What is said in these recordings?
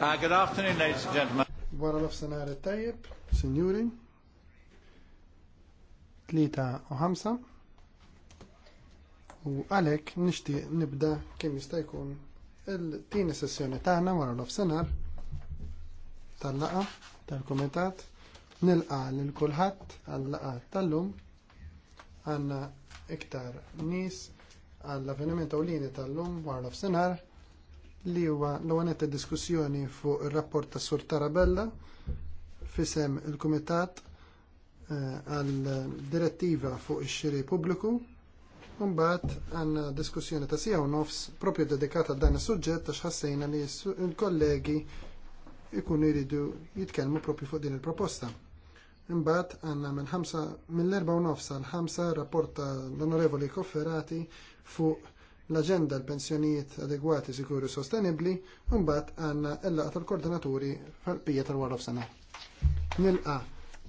Uh, good afternoon, ladies and gentlemen. Wara l-ofsenar e tajjeb, signori. Tlita u ħamsa. U għalek nishti nibda kem jista' jkun il-tieni sessjoni taħna wara l-ofsenar tal-laqa tal-kumitat qa lil kulħat għal-laqa tal-lum għandna iktar nies għall-avveniment ewlieni tal-lum war nofsinhar li huwa l-għanet diskussjoni fuq ir-rapport tas Sur Tarabella fisem il-Kumitat eh, għad direttiva fuq ix-xiri pubbliku Mbagħad għandna diskussjoni ta' sija u nofs propju dedikata dan is-suġġett għax ħassejna li l-kollegi ikunu jridu jitkellmu propju fuq din il-proposta. Imbagħad għandna minn ħamsa mill-erba' u nofsa l-ħamsa rapport l-Onorevoli Kofferati fuq l-aġenda l-pensjonijiet adegwati sikuri sostenibbli u mbagħad għandna l laqgħa tal-koordinaturi fil bija tal-warof sena. Nilqa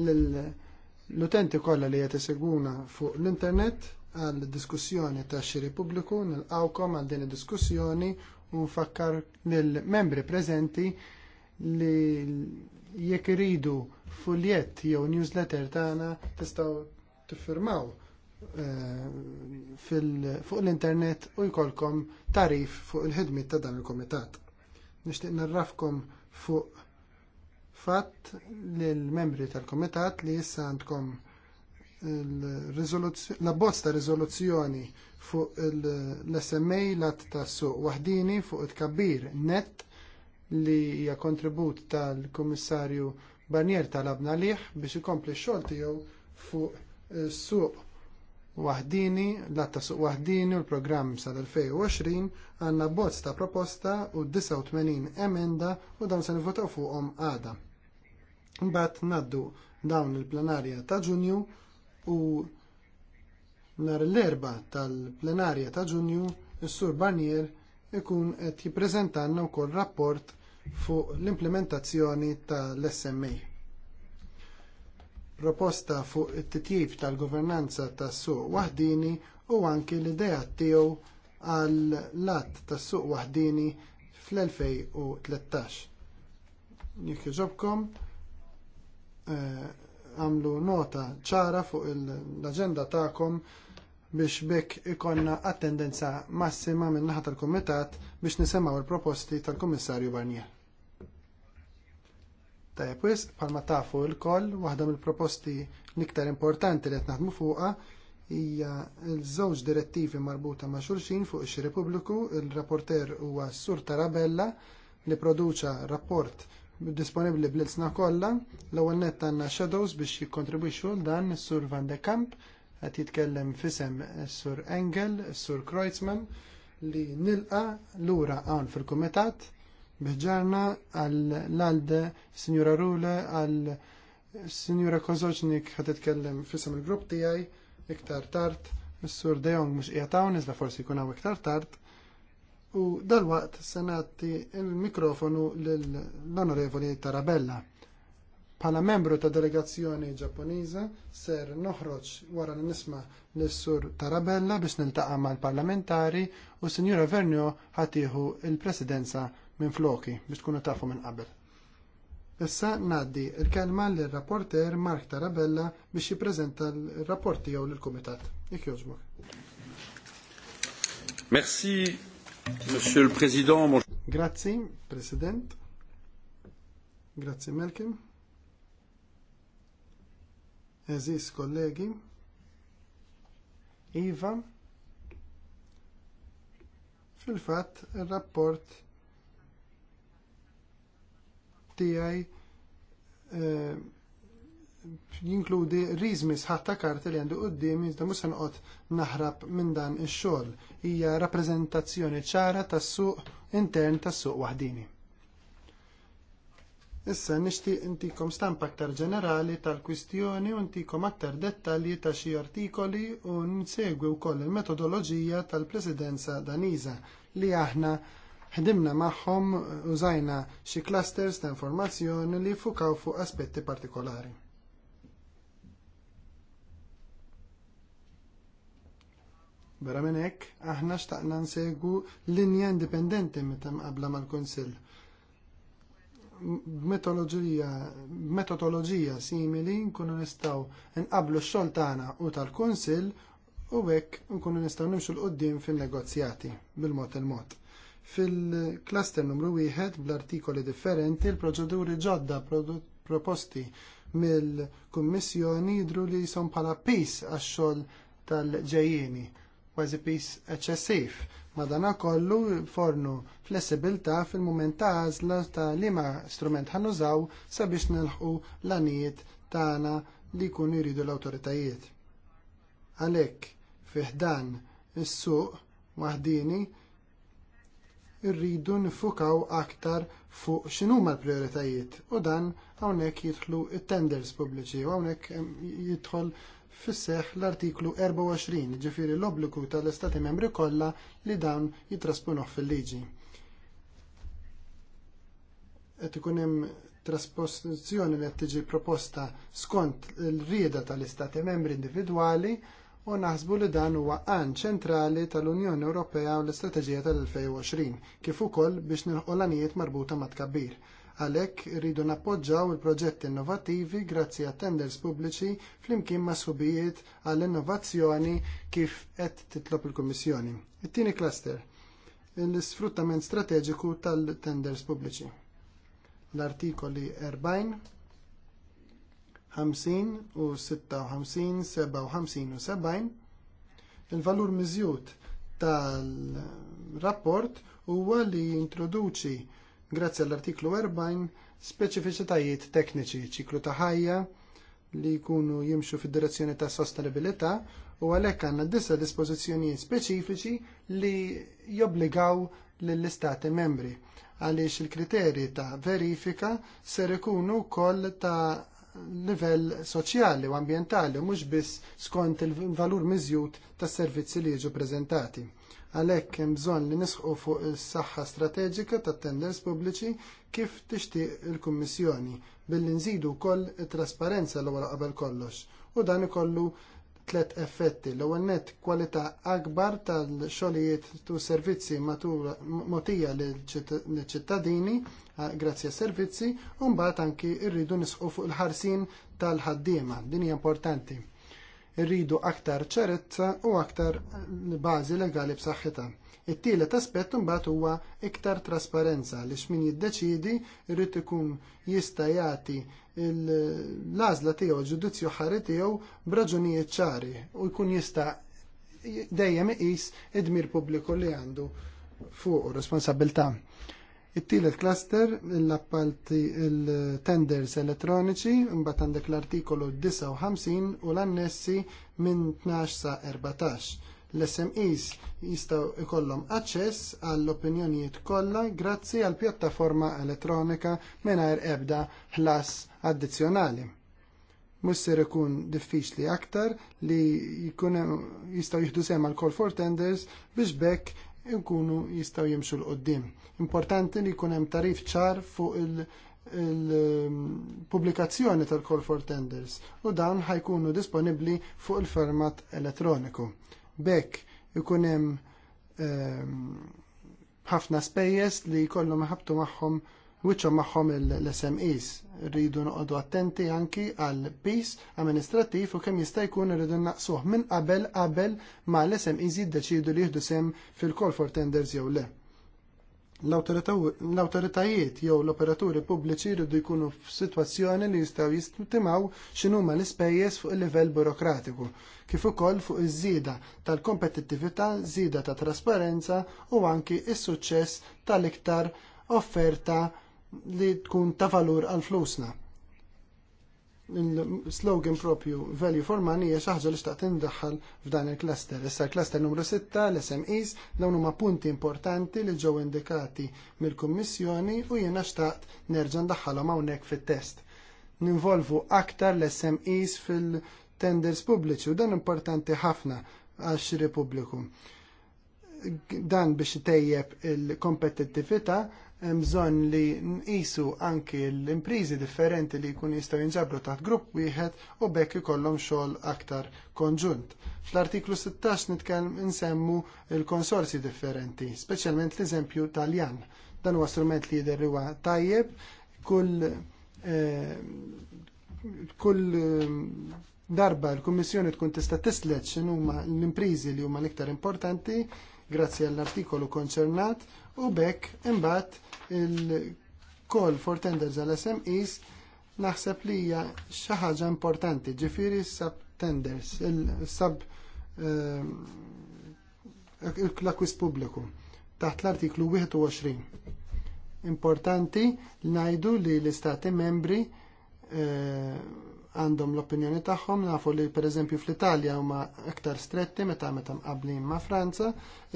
l-utenti kollha li qed isegwuna fuq l-internet għal diskussjoni ta' xiri pubbliku, nilqgħukom għal din id-diskussjoni u nfakkar lill membri preżenti li jekk iridu fuljett jew newsletter tagħna tistgħu tiffirmaw eh, fuq l-internet u jkollkom tarif fuq il-ħidmiet ta' dan il-komitat. Nixtieq narrafkom fuq fatt lill-membri tal-komitat li issa għandkom la bozz ta' riżoluzzjoni fuq l-SMA lat ta' suq waħdini fuq it tkabbir net li hija kontribut tal-Kummissarju Barnier talabna liħ biex ikompli xogħol tiegħu fuq is-suq eh, waħdini, l-atta suq waħdini u l-programm sal-2020 għandna bozz ta' proposta u 89 emenda u dawn se nivvotaw fuqhom għada. Mbagħad ngħaddu dawn il-plenarja ta' Ġunju u nhar l-erba tal-plenarja ta' Ġunju is-Sur Barnier ikun qed jippreżentanna wkoll rapport fuq l-implementazzjoni tal-SMA. E. Proposta fuq it-titjib tal-governanza tas-suq waħdini u anki l-idea tiegħu għal lat tas-suq waħdini fl-2013. Jekk eh, għamlu nota ċara fuq l aġenda tagħkom biex bekk ikonna attendenza massima min naħa tal kumitat biex nisemgħu l proposti tal kummissarju Barnier. Tajab, wis, palma tafu il koll waħda mill-proposti l-iktar importanti li qed naħdmu fuqha hija l-żewġ direttivi marbuta ma' xulxin fuq ix-xiri il-rapporter huwa Sur Tarabella li produċa rapport disponibbli bl-ilsna kollha. L-ewwel nett għandna Shadows biex jikkontribwixxu dan sur Van de Kamp qed jitkellem fisem sur Engel, sur Kreutzmann li nilqa lura hawn fil-kumitat Beġarna għall-Alde, Signora Rule, għall Signora Kozoċnik ħat kellem fissam il-grupp tijaj, iktar tart, s-sur Dejong mux ijatawn, iżda forsi kun għaw iktar tart. U dal-waqt senati il-mikrofonu l-onorevoli Tarabella. Pala membru ta' delegazzjoni ġapponiża ser noħroġ wara l nisma l-sur Tarabella biex niltaqa' mal-parlamentari u Sinjura Vernio ħatiħu il-presidenza minn floki biex tkunu tafu minn qabel. Issa ngħaddi l kelma lir rapporter Mark Tarabella biex jippreżenta l-rapport tiegħu lill-Kumitat. Jekk jogħġbu. Merci, Monsieur le Président. Grazzi, President. Grazzi, Malcolm. Eżis kollegi, Iva, fil fatt ir rapport tijaj eh, jinkludi rizmis ħatta karti li għandu għoddim iżda mhux sanqot naħrab minn dan ix-xogħol. Hija rappreżentazzjoni ċara tas-suq intern tas-suq waħdini. Issa nishti intikom stampa aktar ġenerali tal-kwistjoni u ntikom aktar dettalji ta' xi artikoli u nsegwi wkoll il-metodoloġija tal-Presidenza Daniża li aħna Ħdimna magħhom użajna xi clusters ta' informazzjoni li fukaw fuq aspetti partikolari. Barra minn hekk aħna xtaqna nsegu linja indipendenti meta mqabla mal-Kunsill. Metodoloġija simili nkunu nistgħu nqablu x-xogħol tagħna u tal-Kunsill u hekk nkunu nistgħu nimxu l-qudiem fin-negozjati bil-mod il-mod. Fil-klaster numru wieħed bl-artikoli differenti l-proċeduri ġodda proposti mill-Kummissjoni jidru li jisom bħala pis għax-xogħol tal-ġejjieni, kważi pis eċċessiv. kollu fornu flessibilta fil mument ta' għażla ta' liema strument ħannużaw sabiex nilħqu l-anijiet tagħna li jkunu jridu l-awtoritajiet. Għalhekk fih dan is-suq wahdini, Irridu nifukaw aktar fuq x'inhuma l-prioritajiet u dan hawnhekk jidħlu t tenders pubbliċi u hawnhekk jidħol fis-seħħ l-artiklu 24 ġifieri l-obbligu tal-Istati membri kollha li dawn jitrasponuh fil-liġi. Qed ikun hemm trasposizzjoni li qed tiġi proposta skont il rieda tal-Istati membri individwali u naħsbu li dan huwa għan ċentrali tal-Unjoni Ewropea u l-Istrateġija tal-2020, kif ukoll biex nilħu l marbuta mat tkabbir. Għalhekk rridu nappoġġaw il-proġetti innovattivi grazzi għat tenders pubbliċi flimkien ma' subijiet għall-innovazzjoni kif qed titlob il-Kummissjoni. It-tieni cluster l-isfruttament strateġiku tal-tenders pubbliċi. L-artikoli 40 50 u 56, 57 u 70. Il-valur miżjud tal-rapport huwa li jintroduċi grazzi għall-artiklu 40 speċifiċitajiet tekniċi, ċiklu ta' ħajja li jkunu jimxu fid-direzzjoni ta' sostenibilità u għalhekk għandna disa dispożizzjonijiet speċifiċi li jobbligaw lill-istati membri għaliex il-kriterji ta' verifika ser ikunu wkoll ta' livell soċjali u ambjentali mhux biss skont il-valur miżjud tas servizzi li jiġu preżentati. Għalhekk hemm bżonn li nisħu fuq is-saħħa strateġika tat tenders pubbliċi kif tixtieq il-Kummissjoni billi nżidu wkoll it-trasparenza l ewwel qabel kollox u dan ikollu tlet effetti. L-ewwel nett kwalità akbar tal-xogħlijiet tu servizzi matul motija lill-ċittadini ah, grazzi għas servizzi u mbagħad anki rridu nisqu fuq il-ħarsin tal-ħaddiema. Din hija importanti. Irridu aktar ċerezza u aktar bażi legali b'saħħitha. It-tielet aspett imbagħad huwa iktar trasparenza li x'min jiddeċidi jrid ikun jista' jagħti l-għażla tiegħu l-ġudizzju ħari tiegħu b'raġunijiet ċari u jkun jista' dejjem iqis id-dmir pubbliku li għandu fuq responsabilta. It-tielet cluster l-appalti il-tenders elettroniċi imbagħad għandek l-artikolu 59 u l-annessi minn 12 sa 14 L-SMEs jistgħu jkollhom aċċess għall-opinjonijiet kollha grazzi għall pjattaforma elettronika mingħajr ebda ħlas addizzjonali. Mhux ser ikun diffiċli aktar li jkun jistgħu jieħdu sem għal call for tenders biex bekk nkunu jistgħu jimxu l-qoddim. Importanti li jkun hemm tarif ċar fuq il- il-publikazzjoni um, tal-Call for Tenders u dan ħajkunu disponibbli fuq il-format elettroniku. Bekk ikun hemm ehm, ħafna spejjeż li jkollhom ħabtu magħhom wiċċhom magħhom l-SMEs. Rridu noqogħdu attenti anki għal pis amministrattiv u kemm jista' jkun irridu naqsuh minn qabel qabel ma l-SMEs jiddeċidu li jieħdu sem fil-call for tenders jew le. L-autoritajiet jew l-operaturi pubbliċi jridu jkunu f'sitwazzjoni li jistgħu jistimgħu x'inhuma l-ispejjeż fuq il-livell burokratiku, kif ukoll fuq iż-żieda tal-kompetittività, żieda ta' trasparenza u anki s-suċċess tal-iktar offerta li tkun ta' valur għal flusna slogan propju value for money jiex aħġa li xtaqt indaħħal f'dan il-cluster. Issa l-cluster numru 6, l-SMEs, dawn huma punti importanti li ġew indikati mill-Kummissjoni u jiena xtaqt nerġa' ndaħħalhom hawnhekk fit-test. Ninvolvu aktar l-SMEs fil-tenders pubbliċi u dan importanti ħafna għax pubbliku. Dan biex tejjeb il-kompetittività hemm bżonn li nqisu anki l-imprizi differenti li jkun jistgħu jinġabru taħt grupp wieħed u bekk ikollhom xogħol aktar konġunt. Fl-artiklu 16 nitkellem insemmu l-konsorzi differenti, speċjalment l-eżempju Taljan. Dan huwa strument li jidher huwa tajjeb, kull eh, kull eh, darba l-Kummissjoni tkun tista' tislet x'inhuma l-imprizi li huma l-iktar importanti grazzi għall-artikolu konċernat u bekk imbagħad il-call for tenders għal SMEs naħseb li hija xi ħaġa importanti, ġifieri sub tenders, ehm, il-sub l-akwis pubbliku taħt l-artiklu 21. Importanti li ngħidu li l-istati membri eh, għandhom l-opinjoni tagħhom nafu li pereżempju fl-Italja huma aktar stretti meta meta mqablin ma' Franza,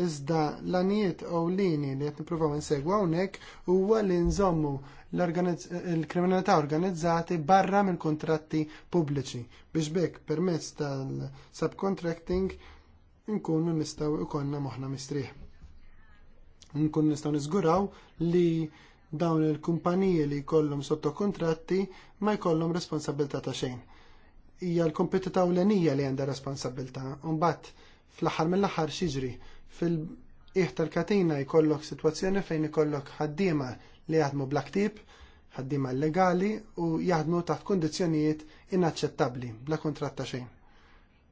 iżda l-anijiet ewlieni li qed nippruvaw insegwu hawnhekk huwa li nżommu l-kriminalità organizzati barra mill kuntratti pubbliċi biex bekk permezz tal-subcontracting nkunu nistgħu ikollna moħħna mistrieħ. Nkun nistgħu niżguraw li dawn il-kumpaniji li jkollhom sottokuntratti ma jkollhom responsabilta' ta' xejn. Hija l-kompetita ewlenija li għandha responsabilità. Mbagħad fl-aħħar mill-aħħar xiġri fil-qiegħ tal-katina jkollok sitwazzjoni fejn ikollok ħaddiema li jaħdmu blaktib, ħaddiema legali u jaħdmu taħt kundizzjonijiet inaċċettabbli bla kuntratt ta' xejn.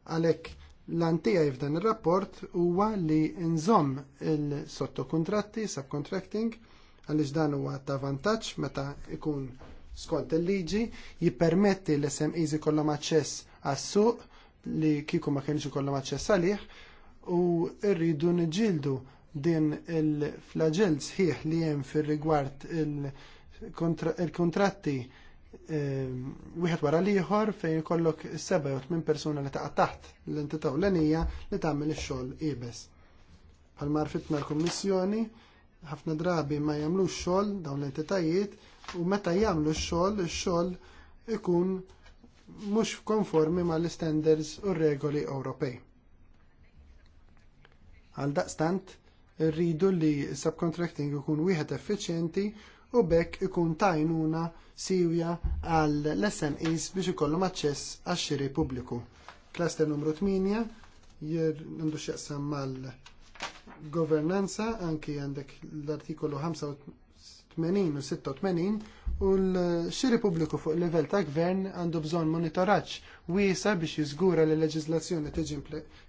Għalhekk l-antija f'dan ir rapport huwa li nżomm il-sottokuntratti, subcontracting, għaliex dan huwa ta' vantaġġ meta ikun skont il-liġi jippermetti l-SMEs ikollhom aċċess għas-suq li kieku ma kienx ikollhom aċċess għalih u rridu niġġieldu din il-flagell sħiħ li hemm fir-rigward il-kontratti ehm, wieħed wara l-ieħor fejn ikollok seba' jew tmien persuna li taqa' taħt l-entità ewlenija li tagħmel ix-xogħol qiebes. Bħal marfitna l-Kummissjoni ħafna drabi ma jagħmlux xogħol dawn l-entitajiet u meta jagħmlu x-xogħol, ix-xogħol ikun mhux konformi mal istandards u r regoli Ewropej. Għaldaqstant irridu li subcontracting ikun wieħed effiċjenti u bekk ikun tajnuna siwja għal l-SMEs biex ikollhom aċċess għax-xiri pubbliku. Cluster numru 8 jir x'jaqsam mal governanza anki għandek l-artikolu 85 u 86 u l-xiri pubbliku fuq livell ta' gvern għandu bżonn monitoraġġ wiesa biex jiżgura li l-leġiżlazzjoni tiġi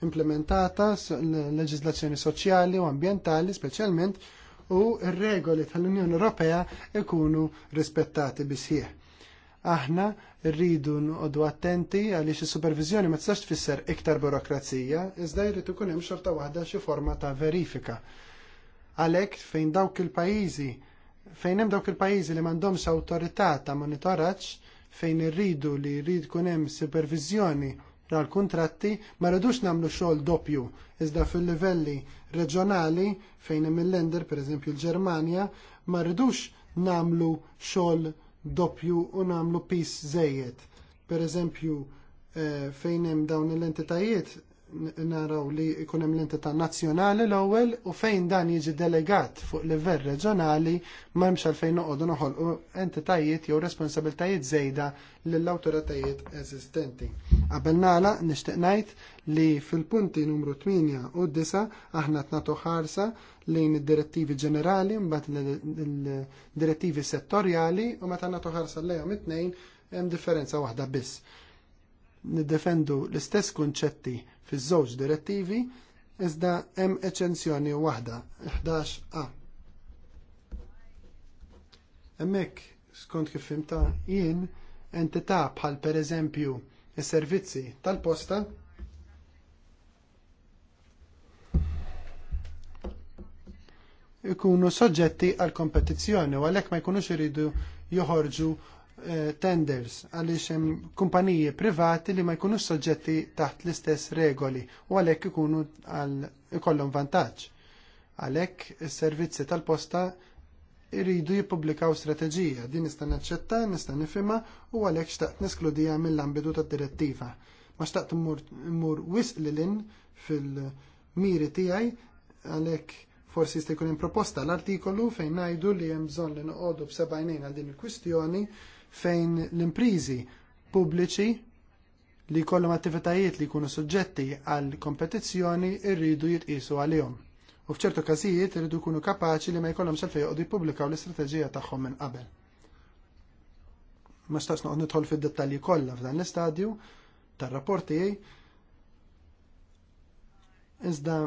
implementata, l-leġiżlazzjoni soċjali u ambjentali speċjalment u r-regoli tal-Unjoni Ewropea ikunu rispettati bisħieħ. Aħna rridu nqodu attenti għaliex is-supervizjoni ma tistax tfisser iktar burokrazija, iżda jrid ikun hemm xorta waħda xi forma ta' verifika. Għalhekk fejn dawk il-pajjiżi fejn hemm dawk il-pajjiżi li m'għandhomx awtorità ta' monitoraġġ fejn irridu li rrid kun hemm supervizjoni tal-kuntratti ma rridux nagħmlu xogħol doppju iżda fil-livelli reġjonali fejn hemm il-lender pereżempju l-Ġermanja ma rridux nagħmlu xogħol doppju u nagħmlu pis żejjed. Pereżempju eh, fejn hemm dawn l-entitajiet naraw li jkun hemm l-entità nazzjonali l-ewwel u fejn dan jiġi delegat fuq livell reġjonali ma m'hemmx għalfejn noqogħdu noħolqu entitajiet jew responsabiltajiet żejda lill-awtoritajiet eżistenti. Qabel nagħlaq nixtieq ngħid li fil-punti numru 8 u 9 aħna tnatu ħarsa lejn id-direttivi ġenerali, mbagħad il-direttivi settorjali u meta nagħtu ħarsa lejhom it-tnejn hemm differenza waħda biss. Niddefendu l-istess kunċetti fiż-żewġ direttivi iżda hemm eċenzjoni waħda 11a. Hemmhekk skont kif fimta jien entità bħal pereżempju is-servizzi tal-posta ikunu soġġetti għal kompetizzjoni u għalhekk ma jkunux iridu joħorġu eh, tenders għaliex hemm kumpaniji privati li ma jkunux soġġetti taħt l-istess regoli u għalhekk ikunu għal ikollhom vantaġġ. Għalhekk is-servizzi tal-posta iridu jippubblikaw strateġija din nista' naċċetta, nista' nifhimha u għalhekk xtaqt neskludiha mill-ambitu tad-direttiva. Ma xtaqt immur wisq lilin fil-miri tiegħi għalhekk Forsi jista' jkun proposta l-artikolu fejn ngħidu li hemm bżonn li noqogħdu b'sebgħinejn għal din il-kwistjoni fejn l-imprizi pubbliċi li jkollhom attivitajiet li jkunu suġġetti għal kompetizzjoni rridu jitqisu għalihom. U f'ċertu każijiet irridu jkunu kapaċi li ma jkollhomx fejn joqogħdu jippubblikaw l-istrateġija tagħhom minn qabel. Ma stax noqgħod nidħol fid-dettalji kollha f'dan l-istadju tar-rapport tiegħi. Iżda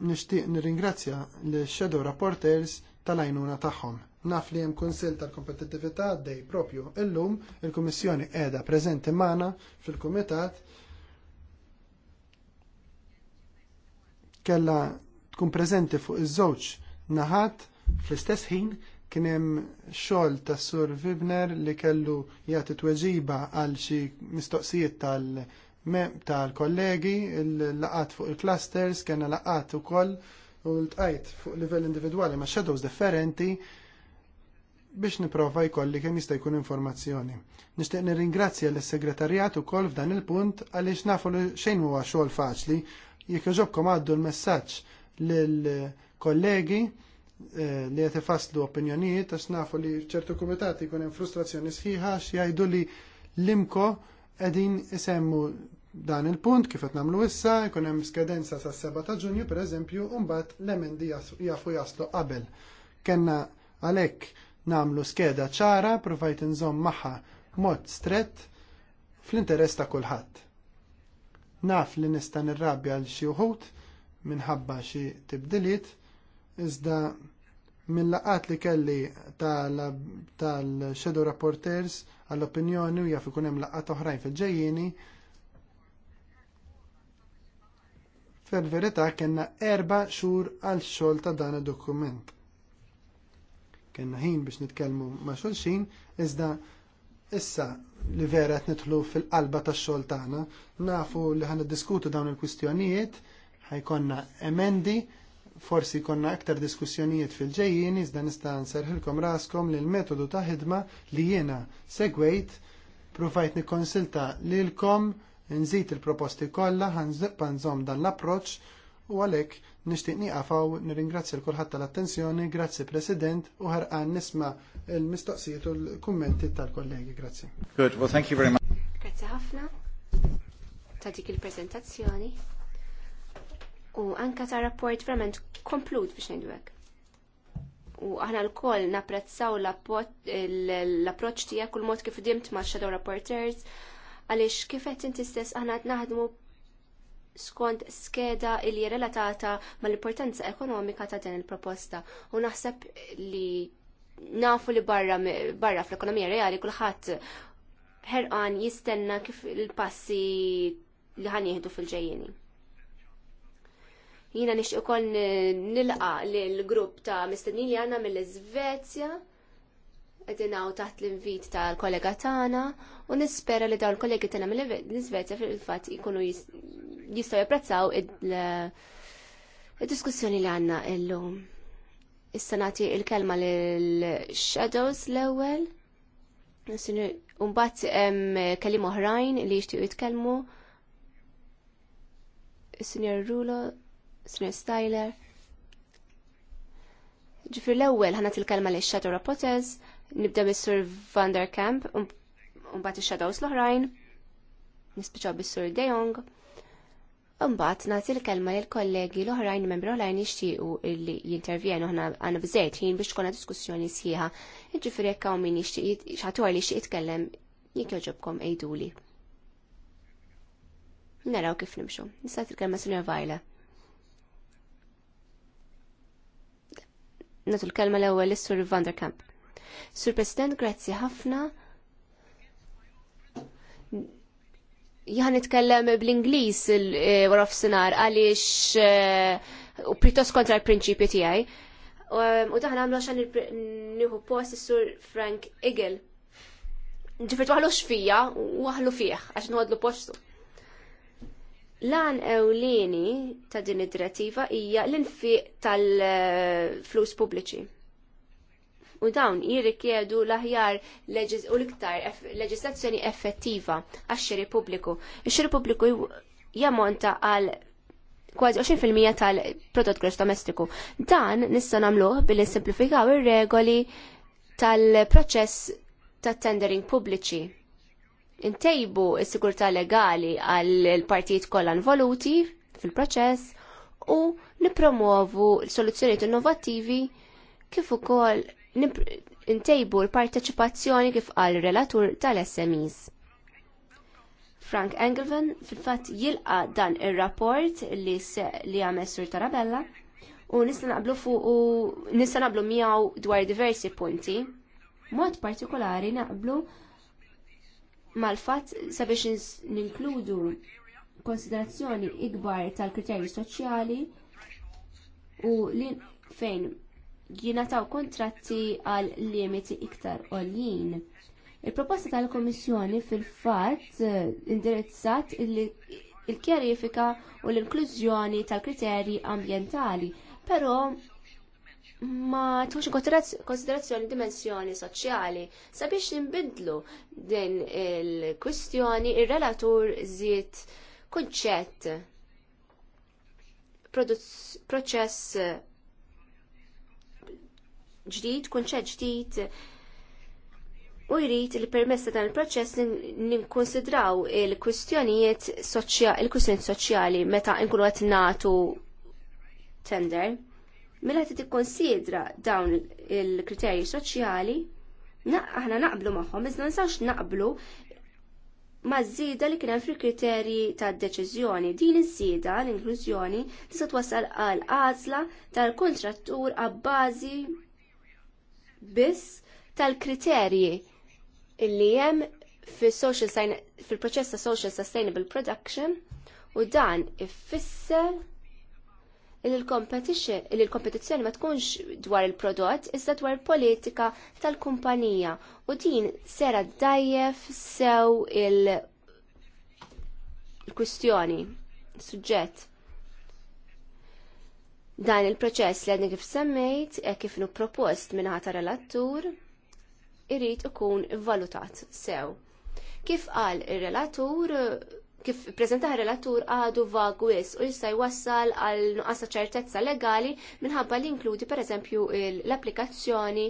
nixtieq nirringrazzja l-Shadow Rapporters tal-għajnuna tagħhom. Naf li hemm kunsill tal kompetitività dej propju illum il-Kummissjoni qiegħda preżenti magħna fil-Kumitat kella tkun preżenti fuq iż-żewġ naħat fl-istess ħin kien hemm xogħol tas Sur Vibner li kellu jagħti tweġiba għal xi mistoqsijiet tal- tal-kollegi, l-laqat fuq il-clusters, kena laqat u koll u l-tqajt fuq livell individuali ma' shadows differenti biex niprofa jkolli kemm jista' jkun informazzjoni. Nixtieq nirringrazzja l-segretarjat ukoll f'dan il-punt għaliex nafu li xejn huwa xogħol faċli jekk iġobkom għaddu l-messaġġ lill-kollegi eh, li qed ifasslu opinjonijiet għax nafu li ċertu kumitati jkun hemm frustrazzjoni sħiħa x'jgħidu li l-imko qegħdin isemmu dan il-punt kif qed nagħmlu issa, jkun hemm skadenza sas 7 ta' Ġunju pereżempju, u mbagħad l-emendi jafu jaslu qabel. Kenna għalhekk nagħmlu skeda ċara provajt inżomm magħha mod strett fl-interess ta' kulħadd. Naf li nista' nirrabja l xi wħud minħabba xi tibdiliet, iżda mill-laqat li kelli tal-shadow rapporters għall-opinjoni u jaf ikun hemm laqat oħrajn fil-ġejjieni. Fil-verità kellna erba xhur għal xogħol ta' dan id-dokument. Kellna ħin biex nitkellmu ma' xulxin, iżda issa li vera qed nidħlu fil-qalba tax-xogħol tagħna, nafu li ħan diskutu dawn il-kwistjonijiet, ħajkonna emendi, forsi konna aktar diskussjonijiet fil ġejjien iżda nista' nserħilkom raskom li l-metodu ta' ħidma li jiena segwejt provajt nikkonsilta lilkom nżid il-proposti kollha ħanżom dan l-approċċ u għalhekk nixtieq nieqafaw nirringrazzja l kulħadd tal-attenzjoni, grazzi President u ħarqan nisma' l-mistoqsijiet u l-kummenti tal-kollegi. Grazzi. Good, well thank you very much. Grazzi ħafna ta' dik il-preżentazzjoni u anka ta' rapport verament komplut biex ngħidu hekk. U aħna lkoll napprezzaw l-approċċ tiegħek u l-mod kif dimt ma' shadow rapporters għaliex kif qed inti stess aħna naħdmu skont skeda li relatata mal-importanza ekonomika ta' din il-proposta u naħseb li nafu li barra, barra fl-ekonomija reali kulħadd ħerqan jistenna kif il-passi li ħan jihdu fil-ġejjeni. Jina nix ukoll nilqa l-grupp ta' mistenni li għanna mill-Svezja, għedinaw taħt l-invit tal-kollega tagħna u nispera li dawn l kollegi tana mill-Svezja fil-fatt jkunu jistgħu japprezzaw id-diskussjoni li għandna illum. Issa nagħti il-kelma l shadows l-ewwel. Umbat kellim oħrajn li jixtiequ jitkellmu. Is-Sinjor Rulo, Sr. Styler. Ġifir l-ewwel ħanat il-kelma li Shadow Rapotez, nibda bis-Sur Van der Kamp, um, mbagħad ix-Shadows l-oħrajn, nispiċaw bis-Sur De Jong. Mbagħad nagħti l-kelma l kollegi l-oħrajn membri oħrajn jixtiequ li jintervjenu ħana għandna bżejt ħin biex tkun diskussjoni sħiħa. ġifir hekk hawn min jixtieq xatwar li jixtieq kellem, jekk jogħġobkom ejduli. Naraw kif nimxu. Nista' tilkelma Sinjor Vajla. natu l-kelma l-ewwel l sur Vanderkamp. Sur President, grazzi ħafna. Jħan nitkellem bl-Ingliż e, wara f'sinar għaliex e, u pjuttost kontra l-prinċipju tiegħi. U e, daħna għamlu għaxan nieħu post is-Sur Frank Igel. Ġifiet waħlu xfija u waħlu fih għax nħodlu postu. Lan ewlieni ta' din id-direttiva hija l-infiq tal-flus pubbliċi. U dawn jirrikjedu l-aħjar u l-iktar leġislazzjoni effettiva għax-xiri pubbliku. Ix-xiri pubbliku jammonta għal kważi 20% tal-prodott gross domestiku. Dan nista' nagħmluh billi simplifikaw ir-regoli tal-proċess tat tendering pubbliċi intejbu s-sigurtà legali għall partijiet kollha involuti fil-proċess u nipromuovu soluzzjonijiet innovattivi kif ukoll intejbu l-parteċipazzjoni kif qal relatur tal-SMEs. Frank Engelven fil-fatt jilqa dan ir-rapport li li għamel Sur Tarabella u nista' naqblu fuq miegħu dwar diversi punti. Mod partikolari naqblu mal-fatt sabiex ninkludu konsiderazzjoni ikbar tal-kriterji soċjali u li fejn jingħataw kontratti għal limiti iktar għoljin. Il-proposta tal-Komissjoni fil-fatt eh, indirizzat il-kjarifika u l-inklużjoni tal-kriterji ambjentali, però ma tux konsiderazzjoni dimensjoni soċjali sabiex nbidlu din il-kwistjoni ir-relatur il kunċett proċess ġdid, kunċett ġdid u jrid li permessa dan il-proċess ninkonsidraw il-kwistjonijiet soċjali, il soċjali meta nkunu qed nagħtu tender. Mela ti tikkonsidra dawn il-kriterji soċjali, aħna naqblu magħhom, iżda nsax naqblu ma' żieda li kien hemm fil-kriterji tad-deċiżjoni. Din iż-żieda l-inklużjoni tista' twassal għal għażla tal-kontrattur ab'bażi biss tal-kriterji li hemm fil-proċess ta' social sustainable production u dan ifisser il-kompetizzjoni ma tkunx dwar il-prodott, iżda dwar politika tal-kumpanija u din sera dajjef sew il-kwistjoni, suġġett. Dan il-proċess li għadni kif semmejt, e kif nu propost minna ta' relattur, irrit ikun valutat sew. Kif qal il-relatur, kif prezenta relatur għadu vagu vagwis u jista' jwassal għal nuqqasa ċertezza legali minħabba li inkludi pereżempju l-applikazzjoni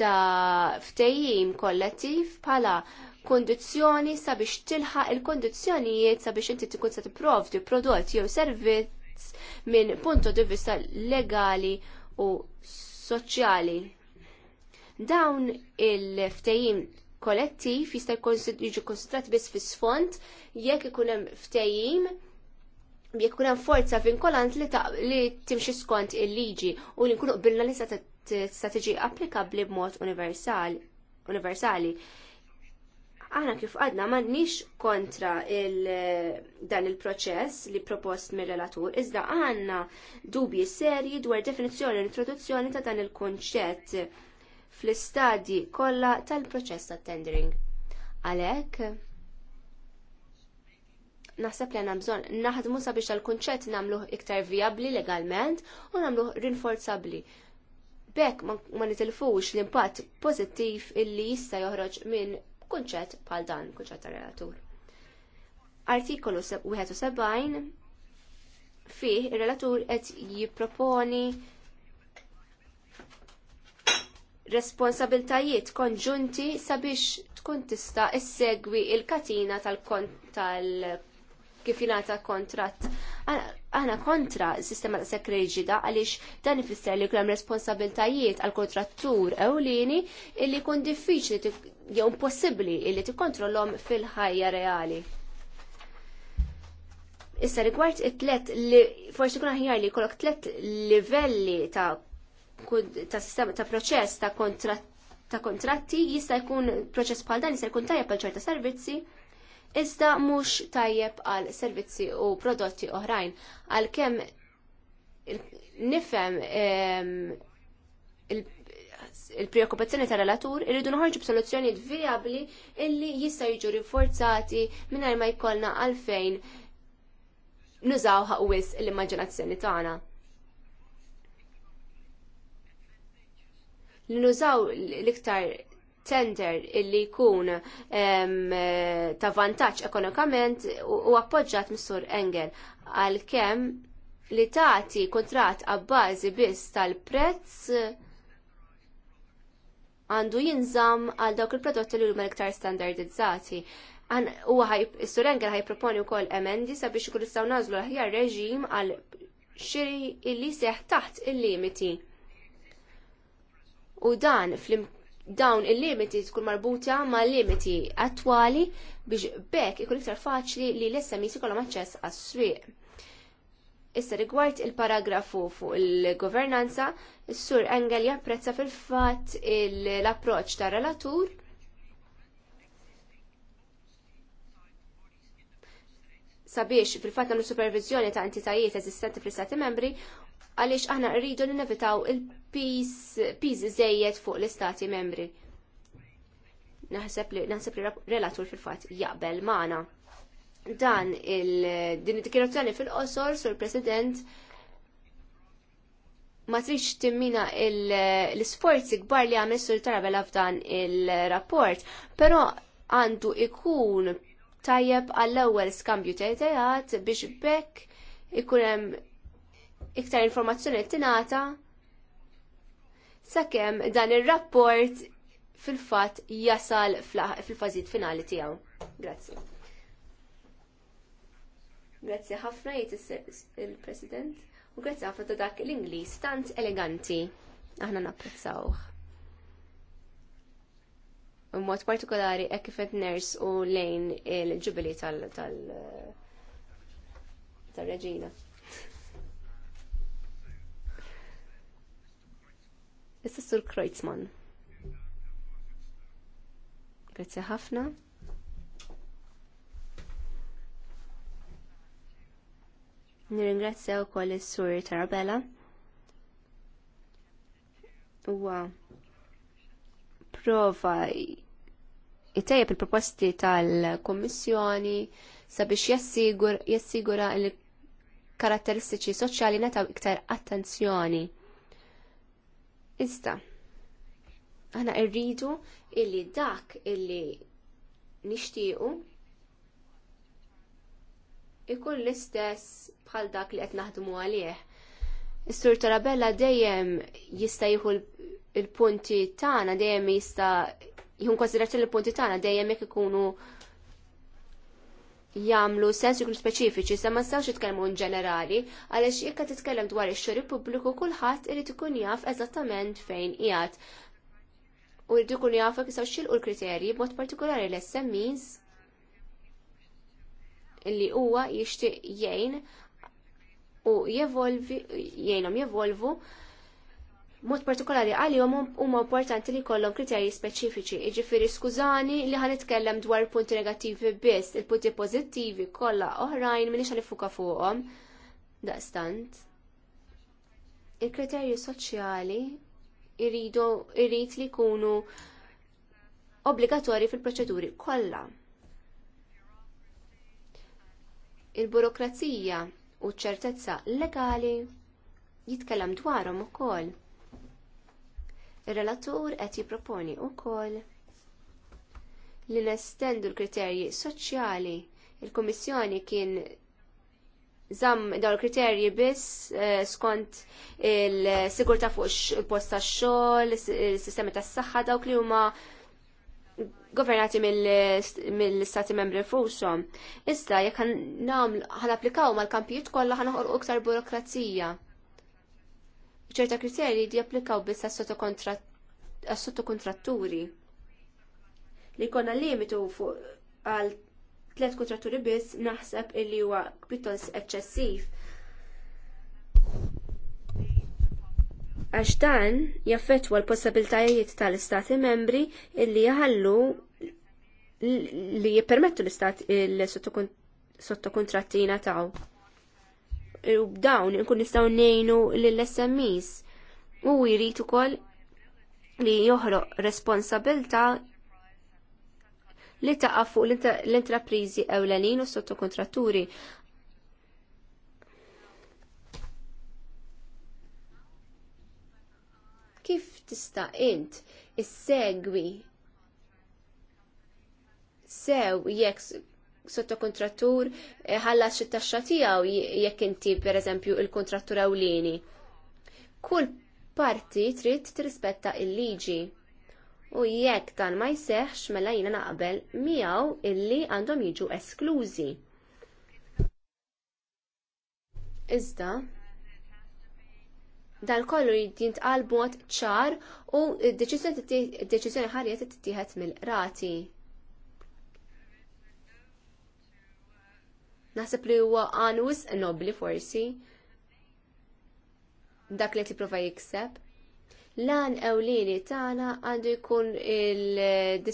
ta' ftejjim kollettiv bħala kondizzjoni sabiex tilħaq il-kondizzjonijiet sabiex inti tkun se tipprovdi prodott jew servizz minn punto di vista legali u soċjali. Dawn il-ftejjim kollettiv jista' jiġi konsidrat biss fis-sfond jekk ikun hemm ftehim jekk ikun hemm forza vinkolant li, li timxi skont il-liġi u li nkunu qbilna li sa tiġi applikabbli b'mod universali. Aħna kif għadna m'għandniex kontra dan il-proċess li propost mir-relatur, iżda għandna dubji serji dwar definizzjoni u introduzzjoni ta' dan il-konċett fl-istadji kollha tal-proċess tat-tendering. Għalhekk, naħseb li għanna bżon naħdmu sabiex tal-kunċett namluħ iktar viabli legalment u namluħ rinforzabli. B'hekk ma nitilfux l-impatt pozittiv illi jista joħroġ minn kunċett pal dan, kunċett tar relatur Artikolu 71 fih ir-relatur qed jipproponi responsabiltajiet konġunti sabiex tkun tista' issegwi l katina tal kif jingħata kontratt. Aħna kontra s-sistema ta' sekre ġida għaliex dan ifisser li hemm responsabiltajiet għal kontrattur ewlieni illi jkun diffiċli jew impossibbli illi tikkontrollhom fil-ħajja reali. Issa rigward it-tlet li forsi kun aħjar li jkollok tlet livelli ta' ta' ta' proċess ta' kontrat ta' kontratti jista' jkun proċess bħal dan jista' jkun tajjeb għal ċerta servizzi, iżda mhux tajjeb għal servizzi u prodotti oħrajn għalkemm nifhem ehm, il-preokkupazzjoni tar relatur irridu noħorġu b'soluzzjonijiet viabli illi jista' jiġu rinforzati mingħajr ma jkollna għalfejn nużaw ħaqwis l-immaġinazzjoni tagħna. li nużaw l-iktar tender illi jkun ta' vantaġġ ekonomikament u appoġġat Mr. Engel għalkemm li tagħti kontrat għabbażi biss tal-prezz għandu jinżam għal dawk il-prodotti li huma iktar standardizzati u Sur Engel ħaj proponi u koll emendi sabiex ikun istaw nażlu l-ħjar reġim għal xiri illi seħ taħt il-limiti u dan flim dawn il-limiti tkun marbuta ma' limiti attwali biex bekk ikun iktar faċli li l-SMEs ikollhom aċċess għas-swieq. Issa rigward il-paragrafu fuq il-governanza, s-sur Engel japprezza fil-fat l-approċ ta' relatur sabiex fil-fat namlu supervizjoni ta' entitajiet eżistenti fl istati membri għaliex aħna rridu ninevitaw il-piż żejjed fuq l-istati membri. Naħseb li naħseb li relatur fil-fatt jaqbel magħna. Dan il-din id-dikirazzjoni fil-qosor sur President ma trix timmina l-sforzi kbar li għamil sur tarabella f'dan il-rapport, pero għandu ikun tajjeb għall-ewwel skambju tajtajat biex bekk ikun hemm iktar informazzjoni tingħata sakemm dan ir-rapport fil-fatt jasal fil-fażijiet finali tiegħu. Grazzi. Grazzi ħafna jgħid il-President u grazzi ħafna ta' dak l-Ingliż tant eleganti. Aħna napprezzawh. Mod partikolari hekk kif qed ners u lejn il-ġubili tal-reġina. Tal, tal, tal, tal reġina is Sur Kreutzmann. Grazie ħafna. Nirringrazzja wkoll is-Sur Tarabella. Huwa prova jitejjeb il-proposti tal-Kommissjoni sabiex jassigura l karatteristiċi soċjali nata iktar attenzjoni Iżda, aħna rridu illi dak illi nixtiequ ikun l-istess bħal dak li qed naħdmu għalih. Is-Sur Tarabella dejjem jista' jieħu l-punti tagħna, dejjem jista' jkun konsiderat il-punti tagħna dejjem jekk ikunu jagħmlu sens jkunu speċifiċi, sa ma nistgħux jitkellmu ġenerali, għaliex jekk qed titkellem dwar ix xorib pubbliku kulħadd irid ikun jaf eżattament fejn qiegħed. U rridu ikun jaf jekk jistgħu xilqu l-kriterji b'mod partikolari l-SMEs li huwa jixtieq jgħin u jevolvi jgħinhom jevolvu mod partikolari għalihom huma importanti li jkollhom kriterji speċifiċi. Jiġifieri skużani li ħan nitkellem dwar punti negattivi biss, il-punti pożittivi kollha oħrajn m'iniex ħanifuka fuqhom. Daqstant. Il-kriterji soċjali jridu jrid li jkunu obbligatorji fil-proċeduri kollha. Il-burokrazija u ċertezza legali jitkellem dwarhom ukoll Ir-relatur qed jipproponi wkoll li nestendu l-kriterji soċjali. Il-Kummissjoni kien żamm dawn il-kriterji biss eh, skont il-sigurtà fuq il-post tax-xogħol, is-sistemi tas-saħħa dawk li huma governati mill-stati membri fuqhom. Issa jekk ħan mal-kampijiet kollha ħan iktar burokrazija ċerta kriterji li japplikaw biss għas-sottokontratturi. Li jkollna limitu fuq għal tliet kontratturi biss naħseb illi huwa pjuttost eċċessiv. Għax dan jaffettwa l-possibiltajiet tal-istati membri illi jħallu li jippermettu l-istat il-sottokontrattina taw u b'dawn nkun nistgħu ngħinu lill-SMEs u jrid ukoll li joħroq responsabilta li taqa' fuq l-intrapriżi ewlenin u sottokontratturi. Kif tista' int issegwi sew jekk sottokontrattur ħallas xi taxxa tiegħu jekk inti pereżempju l kuntrattur ewlieni. Kull parti trid tirrispetta l liġi U jekk dan ma jseħħx mela jiena naqbel miegħu illi għandhom jiġu esklużi. Iżda, dan kollu jintqal b'mod ċar u d-deċiżjoni ħarja tittieħed mill-rati. Naħseb li huwa għanus nobli forsi dak li tipprova jikseb. Lan ewlieni tagħna għandu jkun il-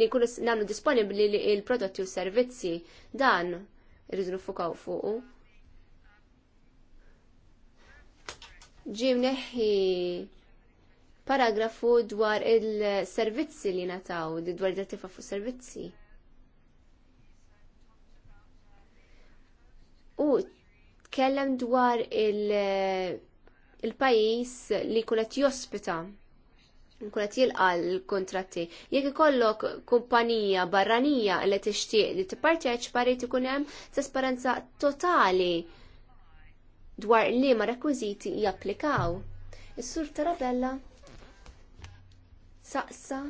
li kunu namlu disponibli il-prodotti u servizzi dan irridu nifukaw fuqu. Ġim neħi paragrafu dwar il-servizzi li nataw, dwar id-dattifa fuq servizzi. u tkellem dwar eh, il-pajis il li kunet jospita kunet jilqal kontratti Jek ikollok kumpanija barranija li tixtieq li tipparteċipa pariet ikun hemm trasparenza totali dwar li ma rekwiżiti japplikaw. Is-sur Tarabella saqsa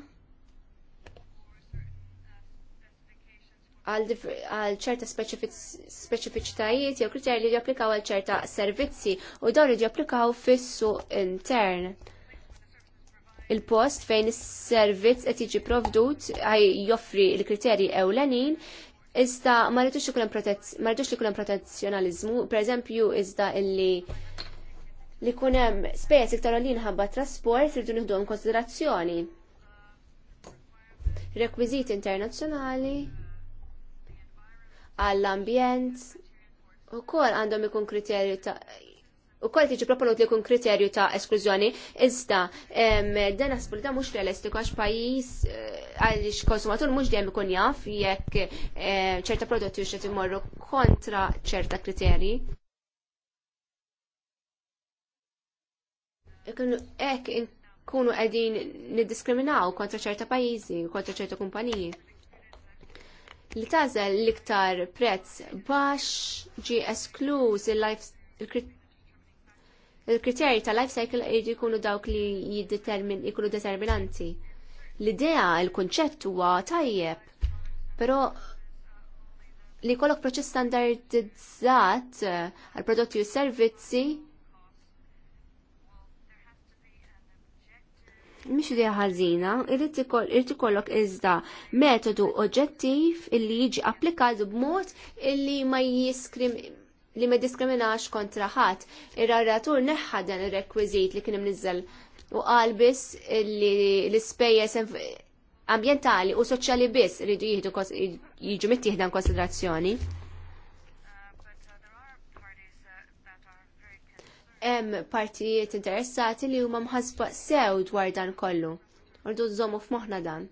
għal ċerta speċifiċitajiet jew kriterji li japplikaw għal ċerta servizzi u dawn li japplikaw fis intern. Il-post fejn is-servizz qed jiġi provdut għaj joffri l-kriterji ewlenin iżda ma rridux li kunem protezzjonalizmu, pereżempju iżda illi li kunem spejjeż iktar li nħabba trasport rridu nieħdu konsiderazzjoni. Rekwiżiti internazzjonali għall-ambjent, u kol għandhom ikun kriterju ta' u kol tiġi proponut li kun kriterju ta' esklużjoni, iżda dan aspul da' mux realistiku għax pajis eh, għalix konsumatur mux dejjem ikun jaf jekk eh, ċerta prodotti xet imorru kontra ċerta kriterji. Ek nkunu għedin niddiskriminaw kontra ċerta pajizi, kontra ċerta kumpaniji li tażel l-iktar prezz baxx ġie esklus il-kriterji ta' life cycle jridu jkunu dawk li jiddetermin jkunu determinanti. L-idea, il-konċett huwa tajjeb, però li jkollok proċess standardizzat eh, għal prodotti u servizzi mhix idea ħażina, irid ikollok iżda metodu oġġettiv illi jiġi applikat b'mod illi ma jiskrim li ma diskriminax kontra ħadd. Ir-ratur neħħa dan ir-rekwiżit li kien imniżżel u qal biss li l-ispejjeż ambjentali u soċjali biss rridu jiġu mittieħdan konsiderazzjoni. hemm partijiet interessati li huma mħasba sew dwar dan kollu. Ordu żommu f'moħħna dan.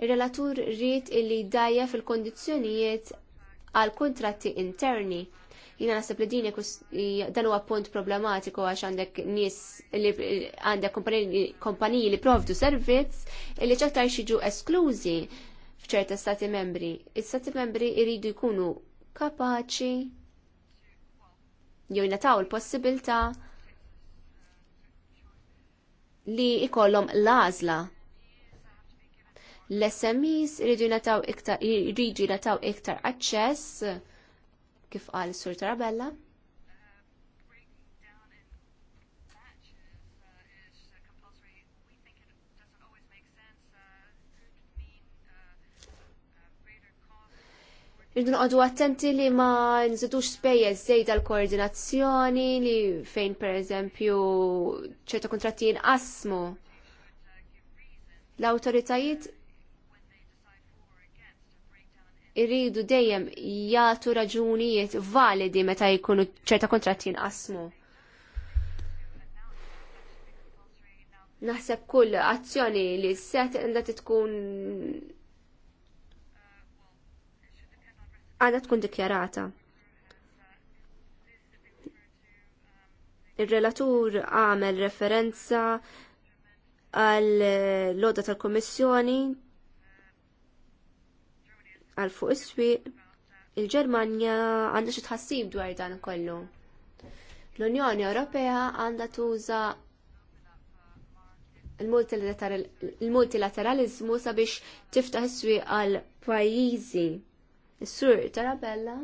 Ir-relatur rrit illi dajja fil-kondizzjonijiet għal kuntratti interni. Jina nasib li din dan huwa punt problematiku għax għandek nies li għandek kompaniji li provdu servizz li ċaktar xiġu esklużi f'ċerta stati membri. Is-stati membri jridu jkunu kapaċi jew nataw il-possibilità li ikollhom l-għażla l-SMEs jridu nataw iktar, nataw iktar aċċess kif qal sur Tarabella. Irdu nqodu attenti li ma nżidux spejjeż żejda l-koordinazzjoni li fejn pereżempju ċerta kontratti jinqasmu. L-awtoritajiet irridu dejjem jagħtu raġunijiet validi meta jkunu ċerta kontratti jinqasmu. Naħseb kull azzjoni li s-set għandha tkun għada tkun dikjarata. Il-relatur għamel referenza għal loda tal-Komissjoni għal fuq iswi il-Ġermanja għandha xi tħassib dwar dan kollu. L-Unjoni Ewropea għandha tuża il-multilateralizmu sabiex tiftaħ iswi għal pajjiżi Is-sur Tarabella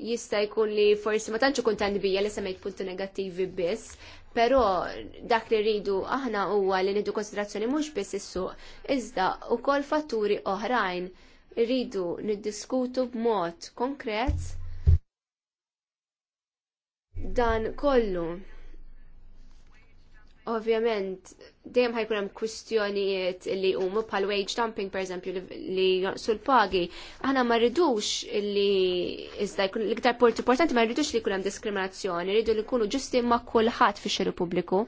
jista' jkun li forsi ma tantx kuntent bija li semmejt punti negattivi biss, però dak li rridu aħna huwa li nidu konsiderazzjoni mhux biss is-suq, iżda wkoll fatturi oħrajn rridu niddiskutu b'mod konkret dan kollu. Ovvjament, dejjem ħajkun hemm kwistjonijiet li huma bħal wage dumping pereżempju li sul pagi. Aħna ma rridux li iżda jkun l-iktar port importanti ma rridux li jkun hemm diskriminazzjoni, rridu li jkunu ġusti ma' kulħadd fix xiru pubbliku.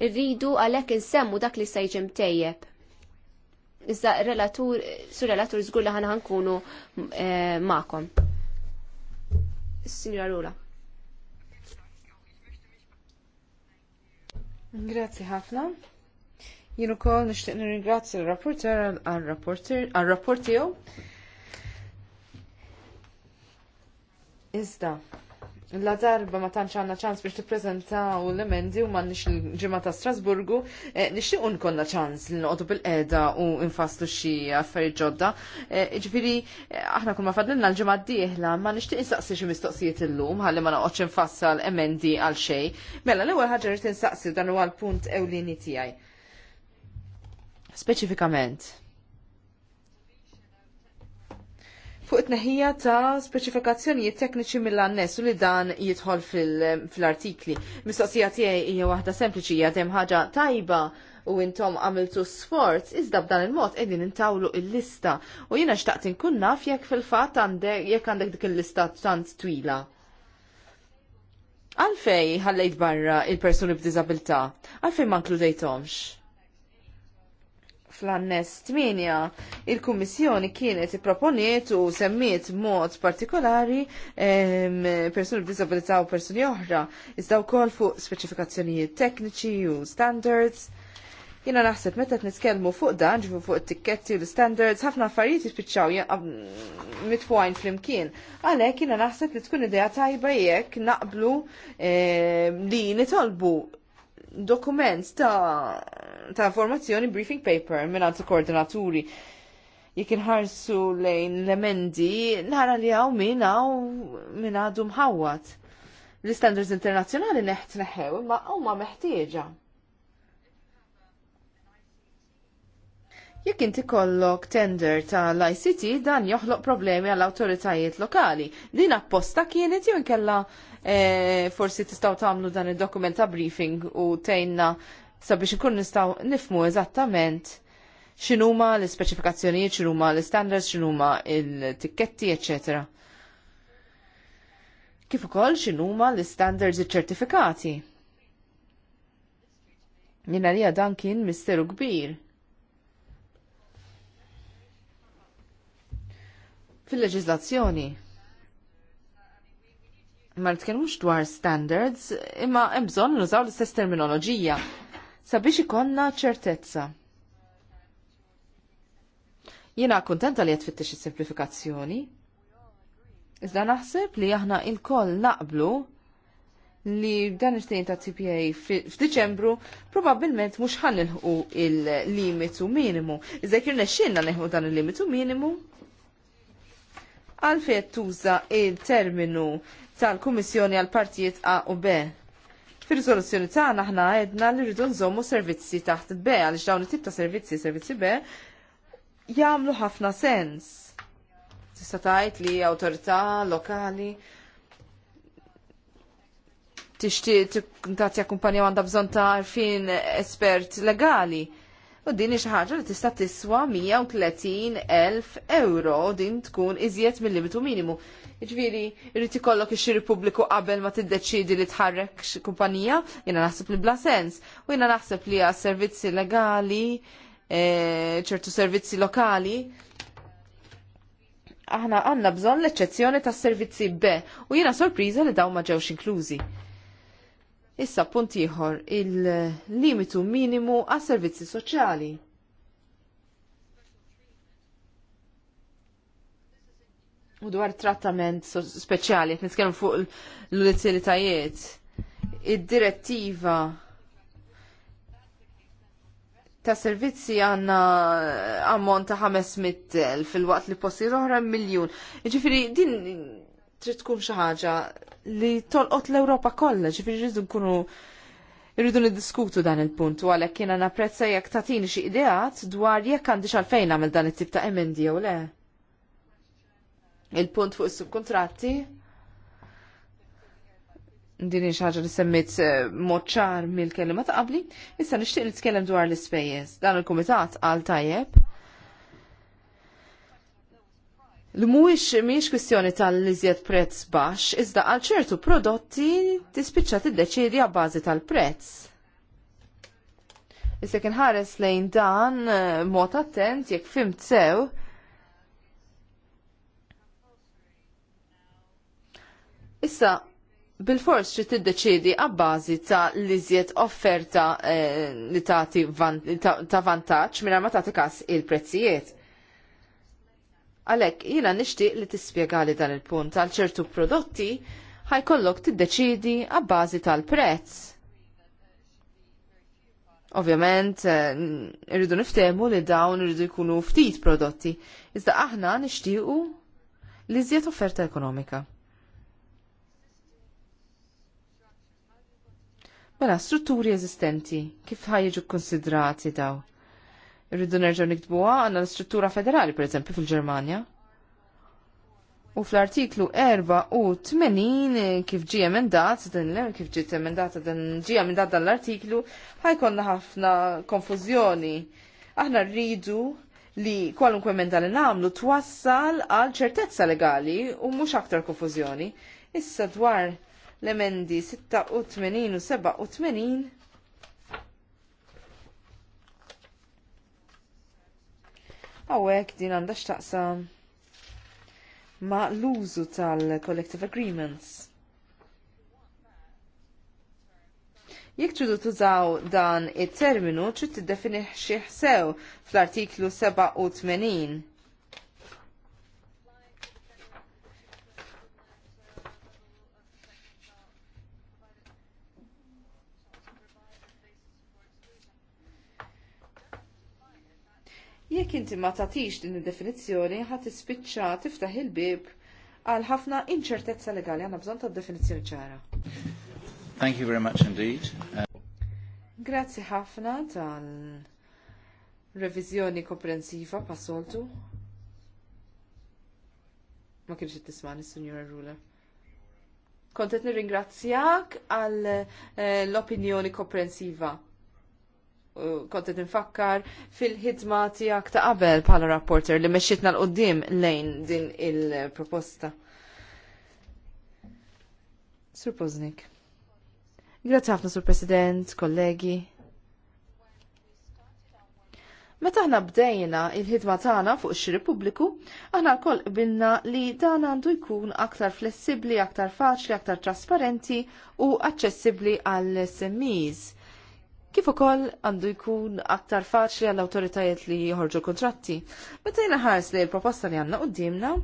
Rridu għalhekk insemmu dak li se jiġi mtejjeb. Iżda relatur, sur relatur żgur li ħana ħankunu eh, magħkom. Signora Rula. Grazzi ħafna. Jien ukoll nixtieq nirringrazzja l-rapporter għal-rapport tiegħu. Iżda, la darba ma tantx għandna ċans biex tippreżentaw l-emendi u m'għandniex il-ġimgħa ta' Strasburgu, eh, nixtieq nkollna ċans li noqogħdu bil qiegħda u nfasslu xi affarijiet ġodda. Eh, ġifieri eh, aħna kull ma fadlilna l-ġimgħa d-dieħla ma nixtieq insaqsi xi mistoqsijiet illum ħalli ma noqgħodx infassal emendi għal xejn. Mela l-ewwel ħaġa rid insaqsi dan huwa l-punt ewlieni tiegħi Speċifikament. Fuq it-neħija ta' speċifikazzjonijiet tekniċi mill u li dan jidħol fil-artikli. Mistoqsija tiegħi hija waħda sempliċi hija hemm ħaġa tajba u intom għamiltu sforz, iżda b'dan il-mod edin intawlu il-lista u jina xtaqt inkun naf jekk fil-fat jekk għandek dik il-lista tant twila. Għalfej ħallejt barra il-persuni b'dizabilta? Għalfej ma nkludejtomx? fl-annes 8 il-Kummissjoni kienet proponiet u semmiet mod partikolari persuni b'disabilità u persuni oħra, iżda wkoll fuq speċifikazzjonijiet tekniċi u standards. Jina naħseb meta t-niskelmu fuq dan, ġifu fuq it-tikketti u l-standards, ħafna affarijiet jispiċċaw mitfwajn fl-imkien. Għalek jina naħseb li tkun idea tajba jekk naqblu li nitolbu dokument ta', ta informazzjoni briefing paper minn koordinaturi jek inħarsu lejn l-emendi, nara li għaw min għaw min għadu mħawat. L-standards internazjonali neħt neħew, imma għaw ma meħtieġa. Jekk inti kollok tender tal-ICT dan joħloq problemi għall awtoritajiet lokali. Din apposta kienet jew inkella e, forsi tistgħu tagħmlu dan id-dokument ta' briefing u tgħinna sabiex ikun nistgħu nifmu eżattament x'inhuma l-ispeċifikazzjonijiet, x'inhuma l-standards, x'inhuma l-tikketti, eċċetera. Kif ukoll x'inhuma l-standards iċ-ċertifikati. Jiena li dan kien misteru kbir fil-leġizlazzjoni. Ma nitkellmux dwar standards, imma hemm bżonn nużaw l-istess terminoloġija sabiex ikonna ċertezza. Jiena kuntenta li qed tfittex is-simplifikazzjoni. Iżda naħseb li aħna il-koll naqblu li dan il tejn ta' TPA f'Diċembru probabbilment mhux ħanilħu il-limitu minimu. Iżda kirna xinna neħu dan il-limitu minimu, għalfejn tuża il-terminu tal-Kummissjoni għal partijiet A u B. Fir-riżoluzzjoni tagħna aħna għedna li rridu nżommu servizzi taħt B għaliex dawn it-tip ta' servizzi, servizzi B, jagħmlu ħafna sens. Tista' tgħid li awtorità lokali tixtieq tagħti akkumpanjaw għandha bżonn ta' fin espert legali u din xi ħaġa li tista' tiswa 130,000 euro din tkun iżjed mill-limitu minimu. Jiġifieri jrid ikollok ix-xiri pubbliku qabel ma tiddeċiedi li tħarrek kumpanija, jiena naħseb li bla sens u jiena naħseb li għas servizzi legali, e, ċertu servizzi lokali, aħna għanna bżon l-eċċezzjoni tas servizzi B u jiena sorpriża li dawn ma ġewx inklużi. Issa punt ieħor il-limitu minimu għas servizzi soċjali. U dwar trattament speċjali, qed nitkellmu fuq l-utilitajiet. Id-direttiva ta' servizzi għanna ammont ta' 500.000 fil-waqt li possi oħra miljon. Ġifiri, din trid tkun xi ħaġa li tolqot l-Ewropa kollha, ġifieri rridu nkunu rridu niddiskutu dan il-punt u għalhekk jiena napprezza jekk tagħtini xi ideat dwar jekk għandi għalfejn nagħmel dan it-tip ta' emendi jew le. Il-punt fuq is-subkuntratti din hi ħaġa li semmit eh, mod ċar mill-kelma ta' qabli, issa nixtieq nitkellem dwar l-ispejjeż. Dan il-kumitat għal tajjeb L-mux miex kwistjoni tal-iżjed prezz baxx, iżda għal ċertu prodotti tispiċċa tiddeċidi għal bażi tal-prezz. Issa kien ħares lejn dan eh, mod attent jekk fimt sew. Issa bil-fors trid tiddeċiedi għabbażi eh, ta' liżjed offerta li ta' vantaġġ mingħajr ma tagħti każ il-prezzijiet. Għalhekk jina nixtieq li tispjegali dan il-punt għal ċertu prodotti ħajkollok tiddeċidi għabbażi tal-prezz. Ovvjament, eh, irridu niftemu li dawn irridu jkunu ftit prodotti, iżda aħna nixtiequ li żjed offerta ekonomika. Mela, strutturi eżistenti, kif ħajġu konsidrati daw? Irridu nerġgħu nikdbuha għandna l-struttura federali eżempju, fil-Ġermanja. U fl-artiklu 4 u 80 kif ġie emendat, din kif ġiet emendata din ġie emendat dan l-artiklu, ħajkonna ħafna konfużjoni. Aħna rridu li kwalunkwe emenda li nagħmlu twassal għal ċertezza legali u mhux aktar konfużjoni. Issa dwar l-emendi 86 u 87 Għawek din għandha x'taqsa ma l-użu tal-collective agreements. Jekk tridu tużaw dan it-terminu, trid t xi sew fl-artiklu 87 Jekk inti ma tagħtix din id-definizzjoni ħadd tispiċċa tiftaħ il-bib għal ħafna inċertezza legali għandna bżonn ta' definizzjoni ċara. Thank you very much indeed. Uh, Grazzi ħafna tal reviżjoni komprensiva pa'soltu. Ma kienx tismani, Signora Ruler kontet nirringrazzjak għal eh, l-opinjoni komprensiva kontet infakkar fil-ħidma tiegħek ta' qabel bħala rapporter li mexxitna l-qoddim lejn din il-proposta. Sur Poznik. Grazie ħafna, Sur President, kollegi. Meta aħna bdejna il-ħidma tagħna fuq ix-xiri pubbliku, aħna wkoll qbilna li dan għandu jkun aktar flessibbli, aktar faċli, aktar trasparenti u aċċessibbli għall SMEs kif ukoll għandu jkun aktar faċli għall awtoritajiet li jħorġu kontratti. Meta jiena ħares li l-proposta li għandna qudiemna,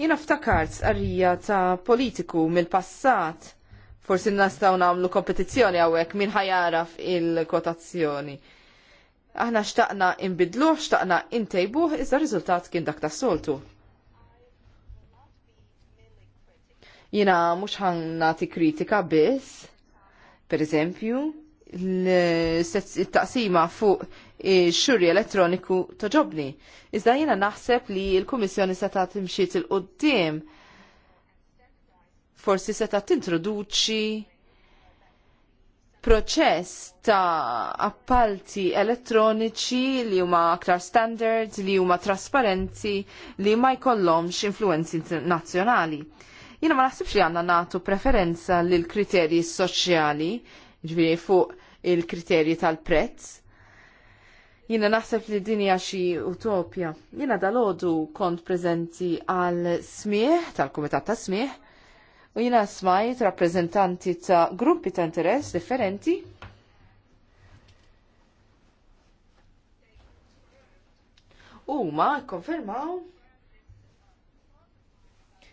Jiena ftakart arrija ta' politiku mill-passat. Forsi nastaw nagħmlu kompetizzjoni hawnhekk min ħajaraf il-kotazzjoni. Aħna xtaqna inbidluh, xtaqna intejbuh, iżda riżultat kien dak tas soltu. Jina mux ħannati kritika biss, per eżempju, l-taqsima fuq xurri elettroniku toġobni. Iżda jina naħseb li l-Kummissjoni seta' timxiet il-qoddim forsi seta' tintroduċi proċess ta' appalti elettroniċi li huma aktar standards, li huma trasparenti, li ma jkollhomx influenzi nazzjonali. Jiena ma naħsibx li għandna nagħtu preferenza lil kriterji soċjali, ġviri fuq il-kriterji tal-prezz. Jiena naħseb li dinja xi utopja. Jiena dal-ħodu kont prezenti għal smieħ, tal-Kumitat ta' smieħ, u jina smajt rappresentanti ta' gruppi ta' interess differenti. U ma konfermaw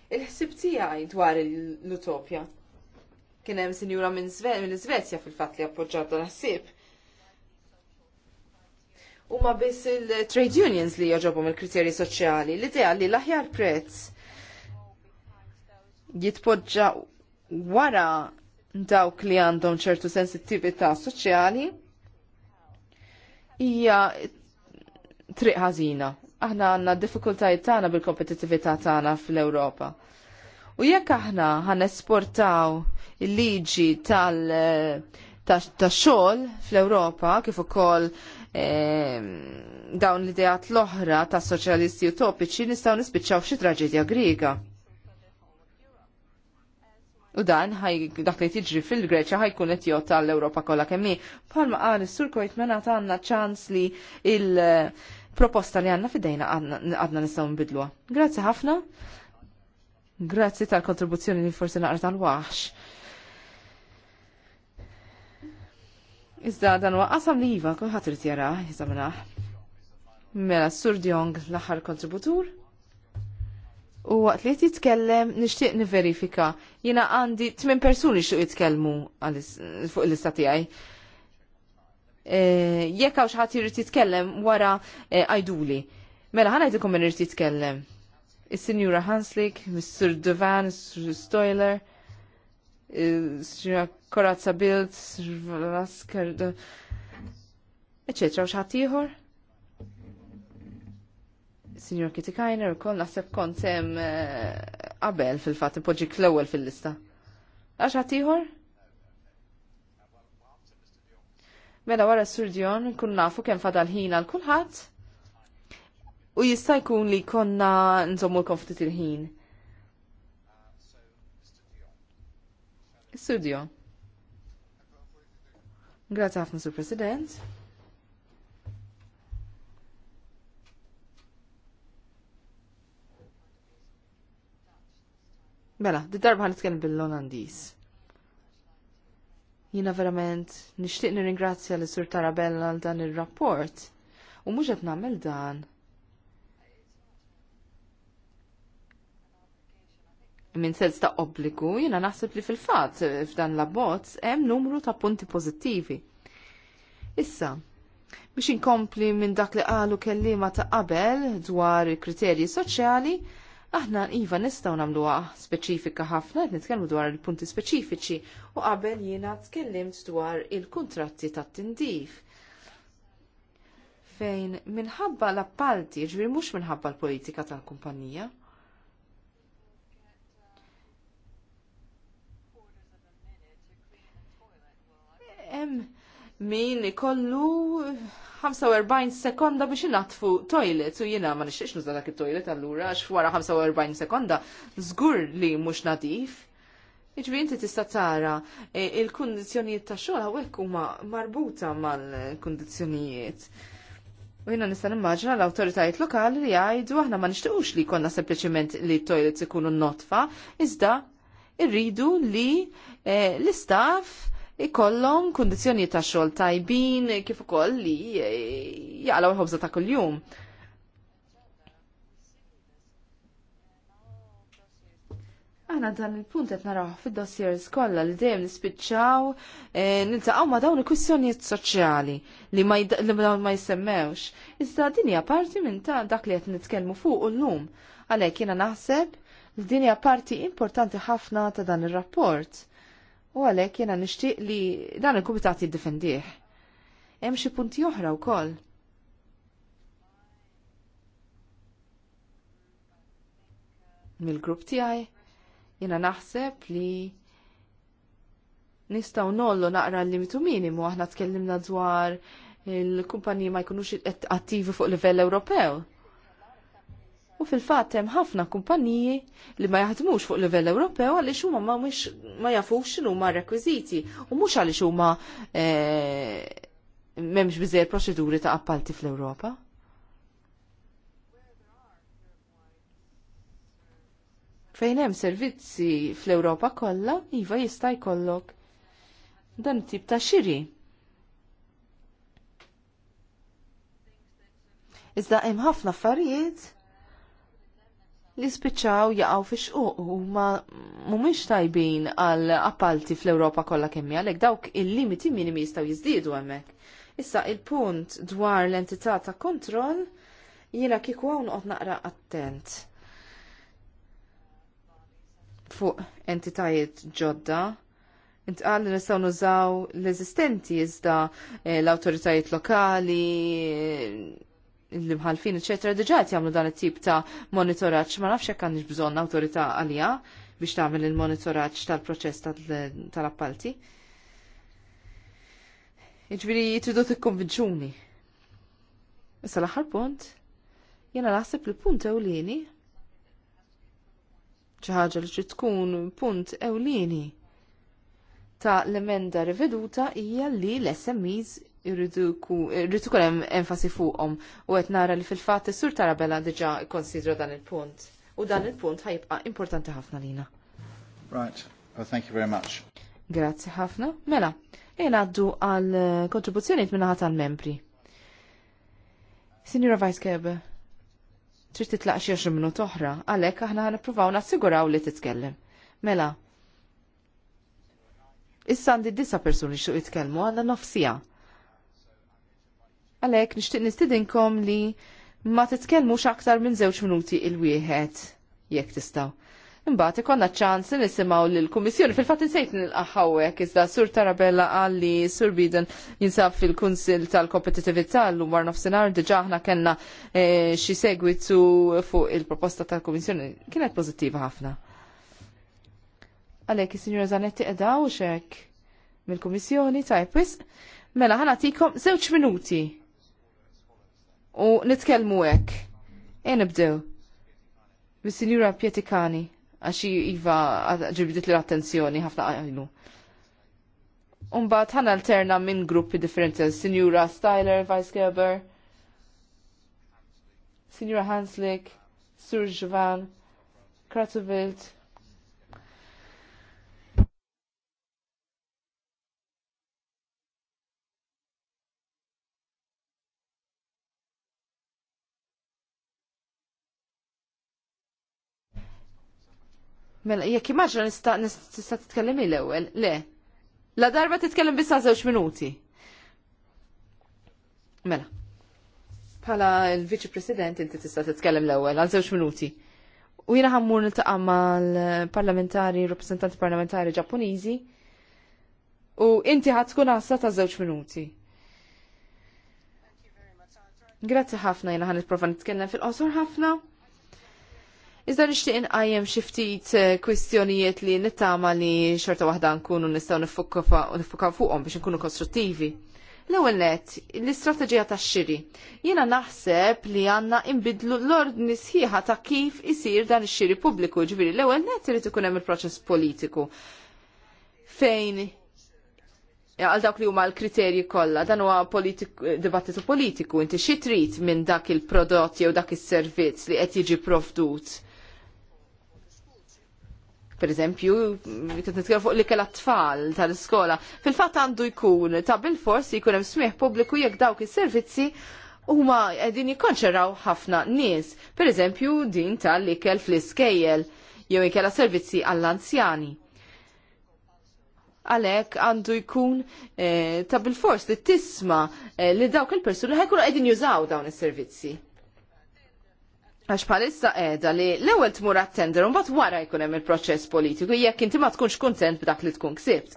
il-ħsib tiegħi dwar l-utopja. Kien hemm sinjura minn Svezja fil-fatt li appoġġat dan ħsieb. Huma biss il-trade unions li joġobhom il-kriterji soċjali, l-idea li l-aħjar prezz jitpoġġa wara dawk li għandhom ċertu sensittività soċjali hija triq ħażina. Aħna għandna diffikultajiet tagħna bil-kompetittività tagħna fl-Ewropa. U jekk aħna ħan esportaw il-liġi tal ta' xogħol fl-Ewropa kif ukoll dawn l-ideat l-oħra ta' soċjalisti utopiċi nistgħu nispiċċaw xi traġedja Griega. U dan ħaj dak li tiġri fil-Greċja ħajkun qed jgħotta l-Ewropa kollha kemm hi. Palma qal is-Sur mena għandna ċans li il- proposta li għanna fidejna għadna nistaw nbidlu. Grazzi ħafna. Grazzi tal-kontribuzzjoni li forsi naqra tal-waħx. Iżda dan waqqasam li iva, kulħadd irid jara jiżaminaħ. Mela Sur Djong l-aħħar kontributur. U għat li jitkellem nixtieq niverifika. Jiena għandi tmien persuni xtuq jitkellmu fuq l istatijaj tiegħi Eh, jekk għax xaħat irid jitkellem wara eh, għajduli. Mela ħana jtikum minn jitkellem. Is-Sinjura Hanslik, Mr. Devan, Mr. Stoiler, eh, Sra. Korazza Bild, Sr. Lasker, eccetera, u tiħor. jihur? Signor Kitikajner, kol naħseb kont sem qabel fil-fat, poġi l fil-lista. Għax ħatiħor? Mela wara s surġjon kun nafu kem fadal ħin għal kulħadd u jista' jkun li konna nżommu l-konftit il-ħin. Studio. Grazie ħafna, Sur President. Mela, di darba ħan bil lonandis Jina verament nixtieq nirringrazzja li sur Tarabella għal dan ir-rapport u mhux qed nagħmel dan. Min sens ta' obbligu, jiena naħseb li fil-fatt f'dan l-abbozz hemm numru ta' punti pożittivi. Issa, biex inkompli minn dak li qalu kellima ta' qabel dwar il-kriterji soċjali, Aħna iva nistgħu nagħmluha speċifika ħafna qed nitkellmu dwar il-punti speċifiċi u qabel jiena tkellimt dwar il-kuntratti tat-tindif. Fejn minħabba l-appalti, ġri mhux minħabba l-politika tal-kumpanija. Em, min ikollu 45 sekonda biex inatfu toilet u jina ma nixtiex nuża dak it-toilet allura għax wara 45 sekonda żgur li mhux nadif. Iġbi inti tista' tara e, il-kundizzjonijiet ta' xogħol hawnhekk huma marbuta mal-kundizzjonijiet. U jina nista' nimmaġina l-awtoritajiet lokali li jgħidu aħna ma nixtiequx li jkollna sempliċement li t-toilet ikunu notfa, iżda irridu li e, l-istaff ikollhom kundizzjonijiet ta' xogħol tajbin kif ukoll li eh, jaqlaw il-ħobża ta' kuljum. Aħna dan il-punt qed naraw fid-dossiers kollha li dejjem nispiċċaw eh, niltaqgħu ma' dawn il-kwistjonijiet soċjali li ma dawn ma jsemmewx. Iżda din hija parti minn ta' dak li qed nitkellmu fuq illum. Għalhekk jiena naħseb li din hija parti importanti ħafna ta' dan ir-rapport. U għalhekk jiena nixtieq li dan il-kumitat jiddefendih. Hemm xi punti oħra wkoll. Mill-grupp tiegħi jiena naħseb li nistaw nollu naqra l-limitu minimu aħna tkellimna dwar il-kumpanji ma jkunux attivi fuq livell Ewropew. U fil-fatt hemm ħafna kumpaniji li ma jaħdmux fuq livell Ewropew għaliex huma ma mhux ma jafux x'inhu ma rekwiżiti u mhux għaliex huma eh, m'hemmx biżejjed proċeduri ta' appalti fl-Ewropa. Fejn hemm servizzi fl-Ewropa kollha, iva jista' jkollok dan tip ta' xiri. Iżda hemm ħafna affarijiet li spiċċaw jaqgħu fi xquq u ma mhumiex tajbin għal appalti fl-Ewropa kollha kemm għalhekk dawk il-limiti minimi jistgħu jiżdiedu hemmhekk. Issa il-punt dwar l-entità ta' kontroll jiena kieku hawn qod naqra attent fuq entitajiet ġodda intqal li nistgħu nużaw l-eżistenti iżda eh, l-awtoritajiet lokali, l-imħalfin, etc. Dġajt jagħmlu dan it-tip ta' monitoraġġ ma nafx kan għandix bżonn awtorità għalija biex tagħmel il-monitoraġġ tal-proċess tal-appalti. Jiġifieri jitridu t-konvinċuni. Issa l-aħħar punt, jena naħseb li punt ewlini, xi ħaġa li tkun punt ewlieni ta' l-emenda riveduta hija li l-SMEs irridu kun hemm enfasi fuqhom u qed nara li fil-fatt is-sur Tarabella diġà ikkonsidra dan il-punt. U dan il-punt ħajbqa' importanti ħafna lina. Right. Well, thank you very much. Grazzi ħafna. Mela, jien għaddu għal eh, kontribuzzjonijiet minna ħadd membri Signora Vice Kebe, trid titlaq xi għoxrin minut oħra, għalhekk aħna nippruvaw nassiguraw li titkellem. Mela, issa għandi disa persuni xuq jitkellmu għandha nofsija Għalek nishtiq nistidinkom li ma titkellmux aktar minn żewġ minuti il-wieħed jekk tistaw. Imbagħad ikonna ċans li nisimgħu lill-Kummissjoni fil-fatt insejt nilqaħawek iżda Sur Tarabella qal li Sur Biden jinsab fil-Kunsil tal kompetitivita llum war nofsinhar diġà aħna kellna eh, xi segwitu fuq il-proposta tal-Kummissjoni kienet pożittiva ħafna. Għalhekk is-Sinjura Zanetti edaw xek mill-Kummissjoni tajpis, mela Mela ħanatikom żewġ minuti u nitkellmu hekk. E nibdew. Bis-Sinjura Pietikani għaxi Iva ġibdit l-attenzjoni ħafna għajnu. Umbat ħan alterna minn gruppi differenti, Signora Styler, Vice Gerber, Sinjura Hanslik, Sur Jovan, Kratovilt, Mela, jekk imaġna nista' nista' titkellem l-ewwel, le. La darba titkellem bissa żewġ minuti. Mela. Bħala l-Viċi President inti tista' titkellem l-ewwel għal żewġ minuti. U jiena ħammur niltaqa' mal-parlamentari, rappresentanti parlamentari Ġappuniżi u inti ħatkun għassa ta' żewġ minuti. Grazzi ħafna jiena ħan nitprofa nitkellem fil-qosor ħafna. Iżda nixtieq inqajjem xi ftit eh, kwistjonijiet li nittama li xorta waħda nkunu nistgħu nifukaw fuqhom biex nkunu kostruttivi. L-ewwel nett, l-istrateġija tax-xiri. Jiena naħseb li għandna inbidlu l-ordni sħiħa ta' kif isir dan ix-xiri pubbliku, ġifieri l-ewwel nett irid ikun hemm il-proċess politiku. Fejn għal dawk li huma l-kriterji kollha dan huwa dibattitu politiku inti xi trid minn dak il-prodott jew dak is-servizz li qed jiġi provdut Per eżempju, kien fuq li kella tfal tal-iskola. Fil-fatt għandu jkun ta' bil-forsi jkun hemm smieħ pubbliku jekk dawk is-servizzi huma qegħdin jikkonċeraw ħafna nies. Per eżempju, din tal-ikel fl-iskejjel jew ikela servizzi għall-anzjani għalek għandu jkun eh, ta' bil-fors li tisma eh, li dawk il-persuni ħajkunu għedin jużaw dawn is-servizzi. Għax palissa edha li l-ewel tmur għat-tender un bat wara jkunem il-proċess politiku jekk inti ma tkunx kontent b'dak li tkun ksibt.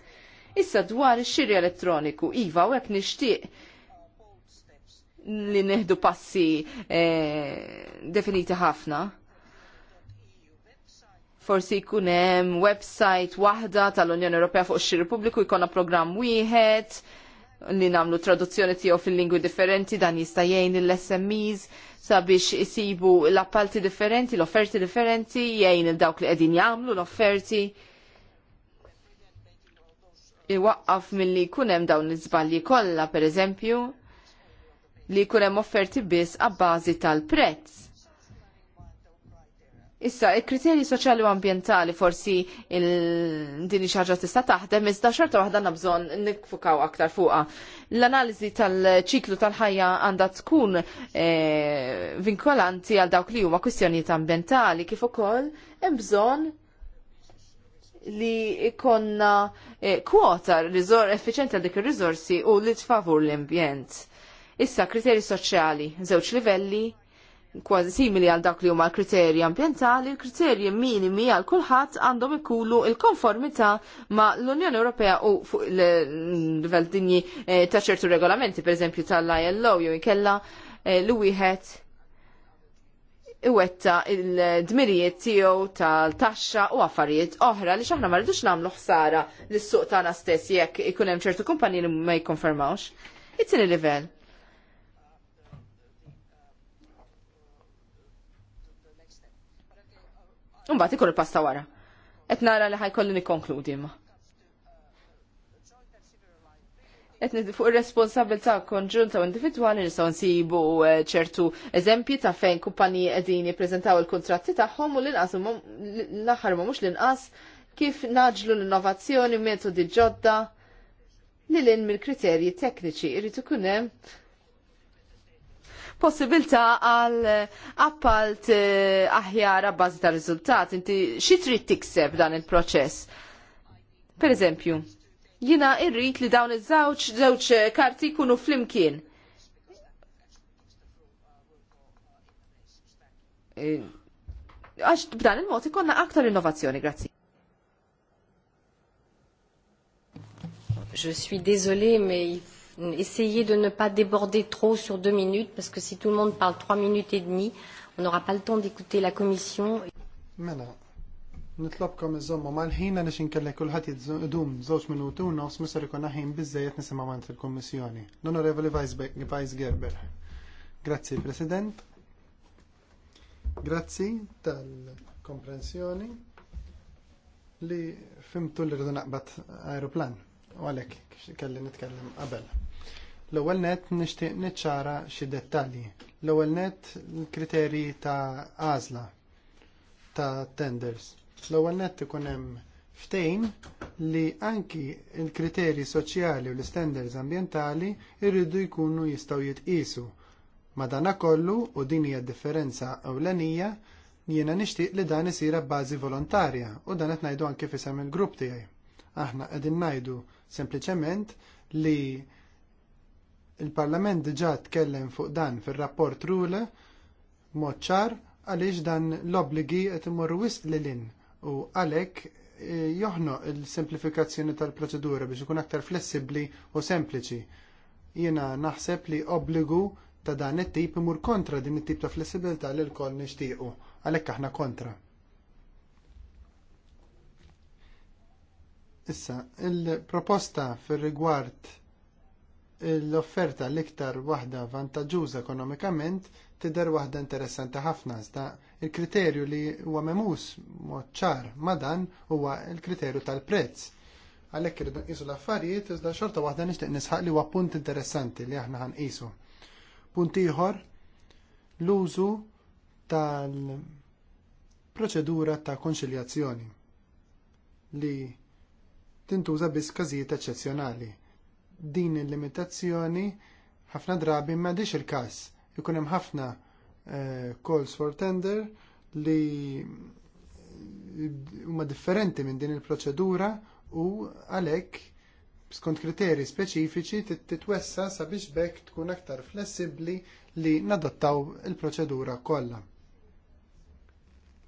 Issa dwar ix-xiri elettroniku, iva, u hekk nixtieq li neħdu passi eh, definiti ħafna. Forsi jkun hemm website waħda tal-Unjoni Ewropea fuq ix-xiri pubbliku jkollna programm wieħed li namlu traduzzjoni tiegħu fil-lingwi differenti dan jista' jgħin l-SMEs sabiex isibu l-appalti differenti, l-offerti differenti, jgħin il-dawk li qegħdin jagħmlu l-offerti. Iwaqqaf milli jkun hemm dawn iż-żbalji kollha pereżempju li jkun hemm offerti biss għabbażi tal-prezz. Issa, il-kriterji soċjali u ambientali forsi din xaġa tista' taħdem, iżda xorta waħda nabżon nikfukaw aktar fuqa. L-analiżi tal-ċiklu tal-ħajja għandha tkun eh, vinkolanti għal dawk li huma kwistjonijiet ambientali kif ukoll hemm bżonn li ikonna eh, kwota rizor effiċenti għal dik ir-riżorsi u li tfavur l-ambjent. Issa, kriterji soċjali, żewġ livelli, kważi simili għal dak li huma l-kriterji ambjentali, l-kriterji minimi għal kulħadd għandhom ikulu il-konformità ma l-Unjoni Ewropea u fuq l-livell dinji eh, ta' ċertu regolamenti, pereżempju tal-ILO jew ikella eh, li wieħed iwetta il-dmirijiet tiegħu tal-taxxa u affarijiet oħra li xaħna ma rridux nagħmlu ħsara lis suq tagħna stess jekk ikun hemm ċertu kumpanji li ma jikkonfermawx. It-tieni livell Mbagħad il pasta wara. Qed nara li ħajkollu nikonkludi imma. Qed fuq ir ta' konġunta u individwali nisaw nsibu eh, ċertu eżempji ta' fejn kumpani qegħdin jippreżentaw il-kuntratti tagħhom u l-inqas l-aħħar ma mhux l-inqas kif naġlu l-innovazzjoni metodi ġodda li l-in mill-kriterji tekniċi irritu ikun hemm possibilità għal eh, appalt eh, aħjar għabbażi ta' riżultat. Inti xi trid tikseb dan il-proċess? Per eżempju, jina irrit li dawn iż-żewġ żewġ eh, karti jkunu flimkien. Għax b'dan il-mod ikonna aktar innovazzjoni, grazzi. Je suis désolée, mais il Essayez de ne pas déborder trop sur deux minutes, parce que si tout le monde parle trois minutes et demie, on n'aura pas le temps d'écouter la Commission. Mela, nitlobkom iżommu mal-ħin għaliex inkellek kulħadd idum żewġ minuti u nofs misser ikun ħin biżejjed mant il-Kummissjoni. L-Onorevoli Vice Gerber. Grazzi President. Grazzi tal-komprensjoni li fimtu li rridu naqbad aeroplan u għalhekk kelli nitkellem qabel. L-ewwel net nixtieq niċċara xi dettalji. L-ewwel net l-kriterji ta' għażla ta' tenders. L-ewwel net ikun hemm ftejn li anki l kriterji soċjali u l-standards ambjentali jridu jkunu jistgħu jitqisu. Madanakollu u din hija differenza ewlenija jiena nixtieq li dan isir bażi volontarja u dan qed ngħidu anke fisem il-grupp tiegħi. Aħna qegħdin ngħidu sempliċement li il-Parlament diġà tkellem fuq dan fir-rapport Rule mod ċar għaliex dan l-obligi qed imorru wisq lilin u għalhekk eh, joħnoq il-simplifikazzjoni tal-proċedura biex ikun aktar flessibbli u sempliċi. Jiena naħseb li obbligu ta' dan it-tip imur kontra din it-tip ta' flessibilità li l nixtiequ, għalhekk aħna kontra. Issa, il-proposta fir rigward l-offerta l-iktar waħda vantaġġuża ekonomikament tidher waħda interessanti ħafna iżda il-kriterju li huwa memus mod ċar ma' dan huwa l kriterju tal-prezz. Għalhekk irridu nqisu l-affarijiet iżda xorta waħda nixtieq nisħaq li huwa punt interessanti li aħna ħanqisu. Punt ieħor l-użu tal-proċedura ta' konċiljazzjoni li tintuża biss każijiet eċċezzjonali. Din il-limitazzjoni ħafna drabi m'għadix il-każ. Ikun hemm ħafna eh, calls for tender li huma differenti minn din il-proċedura u għalhekk skont kriterji speċifiċi titwessa sabiex bekk tkun aktar flessibbli li nadottaw il-proċedura kollha.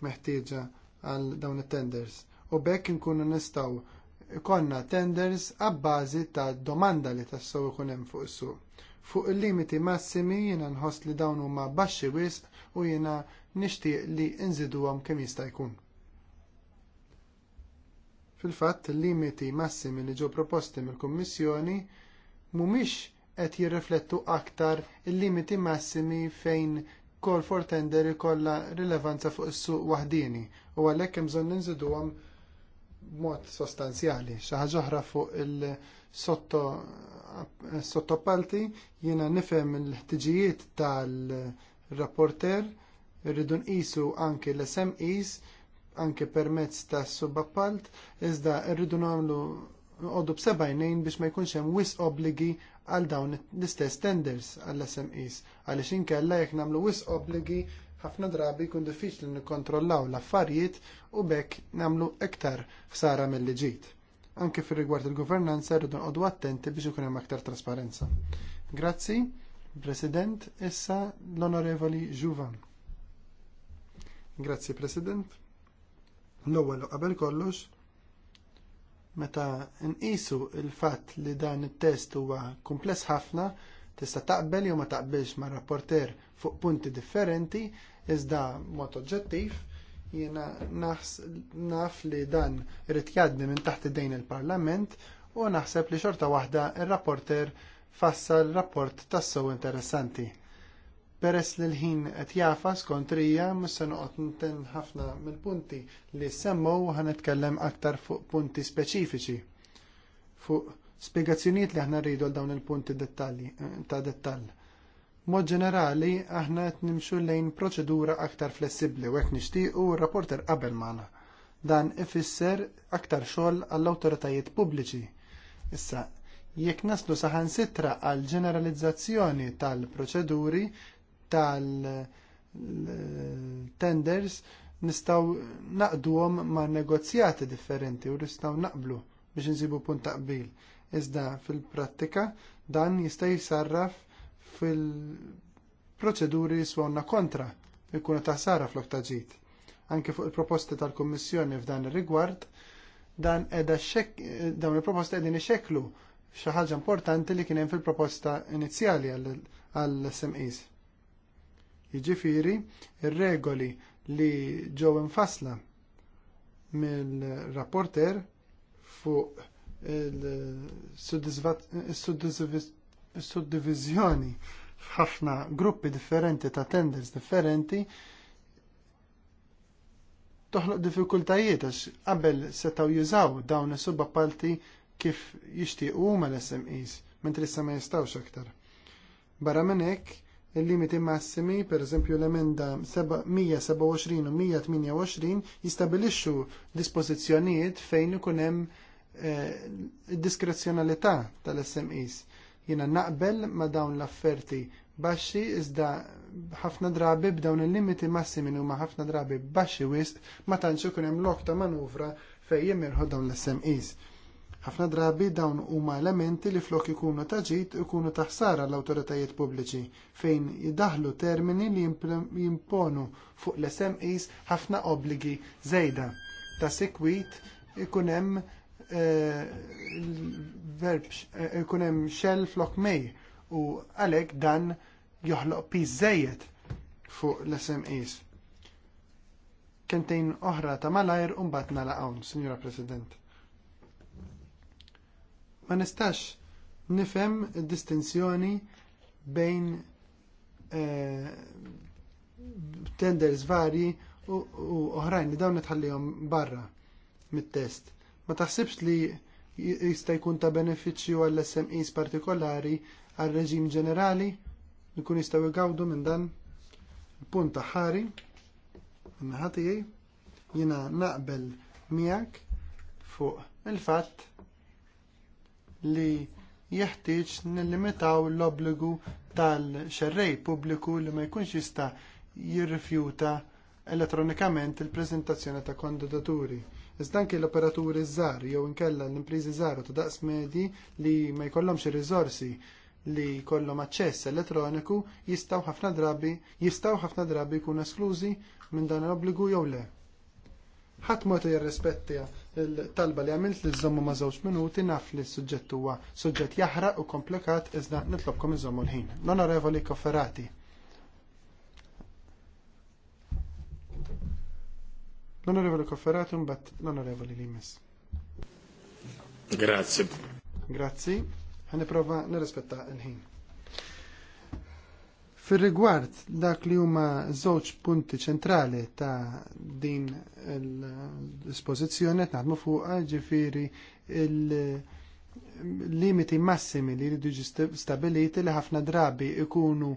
Meħtieġa għal dawn it-tenders u bekk nkunu nistgħu konna tenders għabbażi ta' domanda li tassew ikun hemm fuq is-suq. Fuq il-limiti massimi jiena nħoss li dawn huma baxxi wisq u jiena nixtieq li nżiduhom kemm jista' jkun. Fil-fatt il-limiti massimi li ġew proposti mill-Kummissjoni mhumiex qed jirriflettu aktar il-limiti massimi fejn call for tender ikollha rilevanza fuq is-suq waħdini u għalhekk hemm bżonn ninżiduhom b'mod sostanzjali. Xi ħaġa oħra fuq il-sottopalti jiena nifhem il-ħtiġijiet tal-rapporter iridu nqisu anke l-SMEs anke permezz ta' subappalt iżda rridu nagħmlu noqogħdu b'sebajnejn biex ma jkunx hemm wisq obbligi għal dawn l-istess tenders għall-SMEs għaliex inkella jekk nagħmlu wisq obbligi ħafna drabi jkun diffiċli nikkontrollaw l-affarijiet u bekk nagħmlu iktar ħsara mill-li ġid. Anke fir rigward il-governanza rridu nqogħdu attenti biex ikun hemm aktar trasparenza. Grazzi, President, issa l-Onorevoli Juvan. Grazzi, President. L-ewwel qabel kollox, meta nqisu il-fatt li dan it-test huwa kumpless ħafna, tista' taqbel jew ma taqbilx mar rapporter fuq punti differenti, Iżda mod oġġettiv jiena naf li dan irid jgħaddi minn taħt id-dejn il-Parlament u naħseb li xorta waħda ir-rapporter fassal rapport tassew interessanti. Peress li l-ħin qed jafa skont rija mhux se noqgħod nten ħafna mill-punti li semmew u ħanitkellem aktar fuq punti speċifiċi fuq spjegazzjonijiet li aħna rridu għal dawn il-punti ta' dettall. Mod ġenerali, aħna qed nimxu lejn proċedura aktar flessibbli u hekk nixtiequ r-rapporter qabel magħna. Dan ifisser aktar xogħol għall-awtoritajiet pubbliċi. Issa, jekk naslu saħansitra għal ġeneralizzazzjoni tal-proċeduri tal-tenders nistgħu naqduhom ma' negozjati differenti u nistgħu naqblu biex insibu punt taqbil. Iżda fil-prattika dan jista' jisarraf fil-proċeduri swonna kontra ikkuna sara flok taġit. Anke fuq il-proposti tal-Kommissjoni f'dan ir-rigward, dan edha dawn il-proposti qegħdin ixekklu xi ħaġa importanti li kien hemm fil-proposta inizjali għall-SMEs. Jiġifieri, ir-regoli li ġew infasla mill-rapporter fuq il-suddisfazzjoni suddivizjoni ħafna gruppi differenti ta' tenders differenti toħloq diffikultajiet għax qabel setaw jużaw dawn is-subappalti kif jixtiequ huma l-SMEs, mentri issa ma jistgħux aktar. Barra minn hekk, il-limiti massimi, pereżempju l-emenda 127 u 128 jistabilixxu dispożizzjonijiet fejn ikun hemm id eh, diskrezzjonalità tal-SMEs. Jiena naqbel ma dawn l-afferti baxxi iżda ħafna drabi b'dawn il-limiti massimi li huma ħafna drabi baxxi wisq ma tantx ikun hemm lok ta' manuvra fejn jimirħu dawn l-SMEs. Ħafna drabi dawn huma elementi li flok ikunu ta' ġid ikunu ta' ħsara l-awtoritajiet pubbliċi fejn jidaħlu termini li jimponu fuq l-SMEs ħafna obbligi żejda. Ta' sikwit ikun hemm verb eh, ikun hemm xell flok mej u għalhekk dan joħloq piżejjed fuq l-SMEs. Kentejn oħra ta' malajr u mbagħad nagħlaq hawn, Sinjura President. Ma nistax nifhem distinzjoni bejn eh, tenders varji u oħrajn li dawn nitħallihom barra mit-test Ma taħsibx li jista' jkun ta' benefiċċju għall smes partikolari għal reġim ġenerali li kun jistgħu jgawdu minn dan il-punt ta' ħari minnaħa jina jiena naqbel miegħek fuq il-fatt li jeħtieġ nillimitaw l-obbligu tal-xerrej pubbliku li ma jkunx jista' jirrifjuta elettronikament il-preżentazzjoni ta' kandidaturi Iżda anke l-operaturi żgħar jew inkella l-impriżi żgħar ta' daqs medji li ma jkollhomx ir-riżorsi li jkollhom aċċess elettroniku jistgħu ħafna drabi jistgħu ħafna drabi jkunu esklużi minn dan l-obbligu jew le. Ħadd mod jirrispettja l talba li għamilt li żommu ma' żewġ minuti naf li s-suġġett huwa suġġett jaħraq u komplikat iżda nitlobkom iżommu l-ħin. L-Onorevoli Kofferati. L-Onorevoli Kofferati l'onorevole Limes. Grazie. Grazie. Grazzi. prova Ħaniprova nirrispetta l-ħin. Fir-rigward dak li huma żewġ punti ċentrali ta' din l-espożizzjoni qed naħdmu fuqha ġifieri il-limiti massimi li jridu stabiliti li ħafna drabi ikunu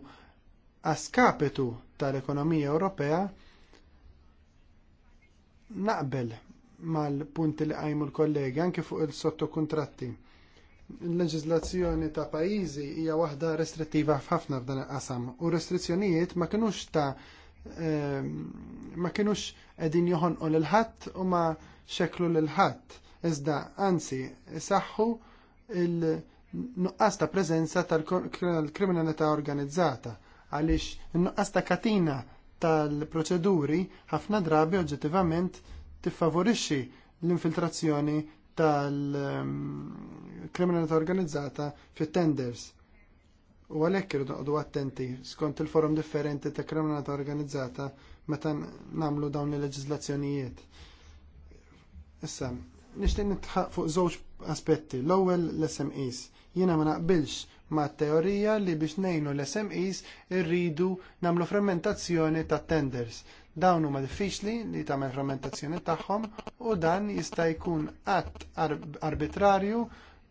għaskapitu tal-ekonomija Ewropea Naqbel mal-punti li għajmu l-kollegi anke fuq il-sottokuntratti. Il-leġizlazzjoni ta' pajjiżi hija waħda restrittiva f'ħafna f'dan il-qasam u restrizzjonijiet ma kinux ta' ehm, ma kinux qegħdin joħonqu lil ħadd u ma xeklu lil ħadd. Iżda anzi saħħu il-nuqqas ta' preżenza tal-kriminalità organizzata għaliex in-nuqqas ta' katina tal-proċeduri ħafna drabi oġġettivament tiffavorixxi l-infiltrazzjoni tal-kriminalità organizzata fit-tenders. U għalhekk noqogħdu attenti skont il-forum differenti ta' kriminalità organizzata meta nagħmlu dawn il-leġiżlazzjonijiet. Issa, nixtieq nitħaq fuq żewġ aspetti. L-ewwel l-SMEs. Jiena ma naqbilx ma' teorija li biex nejnu l-SMEs irridu namlu frammentazzjoni ta' tenders. Dawn huma diffiċli li tagħmel frammentazzjoni tagħhom u dan jista' jkun att arbitrarju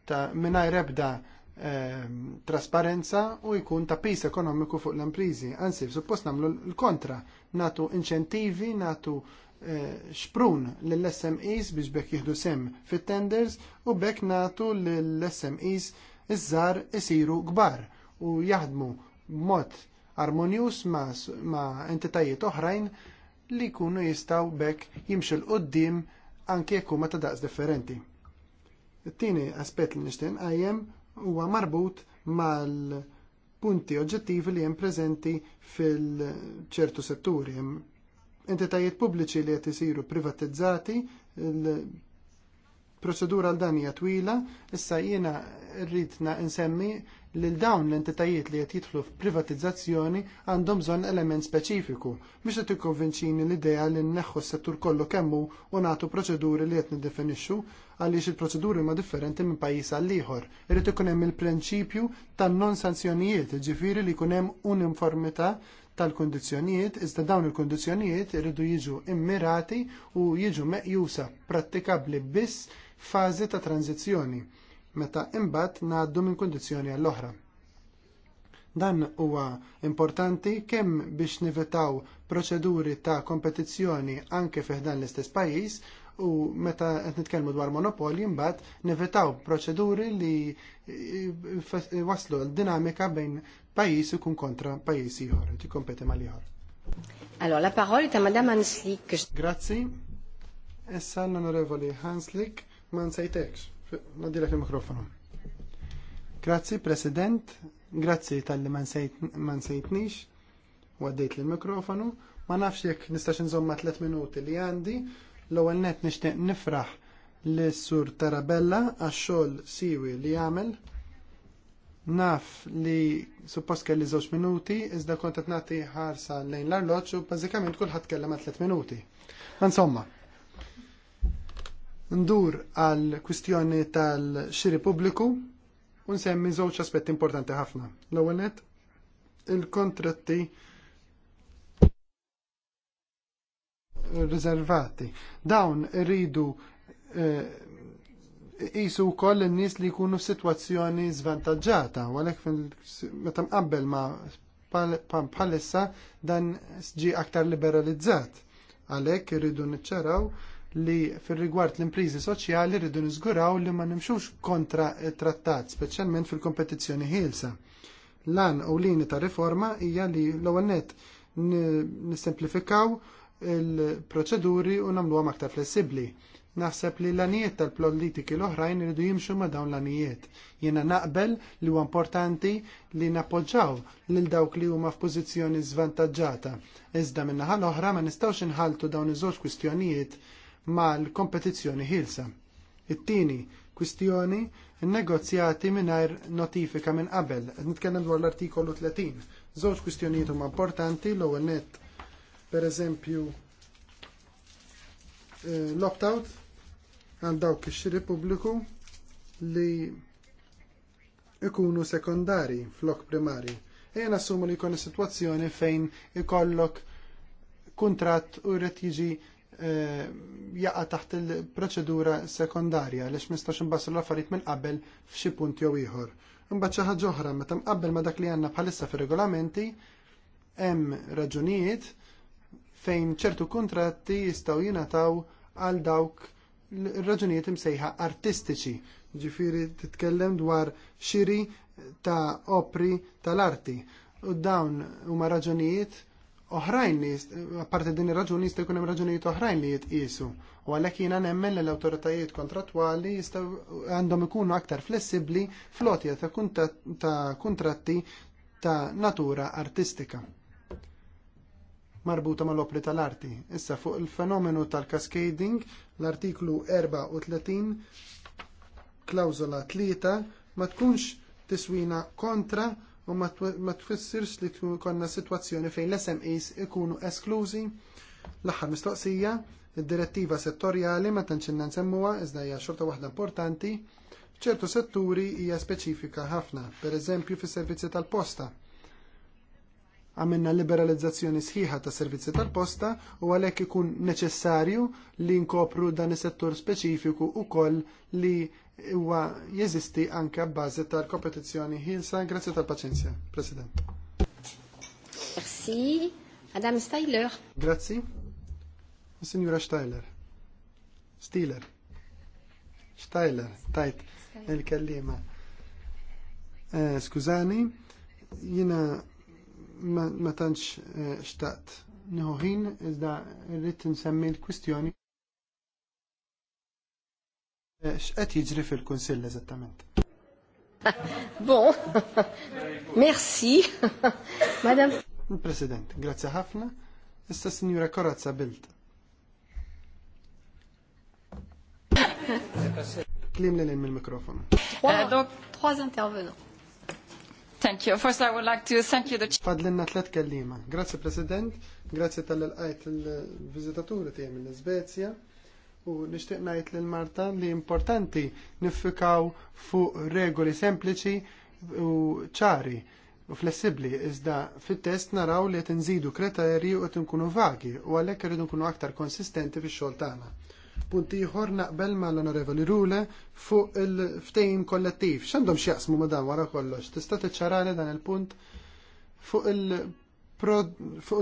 ta' mingħajr ebda ehm, trasparenza u jkun ta' pis ekonomiku fuq l-imprizi. Anzi, suppost namlu l-kontra, natu inċentivi, natu xprun eh, lill smes biex bekk jieħdu sem fit-tenders u bekk natu lill smes iż-żar isiru kbar u jaħdmu b'mod armonjus ma', ma entitajiet oħrajn li jkunu jistgħu bekk jimxu l-qoddim anke jekk huma ta' daqs differenti. It-tieni aspett li nixtieq nqajjem huwa marbut mal-punti oġġettivi li hemm preżenti fil-ċertu setturi. entitajiet pubbliċi li qed isiru privatizzati, Procedura l-dan hija twila, issa jiena rridna insemmi li dawn l-entitajiet li qed jidħlu f'privatizzazzjoni għandhom bżonn element speċifiku biex qed ikkonvinċini l-idea li nneħħu s-settur kollu kemmu u nagħtu proċeduri li qed niddefinixxu għaliex il-proċeduri huma differenti minn pajjiż għal ieħor. Irid ikun hemm il-prinċipju tan non sanzjonijiet, ġifieri li jkun hemm uniformità tal-kundizzjonijiet, iżda dawn il-kundizzjonijiet iridu jiġu immirati u jiġu meqjusa prattikabbli biss fażi ta' transizzjoni meta imbagħad ngħaddu minn kundizzjoni għall oħra Dan huwa importanti kemm biex nivetaw proċeduri ta' kompetizzjoni anke fih dan l-istess pajjiż u meta qed nitkellmu dwar monopoli imbagħad nivetaw proċeduri li waslu l-dinamika bejn pajjiż ikun kontra pajjiż ieħor, Tikkompeti mal-ieħor. Allora, la parola ta' Madame Hanslik. Grazzi. Essa l-Onorevoli Hanslik ma nsejtekx. Nadilek il-mikrofonu. Grazzi, President. Grazzi tal-li ma nsejtnix. Waddejt il mikrofonu Ma nafx jekk nistax nżomma 3 minuti li għandi. L-ewwel net nixtieq nifraħ l sur Tarabella għax-xogħol siwi li jagħmel. Naf li suppost kelli żewġ minuti, iżda kont qed nagħti ħarsa lejn l-arloġġ u bażikament kulħadd kellem għal 3 minuti. Ma insomma, Ndur għal kwistjoni tal-xiri pubbliku u nsemmi żewġ aspetti importanti ħafna. L-ewwel il-kontratti riservati. Dawn rridu jisu eh, e, koll n-nis li jkunu situazzjoni zvantagġata, għalhekk meta mqabbel ma bħalissa dan ġi aktar liberalizzat. Għalhekk rridu niċċaraw li fil-rigward l-imprizi soċjali rridu niżguraw li ma nimxux kontra trattat, speċjalment fil-kompetizzjoni ħielsa. Lan u lini ta' riforma hija li l-ewwel nett nisimplifikaw il-proċeduri u nagħmluhom aktar flessibbli. Naħseb li l-anijiet tal-politiki l-oħrajn iridu jimxu ma' dawn l-anijiet. Jiena naqbel li huwa importanti li nappoġġaw lil dawk li huma f'pożizzjoni żvantaġġata. Iżda min-naħa l-oħra ma nistgħux inħaltu dawn iż-żewġ kwistjonijiet mal-kompetizzjoni ħilsa. It-tieni kwistjoni negozjati mingħajr notifika minn qabel. Nitkellem dwar l-artikolu 30. Żewġ kwistjonijiet huma importanti l-ewwel nett pereżempju eh, l-opt-out għal dawk ix-xiri pubbliku li ikunu sekondari flok primari. Ejja nassumu li jkun is-sitwazzjoni fejn ikollok kuntratt u jrid jiġi Eh, jaqa taħt il-proċedura sekondarja lex mistax imbassu l-affarijiet minn qabel f'xi punt jew ieħor. Imbagħad xi ħaġa oħra meta mqabbel ma dak li għandna bħalissa fir-regolamenti hemm raġunijiet fejn ċertu kuntratti jistgħu jingħataw għal dawk raġunijiet imsejħa artistiċi. Ġifiri titkellem dwar xiri ta' opri tal-arti. U dawn huma raġunijiet oħrajn li, apparti din ir-raġuni jista' jkun hemm raġunijiet oħrajn li jitqisu. U għalhekk jiena nemmen li l-awtoritajiet kontratwali jistgħu għandhom ikunu aktar flessibbli flotja ta' kuntratti ta' natura artistika marbuta mal-opri tal-arti. Issa fuq il-fenomenu tal-cascading, l-artiklu 34, klawzola 3, ma tkunx tiswina kontra u ma tfissirx li konna situazzjoni fejn l-SMEs ikunu esklużi. L-aħħar mistoqsija, id-direttiva settorjali ma tanċinna nsemmuha iżda hija xorta waħda importanti, f'ċertu setturi hija speċifika ħafna, pereżempju fis-servizzi tal-posta. Għamilna liberalizzazzjoni sħiħa ta' servizzi tal-posta u għalhekk ikun neċessarju li nkopru dan is-settur speċifiku ukoll li huwa jeżisti anke b'bażi tal-kompetizzjoni ħilsa grazzi tal-paċenzja, President. Merci, Madame Steyler. Grazzi. Signora Steyler. Steyler. Steyler, tajt il-kellima. Eh, skużani, jina ma, ma tantx eh, xtaqt nħuħin, iżda rrit nsemmi l-kwistjoni. X'qed jiġri fil-Kunsill eżattament? Bon, merci, madam. President, grazzi ħafna. Issa Signora Corazza Bilt. Klim l mill-mikrofon. Donc, uh, trois intervenants. Thank you. First, I would like to thank you. Fadlinna tlet kellima. Grazie, President. Grazie tal-għajt il-vizitaturi tijem mill-Svezja. U nixtieq ngħid lil Marta li importanti niffikaw fuq regoli sempliċi u ċari u flessibbli iżda fit-test naraw li qed inżidu kriterji u qed inkunu vagi u għalhekk irridu nkunu aktar konsistenti fix-xogħol tagħna. Punti ieħor naqbel mal onorevoli Rule fuq il ftejn kollettiv. X'għandhom x'jaqsmu ma' dan wara kollox? Tista' tiċċarani dan il-punt fuq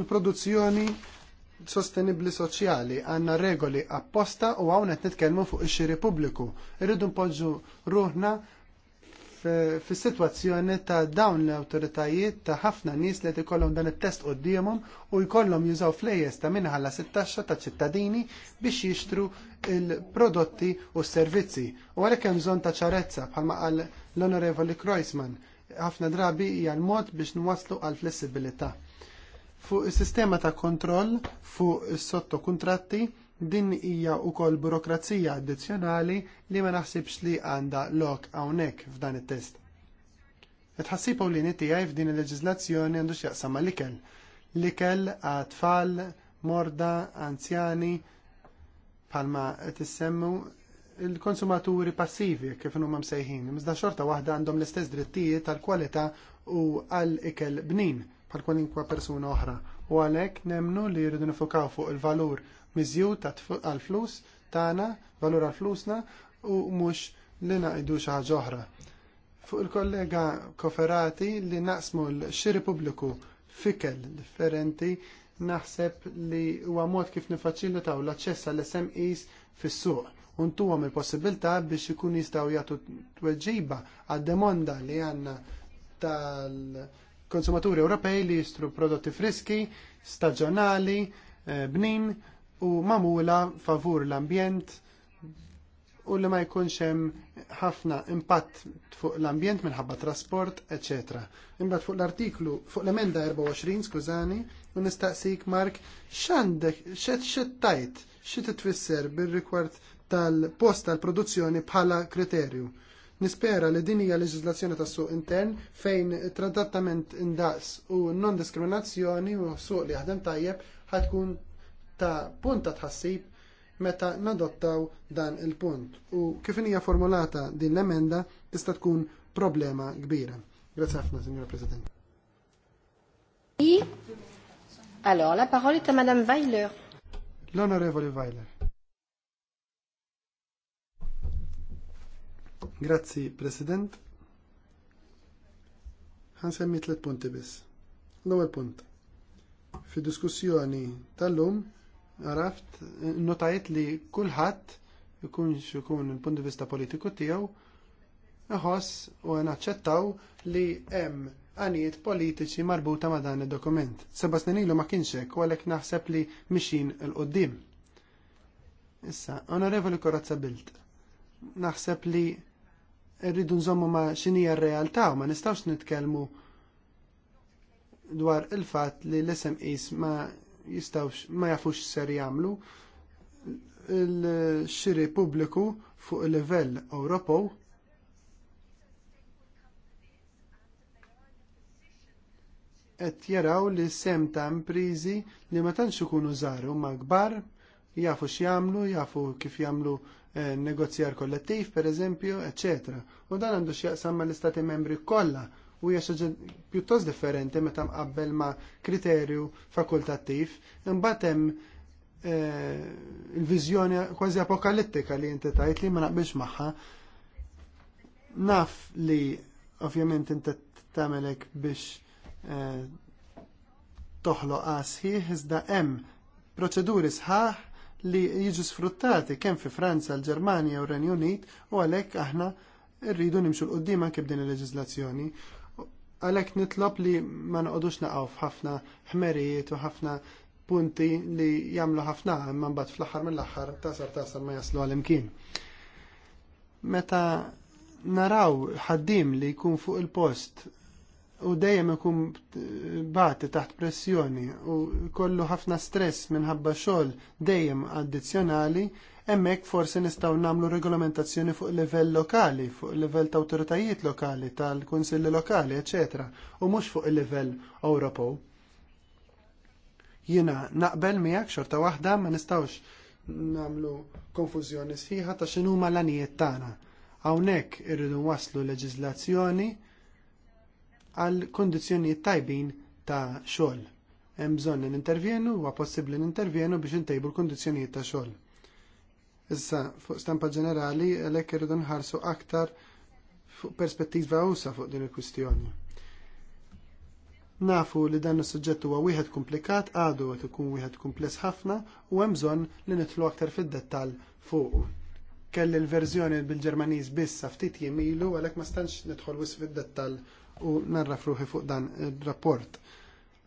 il-produzzjoni sostenibli soċjali għandna regoli apposta u għawna għet nitkellmu fuq ix-xiri pubbliku. Irridu npoġġu ruħna fis-sitwazzjoni ta' dawn l-awtoritajiet ta' ħafna nies li ikollhom dan it-test qudiemhom u jkollhom jużaw flejjes ta' minħalla 16 ta' ċittadini biex jixtru l prodotti u s-servizzi. U għalhekk hemm bżonn ta' ċarezza bħalma qal l-Onorevoli Kreuzmann ħafna drabi hija l-mod biex nwaslu għal flessibilità. Fuq is-sistema ta' kontroll fuq is-sottokuntratti din hija wkoll burokrazija addizzjonali li ma naħsibx li għandha lok hawnhekk f'dan it-test. ħassib Pawlini tiegħi f'din il-leġiżlazzjoni għandu x'jaqsam mal-ikel. L-ikel għat-tfal, morda, anzjani, palma tissemmu il-konsumaturi passivi kif huma msejħin, iżda xorta waħda għandhom l-istess drittijiet tal-kwalità u għall ikel bnin bħal kwalinkwa persuna oħra u għalhekk nemnu li jridu nifokaw fuq il-valur miżjud għall-flus tagħna, valur għall-flusna u mhux li naqidu xi ħaġa oħra. Fuq il-kollega Koferati li naqsmu l-xiri pubbliku fikel differenti naħseb li huwa mod kif nifaċilitaw l-aċċess għall smes fis-suq u ntuhom il-possibilità biex ikun jistgħu jagħtu tweġiba għad-demonda li għandna tal- konsumaturi Ewropej li jistru prodotti friski, staġjonali, eh, bnin u mamula favur l-ambjent u li ma jkunx hemm ħafna impatt fuq l-ambjent minħabba trasport, etc. Imbagħad fuq l-artiklu fuq l-emenda 24, skużani, u nistaqsik Mark x'għandek xed xed tajt xi titfisser bir-rikward tal-post tal-produzzjoni bħala kriterju. Nispera li din hija leġiżlazzjoni tas-suq intern fejn trattament indaqs u non-diskriminazzjoni u suq li jaħdem tajjeb ħatkun ta' punt ta' tħassib meta nadottaw dan il-punt. U kif hija formulata din l-emenda tista' tkun problema kbira. Grazie ħafna, Signora President. Allora, la parola è a Madame Weiler. L'onorevole Weiler. Grazzi, President. Ħansemmi tliet punti biss. L-ewwel punt. Fid-diskussjoni tal-lum għaraft notajt li kulħadd ikun ikun il punti vista politiku tiegħu iħoss u naċċettaw li hemm għanijiet politiċi marbuta ma dan id-dokument. Seba snin ilu ma kienx hekk u għalhekk naħseb li mixin il-qoddim. Issa, Onorevoli Korazza Bilt, naħseb li rridu nżommu ma' xinija r-realtà u ma' nistawx nitkellmu dwar il-fat li l-SMEs ma' jistawx ma' jafux ser jamlu il-xiri pubbliku fuq il-livell Ewropew qed jaraw li sem ta' imprizi li ma tantx ikunu żgħar huma kbar, jafu x'jagħmlu, jafu kif jagħmlu Eh, negozjar kollettiv, per eżempju, ecc. U dan għandu ma mal istati membri kollha u hija xi pjuttost differenti meta mqabbel ma' kriterju fakultattiv. Imbagħad hemm eh, il-viżjoni kważi apokalittika li inti tajt li ma naqbilx magħha. Naf li ovvjament inti tagħmelek biex eh, toħloq għasħi, iżda hemm proċeduri sħaħ li jiġu sfruttati kemm fi Franza, l-Ġermanja u Renju Unit u għalhekk aħna rridu nimxu l-qoddim anke b'din il-leġiżlazzjoni. Għalhekk nitlob li ma noqogħdux naqgħu f'ħafna ħmerijiet u ħafna punti li jagħmlu ħafna imma mbagħad fl-aħħar mill-aħħar tasar tasar ma jaslu għal imkien. Meta naraw ħaddim li jkun fuq il-post u dejjem ikun bati taħt pressjoni u kollu ħafna stress minħabba xogħol dejjem addizzjonali, hemmhekk forsi nistgħu nagħmlu regolamentazzjoni fuq livell lokali, fuq livell ta' awtoritajiet lokali, tal-kunsilli lokali, eċetera, u mhux fuq il-livell Ewropew. Jiena naqbel miegħek xorta waħda ma nistgħux nagħmlu konfużjoni sħiħa ta' x'inhuma l-anijiet tagħna. Hawnhekk irridu waslu leġiżlazzjoni għal kondizzjonijiet tajbin ta' xogħol. Hemm bżonn nintervjenu huwa possibbli nintervjenu biex intejbu l-kondizzjonijiet ta' xogħol. Issa fuq stampa ġenerali għalhekk irridu nħarsu aktar fuq perspettiva usa fuq din il-kwistjoni. Nafu li dan is-suġġett huwa wieħed komplikat, għadu qed ikun wieħed kumpless ħafna u hemm bżonn li nidħlu aktar fid-dettall fuq. Kelli l-verżjoni bil-Ġermaniż biss ftit jiem ilu għalhekk ma stantx nidħol wisq fid-dettall u narraf ruħi fuq dan il-rapport.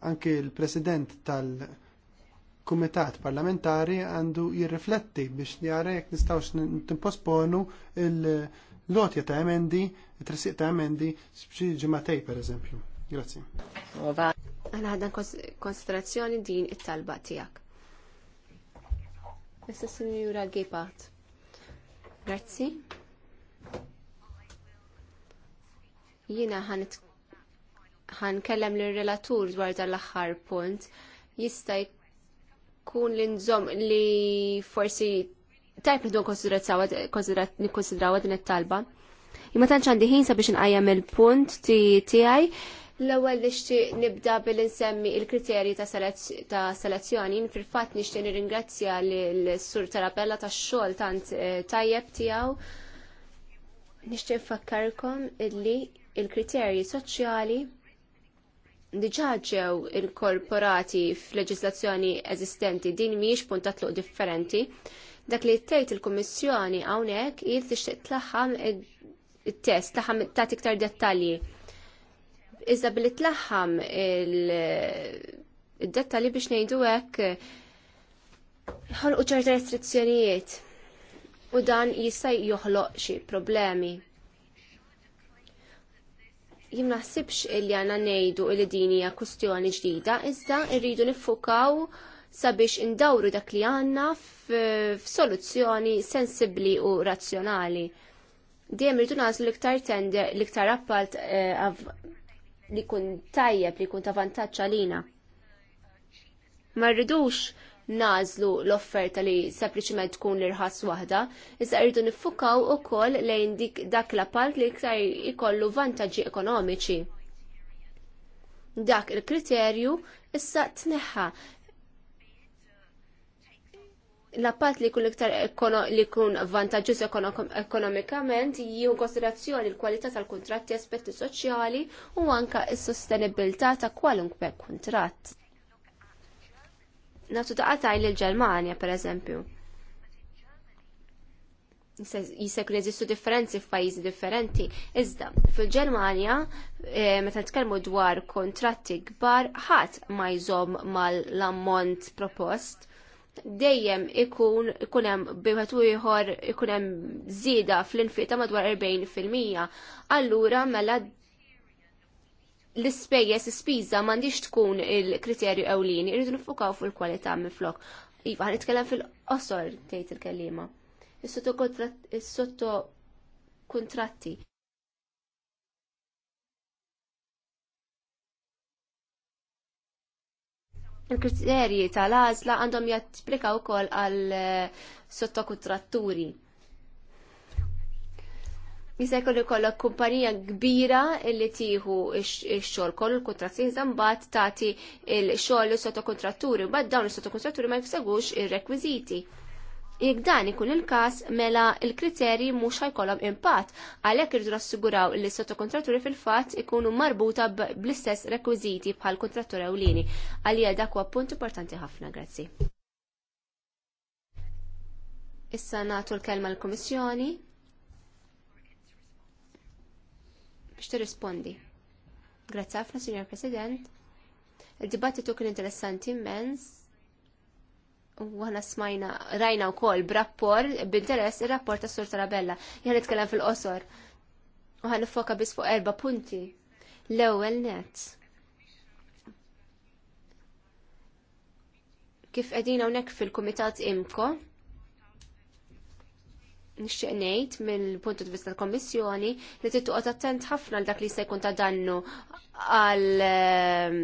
Anki l-President tal-Kumitat Parlamentari għandu jirrifletti biex jara jek nistawx timposponu il-lotja ta' emendi, il-tresiq ta' emendi, bċi ġematej per eżempju. Grazie. Għana għadan konsiderazzjoni din it-talba tijak. Issa sinjura Gepard. Grazzi. Jiena ħankellem l relatur dwar dan l-aħħar punt. Jista' jkun li nżomm li forsi tajp li nikkonsidraw din it-talba. Imma tanċ għandi ħin sabiex nqajjem il-punt tiegħi. L-ewwel nixtieq nibda bil insemmi il-kriterji ta' selezzjoni. Fil-fatt nixtieq nirringrazzja l-Sur Tarabella tax-xogħol tant eh, tajjeb tiegħu. Nixtieq nfakkarkom illi il-kriterji soċjali diġaġew ġew inkorporati fil-leġislazzjoni eżistenti din mhijiex punt tluq differenti. Dak li tgħid il-Kummissjoni hawnhekk il tixtieq tlaħħam it-test tlaħħam tagħti iktar dettalji. Iżda billi tlaħħam il-dettalji biex ngħidu hekk ħolqu ċerta restrizzjonijiet u dan jista' joħloq xi problemi jim naħsibx illi għana nejdu illi dini hija kustjoni ġdida, iżda irridu nifukaw sabiex indawru dak li għanna f'soluzzjoni sensibli u razzjonali. Dejjem irridu nażlu l-iktar tender, l-iktar appalt eh, li kun tajjeb, li kun ta' vantaċċa għalina. Ma rridux nażlu l-offerta li sempliċiment tkun l-irħas waħda, iżda rridu niffukaw ukoll lejn dik dak l-appalt li iktar ikollu vantaġġi ekonomiċi. Dak il-kriterju issa tneħħa l appalt li kun iktar li kun vantaġġuż ekonomikament jiju konsiderazzjoni l-kwalità tal-kontratti, aspetti soċjali u anka s-sostenibilità ta' kwalunkwe kuntratt natu daqataj l-Ġermania, per eżempju. Jisek jizistu differenzi f'pajjiżi differenti. Iżda, fil-Ġermanja, eh, meta t-kelmu dwar kontratti kbar, ħadd ma jżomm mal-ammont propost dejjem ikun ikunem hemm bieħed ieħor ikun hemm żieda fl-infieta madwar 40%. Allura mela l-ispejjeż ispiża m'għandix tkun il-kriterju ewlieni, irridu nifukaw fuq il-kwalità flok Iva, nitkellem fil-qosor tgħid il-kelliema. Is-sotto kontratti. Il-kriterji tal-għażla għandhom jattplikaw ukoll għal sottokontratturi. Jista' jkollu jkollok kumpanija kbira li tieħu x-xogħol kollu l-kuntratti iżda il tagħti l-xogħol sottokontratturi u mbagħad dawn is-sottokontratturi ma jfsegux ir-rekwiżiti. Jekk dan ikun il-każ mela l-kriterji mhux ħajkollhom impatt għalhekk irridu nassiguraw li sottokontratturi fil-fatt ikunu marbuta bl-istess rekwiżiti bħal kontrattur ewlieni. Għalija dak huwa punt importanti ħafna, grazzi. Issa nagħtu l-kelma l-Kummissjoni. biex tirrispondi. Grazzi ħafna, Signor President. Il-dibattitu kien interessanti immens. U għana smajna, rajna u kol, b'rapport, b'interess, il-rapport ta' Sur Tarabella. Jħan nitkellem fil-qosor. U għan foka bis fuq erba punti. L-ewel net. Kif edina unek fil-Komitat Imko, nixtieq ngħid mill-punt ta' vista tal-Kommissjoni li trid toqgħod attent ħafna l dak li se jkun ta' dannu għal eh,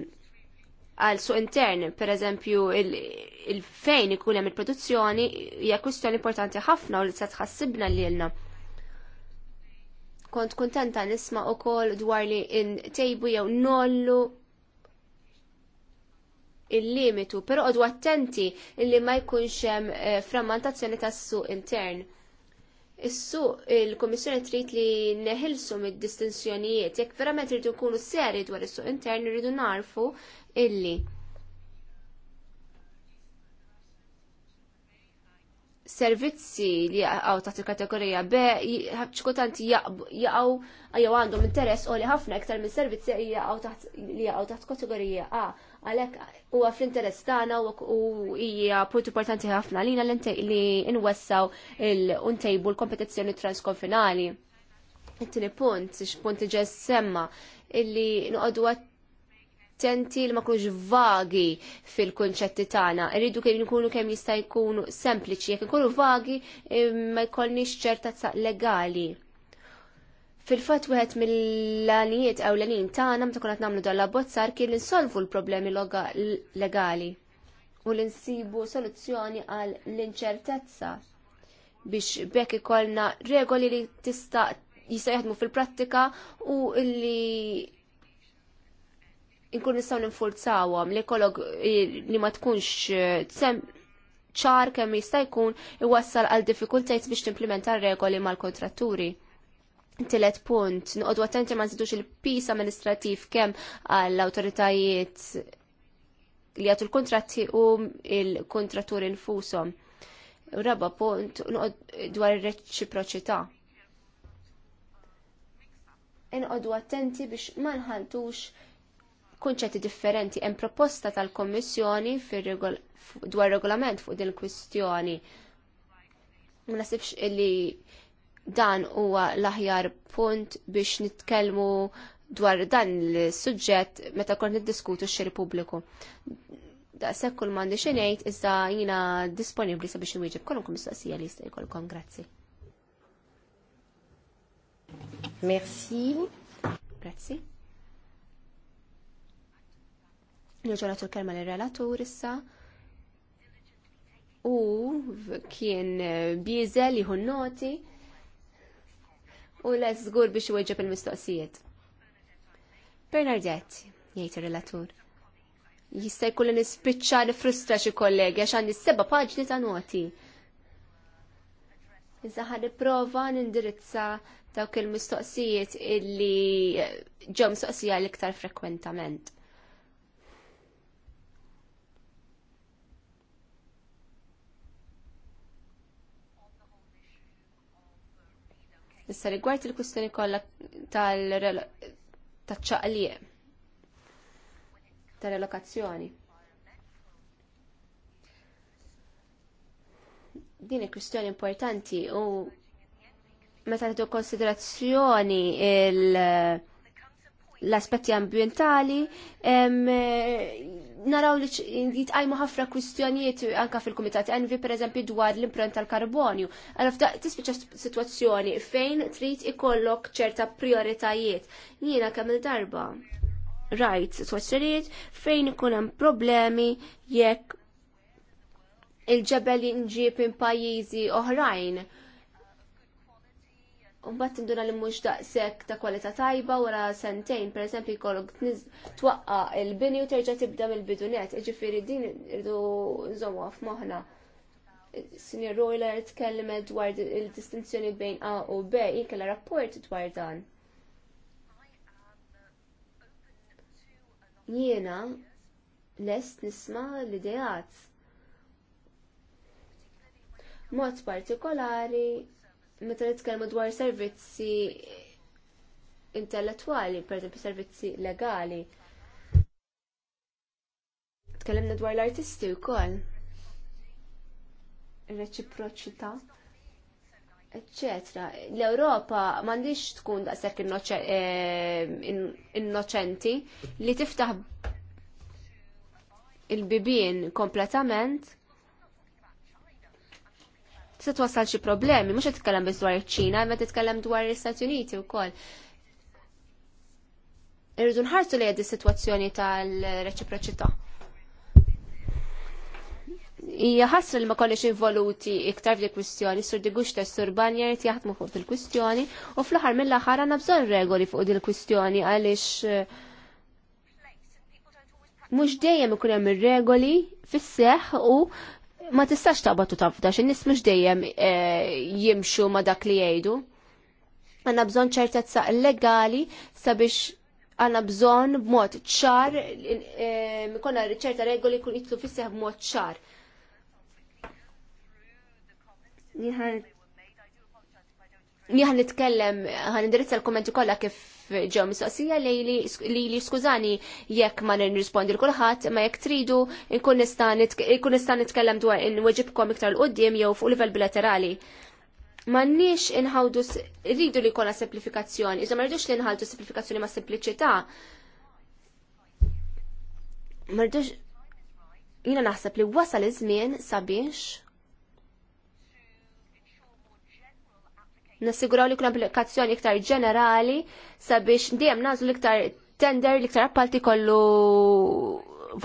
għal suq intern, per eżempju, il-fejn ikun hemm il-produzzjoni hija kwistjoni importanti ħafna u li se tħassibna lilna kont kuntenta nisma ukoll dwar li ntejbu jew nollu il-limitu, pero għadu attenti illi ma jkunx hemm eh, frammantazzjoni tas-suq intern. Is-suq il-Kummissjoni trid li neħilsu mid-distinzjonijiet, jekk verament rridu nkunu seri dwar is-suq intern rridu narfu illi servizzi li jaqgħu taħt il-kategorija B ċkultant jaqgħu jew għandhom interess u li ħafna iktar minn servizzi li jaqgħu taħt kategorija A Għalhekk huwa fl-interess tagħna u hija punt importanti ħafna lina li nwessaw il-untejbu l-kompetizzjoni transkonfinali. It-tieni punt, x-punt ġes semma, illi noqogħdu attenti li ma kunux vagi fil-konċetti tagħna. Irridu kemm nkunu kemm jista' jkunu sempliċi, jekk ikunu vagi eh, ma jkollniex ċertazza legali. Fil-fatt wieħed mill-għanijiet ew l-għanin tagħna meta kont nagħmlu dan l-abbozzar kien insolvu l-problemi legali u l-insibu soluzzjoni għal l-inċertezza biex bekk ikollna regoli li tista' jista' jaħdmu fil-prattika u li nkun nistgħu ninfurzawhom li kollok li ma tkunx tsem eh, ċar kemm jista' jkun iwassal għal diffikultajiet biex timplementa regoli mal-kontratturi tillet punt, nuqodu attenti ma nsidux il-pis amministrativ kemm għall-autoritajiet li għatu l-kontratti u l-kontratturi nfusom. Raba punt, dwar reċiproċità. E nuqodu attenti biex ma nħaltux kunċetti differenti. Hemm proposta tal-Kommissjoni dwar regolament fuq din il-kwistjoni. Ma nasibx illi dan huwa l-aħjar punt biex nitkellmu dwar dan l-suġġett meta kont niddiskutu x-xiri pubbliku. Da sekkul mandi m'għandi iżda jiena disponibbli sabiex kolum kollhom mistoqsija li jista' jkollkom grazzi. Merci. Grazzi. Nirġu nagħtu l-kelma l relatur issa u kien eh, bieżel jihun noti u les żgur biex iweġġeb il-mistoqsijiet. Bernardetti, jgħid ir-relatur. Jista' jkun nispiċċa nifrustra xi kollegi għax għandi seba' paġni ta' noti. Iżda ħad nipprova nindirizza dawk il-mistoqsijiet illi ġew mistoqsija l-iktar frekwentament. Issa rigward il-kustjoni kollha tal taċċaqlie tal-relokazzjoni. Din il-kwistjoni importanti u meta tagħtu konsiderazzjoni l-aspetti ambjentali naraw li jitqajmu ħafna kwistjonijiet anka fil-Kumitat Envi pereżempju dwar l-impronta tal-karbonju. Għalaf tispiċa situazzjoni fejn trid ikollok ċerta prioritajiet. Jiena kemm il-darba rajt situazzjonijiet fejn ikun hemm problemi jekk il-ġebel jinġib minn pajjiżi oħrajn Umbat induna li mux daqsek ta' kwalità tajba wara sentejn, per esempio, jkollok twaqqa il-bini u terġa' tibda mill-bidunet, ġifiri din irdu nżommu f'moħħna. Senior Royler tkellmet dwar il-distinzjoni bejn A u B, jinkella rapport dwar dan. Jiena lest nisma l-idejat. Mod partikolari meta nitkellmu dwar servizzi intellettwali, esempio servizzi legali. Tkellimna dwar l-artisti wkoll. Reċiproċità, eccetera. L-Ewropa m'għandix tkun daqshekk eh, innoċenti li tiftaħ il-bibien kompletament se twassal xi problemi, mhux qed titkellem biss dwar iċ-Ċina, imma titkellem dwar l-Istati Uniti wkoll. Irridu nħarsu li di situazzjoni tal-reċiproċità. Hija ħasra li ma kollix involuti iktar fil kwistjoni, sur diguxta sur banjer jaħdmu fuq il-kwistjoni u fl-aħħar mill-aħħar għandna bżonn regoli fuq din il-kwistjoni għaliex eh, mux dejjem ikun hemm ir-regoli fis-seħ u ma tistax taqbad u tafda, xin nis mux dejjem eh, jimxu ma dak li jgħidu. Għanna bżon ċertezza legali sabiex għanna bżon b'mod ċar, mikonna eh, ċerta regoli kun jitlu fisseħ b'mod ċar. Nihan nitkellem, għan indirizza l-kommenti kolla kif ġew mistoqsija li li skużani jekk ma nirrispondi l kulħadd ma jekk tridu nkun nista' nitkellem dwar inweġibkom iktar l-qudiem jew fuq livell bilaterali mannix inħawdu rridu li kolla semplifikazzjoni, iżda ma rridux li nħaltu semplifikazzjoni ma' sempliċità. Mardux jina naħseb li wasal iż-żmien sabiex nassiguraw li kun applikazzjoni iktar ġenerali sabiex dejjem nażlu liktar iktar tender l-iktar appalti kollu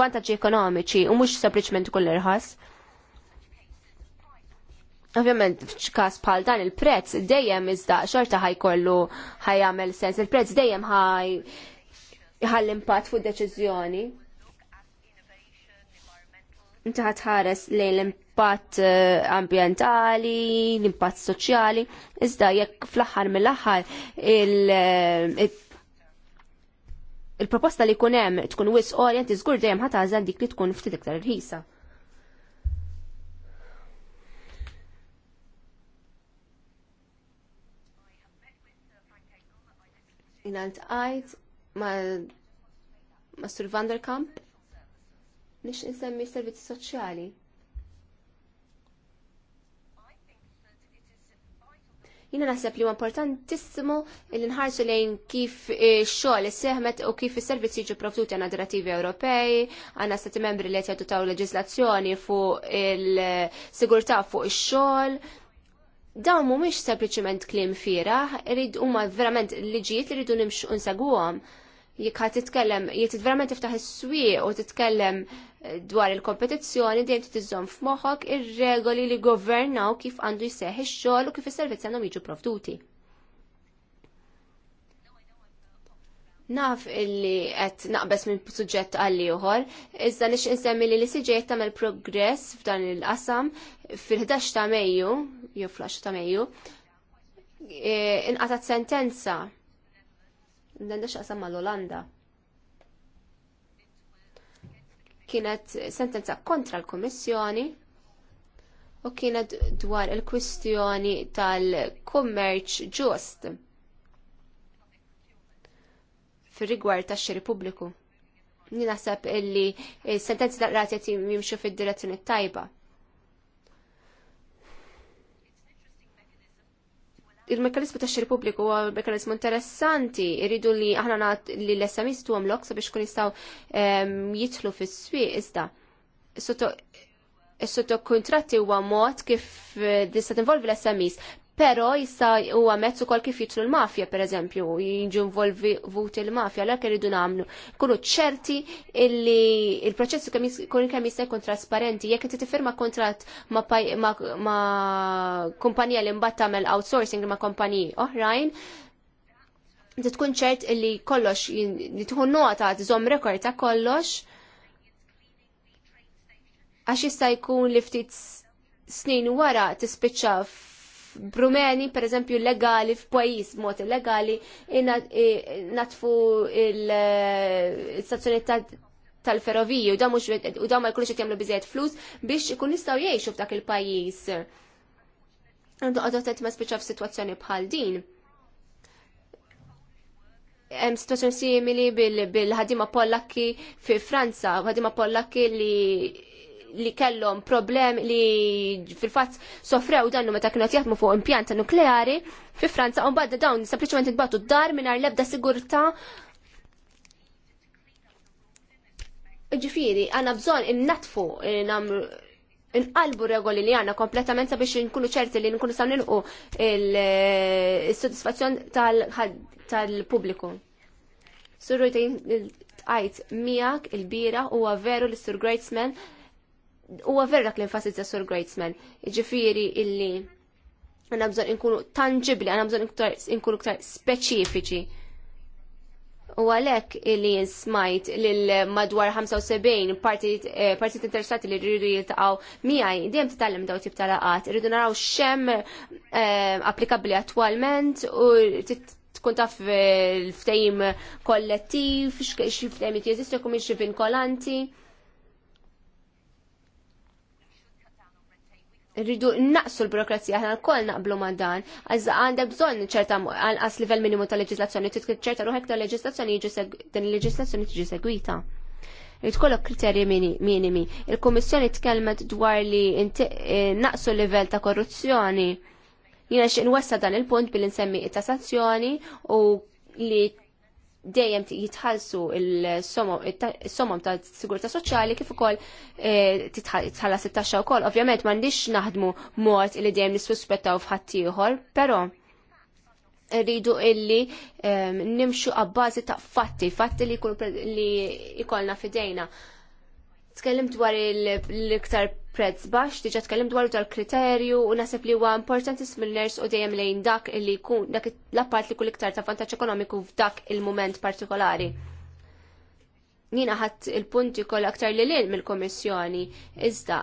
vantaġġi ekonomiċi u mhux sabriċment kull irħas. Ovvjament f'każ bħal dan il-prezz dejjem iżda xorta ħajkollu ħajjamel sens, il-prezz dejjem ħaj ħall impatt fuq deċiżjoni. Inti ħares lejn l-impatt l-impatt eh, ambjentali, l-impatt soċjali, iżda jekk fl-aħħar mill-aħħar eh, il- il-proposta li jkun hemm tkun wis orient iżgur dejjem ħatażel dik li tkun ftit iktar irħisa. Inant għajt ma ma Vanderkamp nix insemmi servizzi soċjali. Jina naħseb li huwa importantissimu li nħarsu lejn kif eh, xogħol isseħmet u kif is-servizzi jiġu provduti għandna direttivi Ewropej, għandna stati membri li qed taw leġislazzjoni fuq il-sigurtà fuq ix-xogħol. Dawn mhumiex sempliċement kliem fieraħ, irid huma verament liġijiet li rridu nimxu nsegwuhom jekk ħad titkellem, jekk verament tiftaħ is-swieq u titkellem eh, dwar il-kompetizzjoni dejjem titiżżomm f'moħħok ir-regoli li governaw kif għandu jseħħ ix-xogħol u kif is servizz għandhom jiġu provduti. Naf illi qed naqbes minn suġġett għalli uħor, iżda nix insemmi li l-ICJ tagħmel progress f'dan il-qasam fil-11 ta' Mejju, jew fl-10 ta' Mejju, eh, inqatat sentenza għandha x'qasam l olanda Kienet sentenza kontra l-Kummissjoni u kienet dwar il-kwistjoni tal-kummerċ ġust fir-rigward tax-xiri pubbliku. Ninaħseb illi sentenzi daqrati jimxu fid-direzzjoni tajba. il-mekanizmu tax pubbliku huwa mekkanizmu interessanti, irridu li aħna nagħt li l-SMIs tu għamlok sabiex kun jistgħu jitlu fis-swieq iżda. Sotto kontratti huwa mod kif eh, tista' tinvolvi l sms Pero jissa huwa għamezzu kol kif jitlu l-mafja pereżempju, involvi vuti l-mafja l irridu nagħmlu. Kunu ċerti illi il proċessu kun kemm jista' jkun trasparenti, jekk inti tifirma kontratt ma, ma, ma kumpanija li mbagħad tagħmel outsourcing ma' kumpaniji oħrajn, inti tkun ċert illi kollox jitħu nota tiżomm rekord ta' kollox għax jista' jkun li ftit snin wara tispiċċa Rumeni, per eżempju, legali f'pajis mod illegali, natfu il-stazzjoni eh, tal-ferroviju, u dawn ma jkunux qed jagħmlu biżejjed flus biex ikun jistgħu jgħixu f'dak il-pajjiż. Għandu qed ma spiċċa f'sitwazzjoni bħal din. Hemm situazzjoni simili bil-ħadima Pollakki fi Franza, ħadima Pollakki li li kellhom problem li fil-fatt sofrew dannu meta kienu jaħdmu fuq impjanta nukleari fi Franza u mbagħad dawn sempliċement intbagħtu d-dar mingħajr l-ebda sigurtà. Ġifieri, għandna bżonn innatfu nagħmlu inqalbu regoli li għanna kompletament sabiex nkunu ċerti li nkunu saw nilqu il-sodisfazzjon tal-pubbliku. Surru tgħid miak il-bira huwa veru li Sur Greatsman huwa vera dak l-enfasizza sur Greatsman, ġifiri illi għanna bżon inkunu tangibli, għanna bżon inkunu ktar speċifiċi. U għalek illi smajt l-madwar 75 partit interessati li rridu jiltaqaw miħaj, dijem t-tallem daw tip talaqat. rridu naraw xem eh, applikabli attualment u tkun taf eh, l-ftejim kollettiv, x-ftejim jt-jezistu, kum vinkolanti. kolanti rridu naqsu l-burokrazija, ħana l-koll naqblu ma dan, għazza għanda bżon ċerta għanqas livell minimu ta' leġislazzjoni, titkit ċerta ruħek ta' leġislazzjoni din il leġislazzjoni tiġi segwita. Rrid kollok kriterji minimi. Il-Kummissjoni tkellmet dwar li eh, naqsu livell ta' korruzzjoni. Jiena xi wessa dan il-punt billi nsemmi it-tassazzjoni u li dejjem jitħallsu il-somom ta' sigurta soċjali kif ukoll eh, titħallas it-taxxa wkoll. Ovvjament m'għandix naħdmu mort li dejjem nissuspettaw f'ħadd ieħor, però rridu illi eh, nimxu għabbażi ta' fatti, fatti li jkollna fidejna. Tkellim dwar l-iktar prezz baxx, diġa tkellim dwar tal kriterju u naħseb li huwa importanti smil-ners u dejjem lejn dak li jkun dak l-appart li kull iktar ta' vantaġġ ekonomiku f'dak il-mument partikolari. Jiena ħadd il-punti kol aktar li lil mill-Kommissjoni iżda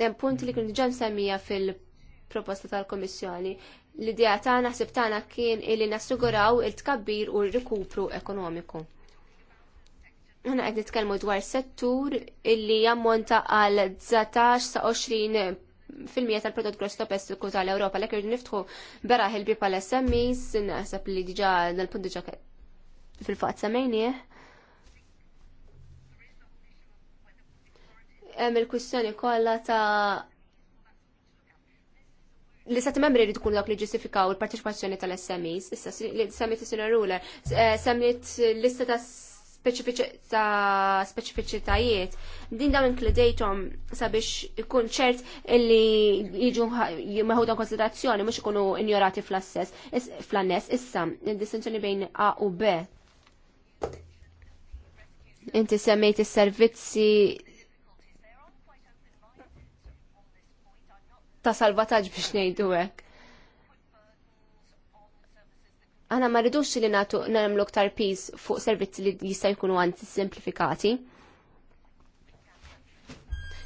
hemm punti li kien diġà semmija fil-proposta tal kummissjoni l-idea tagħna ħsib tagħna kien illi nassuguraw il-tkabbir u r-rikupru ekonomiku. Ħana qed nitkellmu dwar settur illi jammonta għal 19 sa 20 fil-mija tal-prodott gross domestiku tal-Ewropa l irdu niftħu beraħ il-bi pal SMEs, naħseb li diġà dal-punt diġa fil fat semejnieh. Hemm il-kwistjoni kollha ta' l-istati membri li tkun dawk li ġustifikaw il-parteċipazzjoni tal-SMEs, issa s semmit is ruler, eh, semmit lista ta' speċifiċitajiet, din dawn inkludejtom sabiex ikun ċert illi jiġu meħudan konsiderazzjoni mhux ikunu injorati fl-assess fl-annes issa il distinzjoni bejn A u B. Inti semmejt is-servizzi ta' salvataġġ biex ngħidu hekk. Aħna ma rridux li nagħtu nagħmlu aktar pis fuq servizzi li jista' jkunu għandi simplifikati.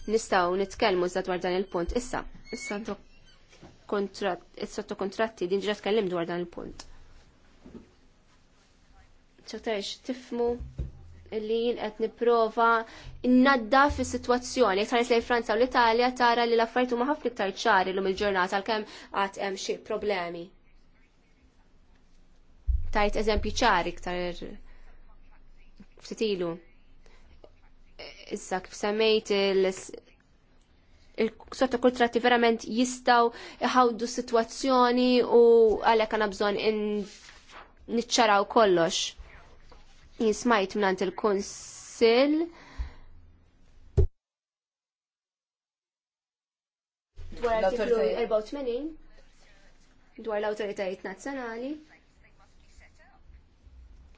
Nistgħu nitkellmu żgħat dwar dan il-punt issa. Issa sotto kontratti din ġra tkellim dwar dan il-punt. Ċertajx tifmu li jien qed nipprova nadda fis sitwazzjoni Jekk lejn Franza u l-Italja tara li l-affarijiet huma ħafna iktar ċari lum il-ġurnata għalkemm qatt hemm xi problemi. Tajt eżempji ċari iktar ftit ilu. Issa kif semmejt il il-sorta kulturati verament jistaw iħawdu situazzjoni u għalek għana bżon in nitċaraw kollox jismajt mnant il-konsil dwar artiklu 84 dwar l-autoritajiet nazzjonali.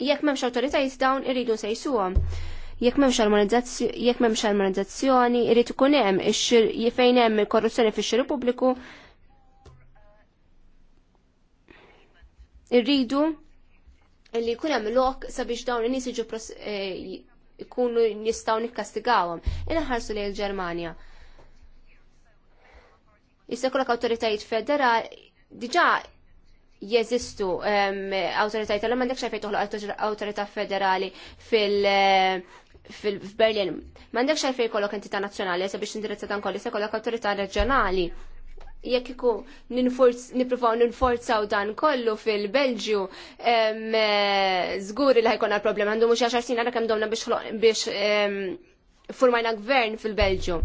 Jekk m'hemmx autoritajiet dawn irridu nsejsuhom. Jekk m'hemmx jekk m'hemmx armonizzazzjoni, irid ikun hemm ix hemm il-korruzzjoni fix xiru pubbliku. Irridu li jkun hemm lok sabiex dawn in-nies jiġu eh, jkunu nistgħu nikkastigawhom. Inaħarsu lejn il-Ġermanja. Issa kollok awtoritajiet federali diġà jeżistu awtoritajiet tal m'għandek xejn fejn toħloq awtorità federali fil- eh, fil-Berlin. M'għandek xejn fejn kollok entità nazzjonali sabiex indirizza dan kollu se kollok awtorità reġjonali jekk iku niprofaw ninforzaw dan kollu fil-Belġju eh, zgur li ħajkonna problema għandu mux 10 sin għara kem domna biex formajna gvern fil-Belġju.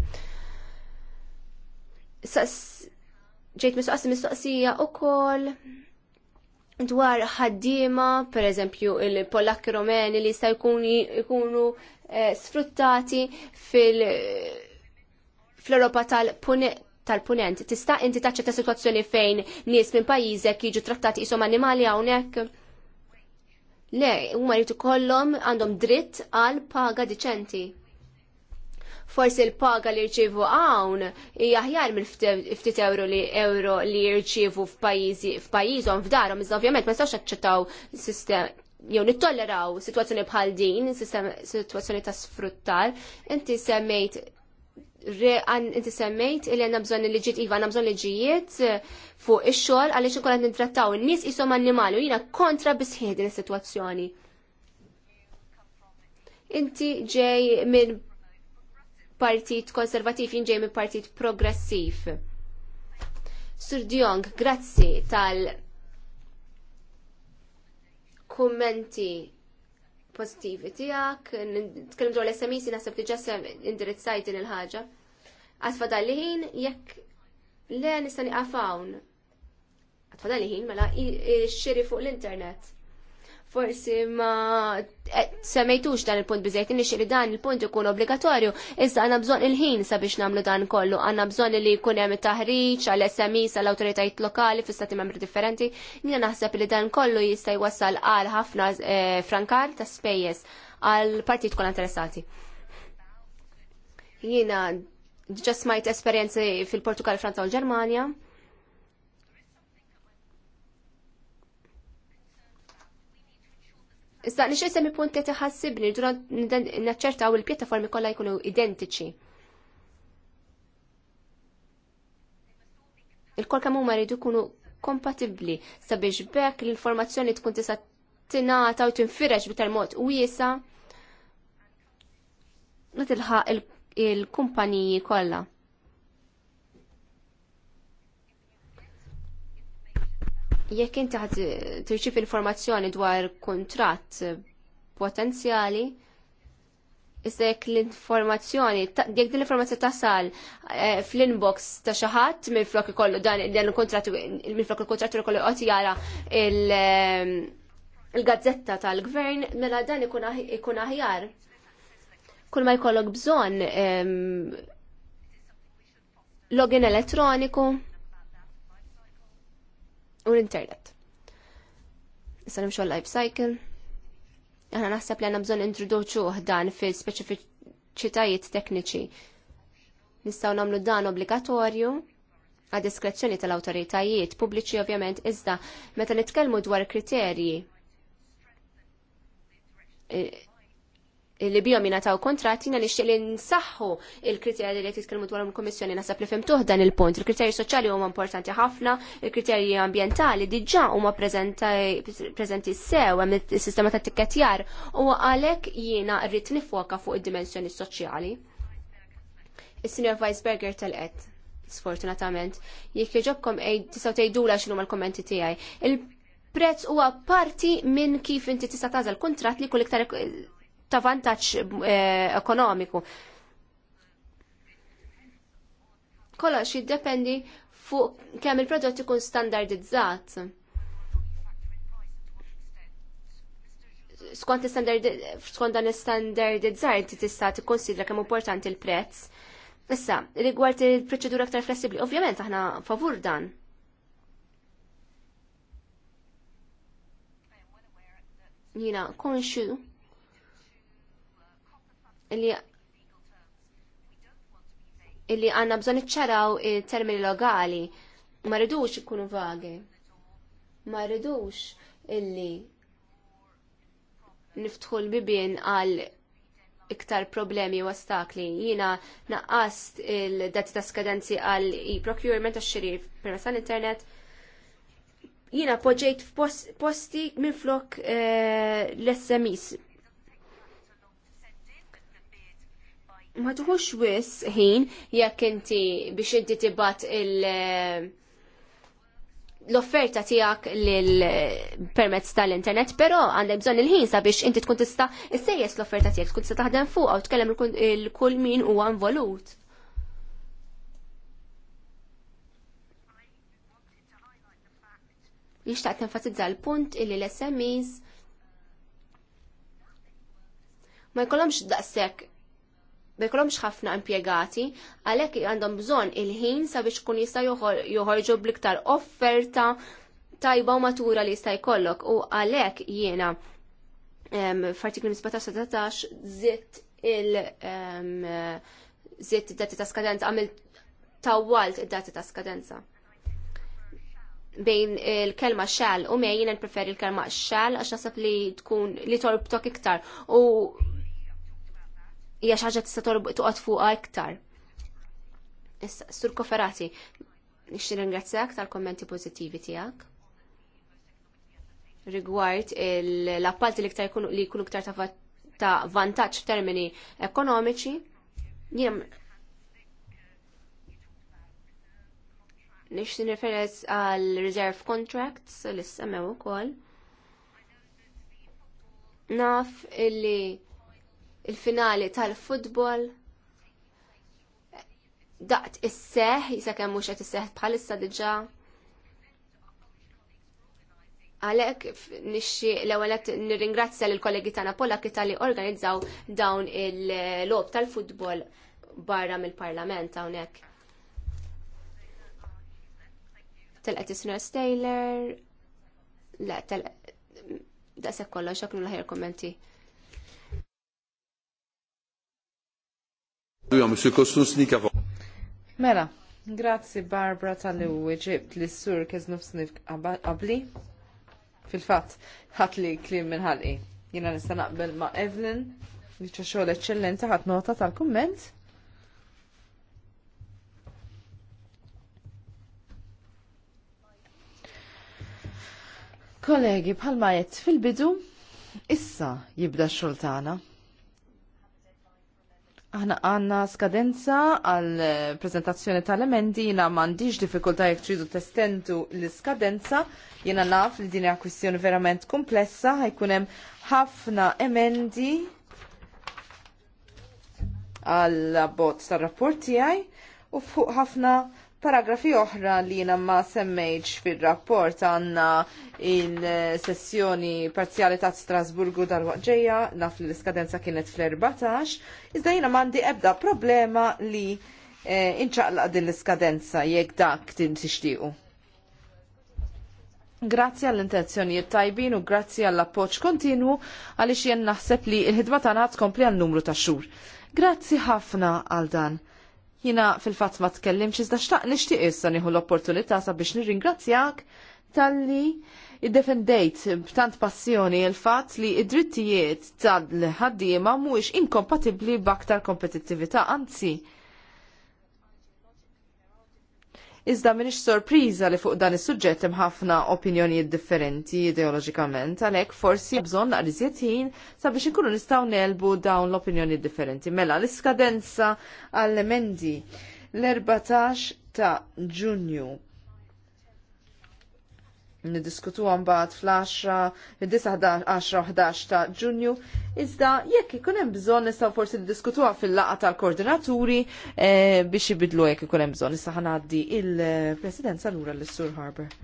Ġejt mistoqsi mistoqsija u koll dwar ħaddiema, per eżempju, il-Polakki Romeni li jista' jkunu eh, sfruttati fil- fl-Europa tal-Punet tal-punent. Tista' inti taċċetta situazzjoni fejn nies minn pajjiżek jiġu trattati isom animali hawnhekk? Le, huma jrid ikollhom għandhom dritt għal paga diċenti. Forsi l-paga li jirċivu hawn hija aħjar mill ftit euro li euro li jirċievu f'pajjiżi f'pajjiżhom f'darhom, iżda ovvjament ma jistgħux aċċettaw sistem jew nittolleraw situazzjoni bħal din, situazzjoni ta' sfruttar, inti semmejt għan inti semmejt illi għanna bżon ġiet iva għanna bżon liġijiet eh, fuq ix-xogħol għaliex inkun qed nittrattaw in-nies ishom annimali u jiena kontra bisħied din is-sitwazzjoni. Inti ġej minn partit konservativ, jien ġej minn partit progressiv. Sur Diong, grazzi tal kummenti positivi tiegħek, nitkellem dwar l-SMS naħseb li ġassa indirizzajt din il-ħaġa. Għatfadal dalli ħin jekk le nista' għafawn. hawn. Għatfa ħin mela xiri fuq l-internet. Forsi ma Eh, semmejtux dan il-punt bizzejt nixi li dan il-punt ikun obbligatorju, iżda għanna bżon il-ħin sabiex namlu dan kollu, għanna bżon li jkun hemm taħriġ għal SMS għal awtoritajiet lokali fi membri differenti, nina naħseb li dan kollu jista' jwassal għal ħafna eh, frankar ta' spejjeż għal partit kollha interessati. Jiena ġasmajt esperienzi esperjenzi fil-Portugal, Franza u Ġermanja, Issa li semmi punti tiħassibni durant naċċertaw il-pjattaformi kollha jkunu identiċi. il kolka kemm huma jridu jkunu kompatibbli sabiex bekk l-informazzjoni tkun tista' tingħata u tinfirex bitar mod wiesa ma tilħaq il-kumpaniji kollha. jekk inti ħad tirċif informazzjoni dwar kuntratt potenzjali, issa jekk l-informazzjoni, jekk din l-informazzjoni tasal eh, fl-inbox ta' xi ħadd minflok ikollu dan il-kuntratt flok il kontrat ikollu qed jara eh, il-gazzetta tal-gvern, mela dan ikun aħjar. Kull ma jkollok bżonn ehm, login elettroniku, u l-internet. Issa nimxu life cycle. Aħna naħseb li għandna bżonn introduċu dan fil-speċifiċitajiet tekniċi. Nistgħu nagħmlu dan obbligatorju għad diskrezzjoni tal-awtoritajiet pubbliċi ovvjament iżda meta nitkellmu dwar kriterji li bijom jinataw kontratti na nixtieq li nsaħħu il-kriterji li qed dwar il-Kummissjoni naħseb li fim dan il-punt. Il-kriterji soċjali huma importanti ħafna, il-kriterji ambjentali diġà huma preżenti sew hemm is-sistema ta' tikketjar u għalhekk jiena rrid nifoka fuq id-dimensjoni soċjali. Is-Sinjor Weisberger tal-qed sfortunatament, jekk jġobkom tistgħu tgħidula x'inhu mal-kommenti tiegħi. Il-prezz huwa parti minn kif inti tista' tażel kuntratt li kull iktar ta' vantaġġ eh, ekonomiku. Kollox jiddependi fuq kemm il-prodott ikun standardizzat. skont skont dan standardizzar inti tista' tikkonsidra kemm importanti l-prezz. Issa, rigward il-proċedura aktar flessibbli, ovvjament aħna favur dan. Jina konxu illi illi għanna bżon iċċaraw termini logali. Ma rridux ikunu vagi. Ma rridux illi niftħu l-bibien għal iktar problemi u ostakli. Jina naqqast il-dati ta' skadenzi għal i procurement ta' xirif l internet Jina poġġejt f'posti minflok eh, l-SMIs ma tuħux wis ħin jekk inti biex inti tibat il- l-offerta tijak l-permezz tal-internet, pero għandek bżon il-ħin sabiex inti tkun tista' issejjes l-offerta tijak, tkun tista' taħdem fuq u tkellem il-kull min huwa involut. Jixtaq tenfasizza l-punt illi l-SMEs ma jkollomx daqshekk ma jkollhomx ħafna impjegati, għalhekk għandhom bżonn il-ħin sabiex kun jista' joħorġu bliktar offerta tajba u matura li jista' jkollok u għalhekk jiena f'artiklu 17-17 zitt il zitt id-dati ta' skadenza għamil tawalt id-dati ta' skadenza. Bejn il-kelma xal u n preferi il-kelma xal għax nasab li tkun li torbtok iktar u hija xi ħaġa tista' toqgħod fuqha iktar. Issa, Sur Koferati, nixtieq ringrazzjak tal-kommenti pożittivi tiegħek rigward l-appalti li ktar li jkunu iktar ta' vantaġġ f'termini ekonomiċi. Jien nixtin għal reserve contracts li semmew ukoll. Naf illi il-finali tal-futbol daqt is-seħ, jisa kemm mhux qed isseħħ bħalissa diġà. Għalhekk nixxi l-ewwel qed nirringrazzja lill kollegi tagħna Polak li organizzaw dawn il-lob tal-futbol barra mill-Parlament hawnhekk. Telqet is-Sinor Taylor, le, telqet daqshekk kollox x'aknu l-ħajr kommenti. Mela, grazzi Barbara tal-li u ġibt li s-sur keznufsni qabli. Fil-fat, ħat li klim minnħalqi. Jina nista naqbel ma' Evelyn, li xogħol eccellenti ħat nota tal-komment. Kollegi, bħalma jett fil-bidu, issa jibda x-xoltana. Aħna għanna skadenza għal prezentazzjoni tal-emendi jina mandiġ diffikulta jek tridu testentu l-skadenza jina naf li dinja kwistjoni verament komplessa ħajkunem ħafna emendi għal bot tal rapport u fuq ħafna paragrafi oħra li jina ma semmejġ fil-rapport għanna il-sessjoni parzjali ta' Strasburgu dal naf li l-iskadenza kienet fl-14, iżda jina mandi ebda problema li inċaqla eh, inċaqlaq din l-iskadenza jekk dak tin tixtiqu. Grazzi għall-intenzjonijiet tajbin u grazzi għall-appoċ kontinu għaliex jien naħseb li il-ħidma tagħna tkompli għal numru ta' xhur. Grazzi ħafna għal dan. Jina fil-fatt ma tkellimx iżda xtaq nixtieq issa nieħu l-opportunità sabiex nirringrazzjak tal-li id-defendejt b'tant passjoni il-fatt li id-drittijiet tal-ħaddiema mhuwiex inkompatibbli b'aktar kompetittività, anzi Iżda minix sorpriża li fuq dan is-suġġett hemm ħafna opinjonijiet differenti ideoloġikament, għalhekk forsi bżonn naqriżiet ħin sabiex inkunu nistgħu nelbu dawn l-opinjonijiet differenti. Mela l-iskadenza għall-emendi l-14 ta' Ġunju nidiskutu baħt fl-10, 10 11 ta' Ġunju. Iżda jekk ikun hemm bżonn nistgħu forsi niddiskutuha fil-laqgħa tal-koordinaturi eh, biex ibidlu jekk ikun hemm bżonn. Issa ħanaddi il-Presidenza lura lis sur Harbour.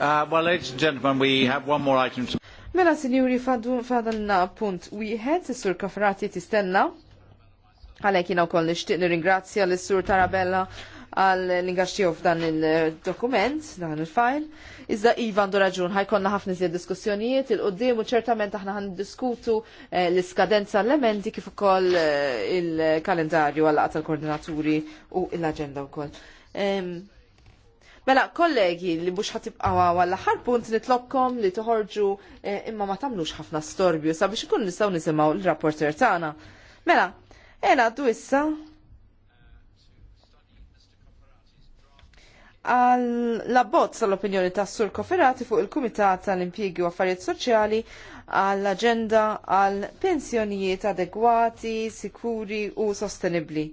Uh, well, ladies and gentlemen, we have one more item to... Mela, sinjuri, fadalna punt wieħed, is-sur kafrati tistenna. Għalek jina u koll nishtiq nir-ingrazzja l-sur Tarabella għal l f'dan il-dokument, dan il-fajl. Iżda Ivan għandu raġun, ħajkonna ħafna zjed diskussjonijiet, il-qoddim u ċertament aħna ħan diskutu eh, l-iskadenza l-elementi kif ukoll eh, il-kalendarju għal tal koordinaturi u l-agenda wkoll. Mela, kollegi li mhux ħatibqaw għall aħħar punt nitlobkom li toħorġu eh, imma ma tagħmlux ħafna storbju sabiex ikun nistgħu nisimgħu l-rapporter tagħna. Mela, ena du issa għal l-abbozz tal-opinjoni ta' Sur Koferati fuq il-Kumitat tal-Impjegi u Affarijiet Soċjali għall aġenda għal pensjonijiet adegwati, sikuri u sostenibli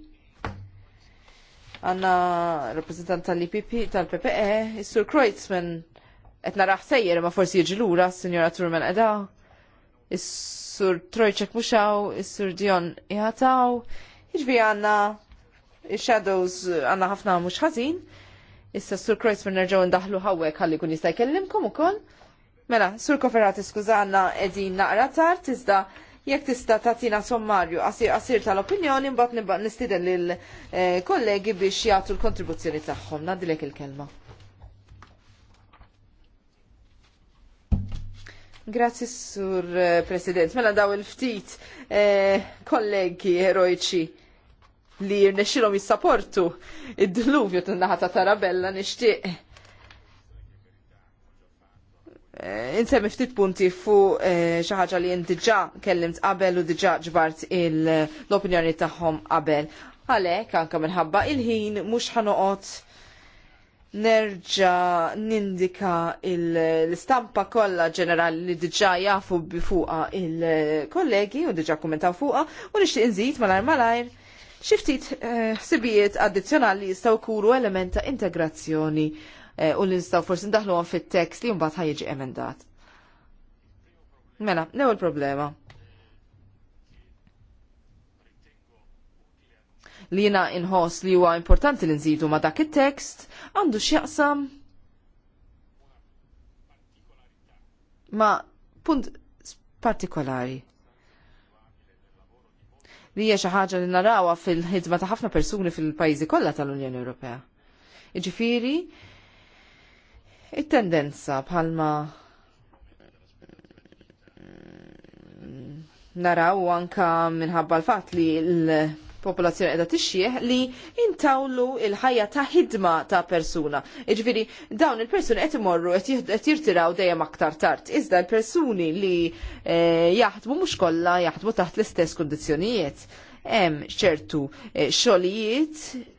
għanna rappresentant tal-IPP, tal-PPE, Sur Kreutzmann, etna raħ sejjer ma forsi jiġi lura, s-Sinjora Turman edha, Sur Trojċek muxaw, Sur Dion iħataw, iġbi għanna shadows għanna ħafna mux ħazin, issa Sur Kreutzmann nerġaw ndaħlu ħawek għalli kun jista' u ukoll. Mela, Sur Koferati skużanna edin naqra tard, iżda jekk tista' tagħtina sommarju għasir tal-opinjoni mbagħad nibqa' nistieden lil eh, kollegi biex jagħtu l-kontribuzzjoni tagħhom. Nadilek il-kelma. Grazzi sur eh, President. Mela daw il-ftit eh, kollegi eroiċi li jirnexilom jissaportu id-dluvju t-naħa ta' Tarabella nishtiq Eh, insemmi ftit punti fu eh, xi ħaġa li jien diġà kellimt qabel u diġa' ġbart l-opinjoni tagħhom qabel. Għalhekk anke minħabba il-ħin mhux ħanoqgħod nerġa nindika l-istampa kollha ġenerali li diġa' jafu bifuqa il-kollegi u diġà kummentaw fuqha u nixtieq inżid malajr malajr xi ftit ħsibijiet eh, addizzjonali jistgħu jkunu integrazzjoni Eh, u li nistaw forsi ndaħlu għan fit-tekst li mbagħad ħajġi emendat. Mela, l-ewwel problema. Li jiena inħoss li huwa importanti li nżidu ma dak it-tekst għandu x'jaqsam ma punt partikolari li hija xi ħaġa li narawha fil-ħidma ta' ħafna persuni fil-pajjiżi kollha tal-Unjoni Ewropea. Jiġifieri it-tendenza bħalma naraw anka minħabba l-fat li l-popolazzjoni edha tixjieħ li intawlu il-ħajja ta' ħidma ta' persuna. Iġviri, dawn il-persuni qed imorru qed jirtiraw dejjem aktar tard. Iżda l-persuni li eh, jaħdmu mhux kollha jaħdmu taħt l-istess kundizzjonijiet hemm ċertu eh, xogħlijiet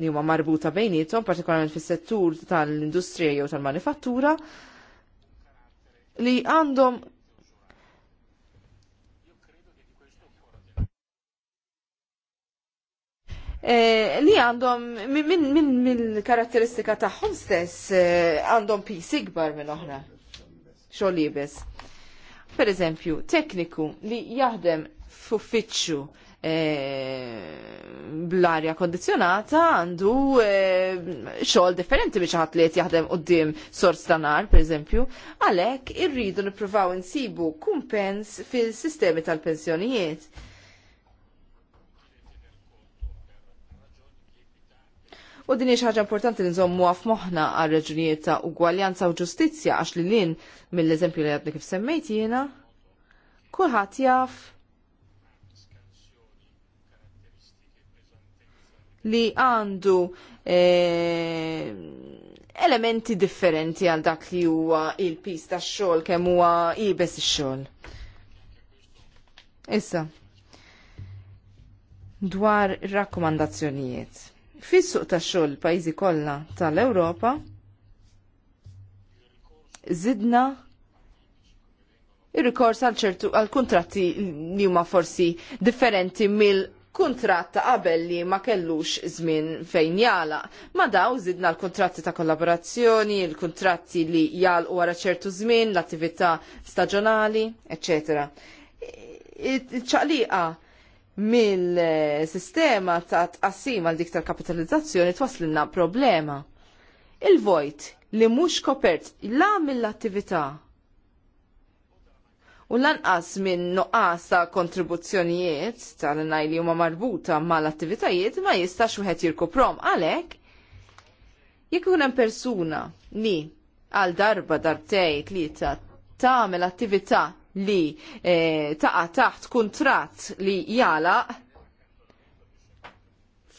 li huma marbuta bejnietom, partikolarment fis-settur tal-industrija jew tal-manifattura, li għandhom eh, li għandhom minn min, min karatteristika tagħhom stess eh, għandhom e, pis ikbar minn oħra. Xogħol Per eżempju, tekniku li jaħdem f'uffiċċju E, bl-arja kondizjonata għandu e, xogħol differenti biex ħadd li qed jaħdem quddiem sors ta' nar, pereżempju, għalhekk irridu nippruvaw insibu kumpens fil-sistemi tal-pensjonijiet. U din hija ħaġa importanti li nżommu għaf moħħna għal reġunijiet ta' ugwaljanza u ġustizzja għax li lin mill-eżempju li għadni kif semmejt jiena, kulħadd jaf li għandu eh, elementi differenti għal dak li huwa il-pis ta' xogħol kemm huwa ibes ix-xogħol. Issa, dwar rakkomandazzjonijiet. Fis-suq ta' xogħol pajjiżi kollha tal-Ewropa zidna ir-rikors għal ċertu għal kuntratti li huma forsi differenti mill kuntratt ta' qabel li ma kellux żmien fejn jala. Ma daw zidna l-kontratti ta' kollaborazzjoni, l-kontratti li jal wara ċertu żmien, l-attività staġjonali, eccetera. Ċaqliqa mill-sistema ta' tqassim għal dik tal-kapitalizzazzjoni twaslilna problema. Il-vojt li mhux kopert la mill-attività u lanqas minn noqas ta' kontribuzzjonijiet tal-naj li huma marbuta mal-attivitajiet ma jistax wieħed jirkoprom għalhekk jekk ikun hemm persuna li għal darba darbtej tlieta tagħmel attività li eh, taqa' taħt kuntratt li jalaq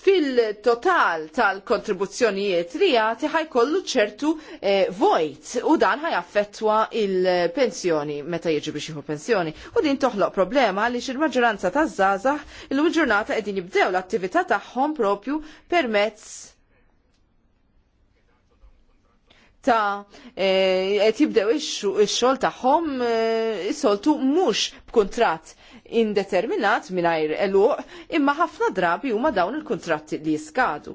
fil-total tal-kontribuzzjonijiet rijati ħajkollu ċertu eh, vojt u dan ħajaffettwa il-pensjoni meta jieġi biex jieħu pensjoni. U din toħloq problema għaliex il-maġġoranza taż-żgħażagħ illum il-ġurnata qegħdin jibdew l-attività tagħhom propju permezz ta' eh, qed jibdew ix-xogħol tagħhom eh, is-soltu mhux b'kuntratt indeterminat mingħajr eluq imma ħafna drabi huma dawn il-kuntratti li jiskadu.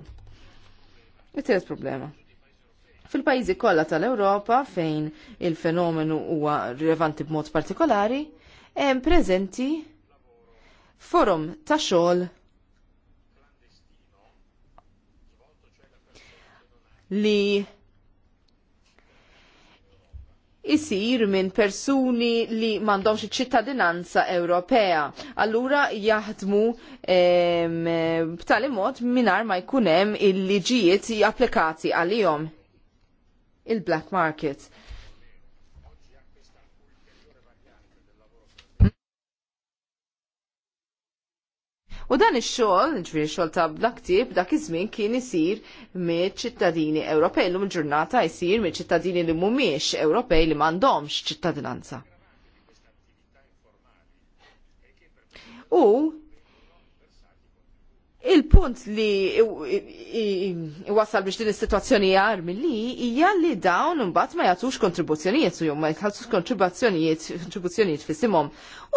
it problema. Fil-pajjiżi kollha tal-Ewropa fejn il-fenomenu huwa rilevanti b'mod partikolari, hemm preżenti forum ta' xogħol li isir minn persuni li mandomx ċittadinanza Ewropea. Allura jaħdmu b'tali mod minar ma jkunem il-liġijiet applikati għalihom. Il-black market U dan ix-xogħol, ġifieri xogħol ta' blaktib, dak iż-żmien kien isir mill-ċittadini Ewropej, lum il-ġurnata jsir mill-ċittadini li mhumiex Ewropej li m'għandhomx ċittadinanza. U Il-punt li wasal biex din is-sitwazzjoni jar mill-li hija li dawn imbagħad ma jagħtux kontribuzzjonijiet u jew ma jħallsux kontribuzzjonijiet kontribuzzjonijiet fisimhom.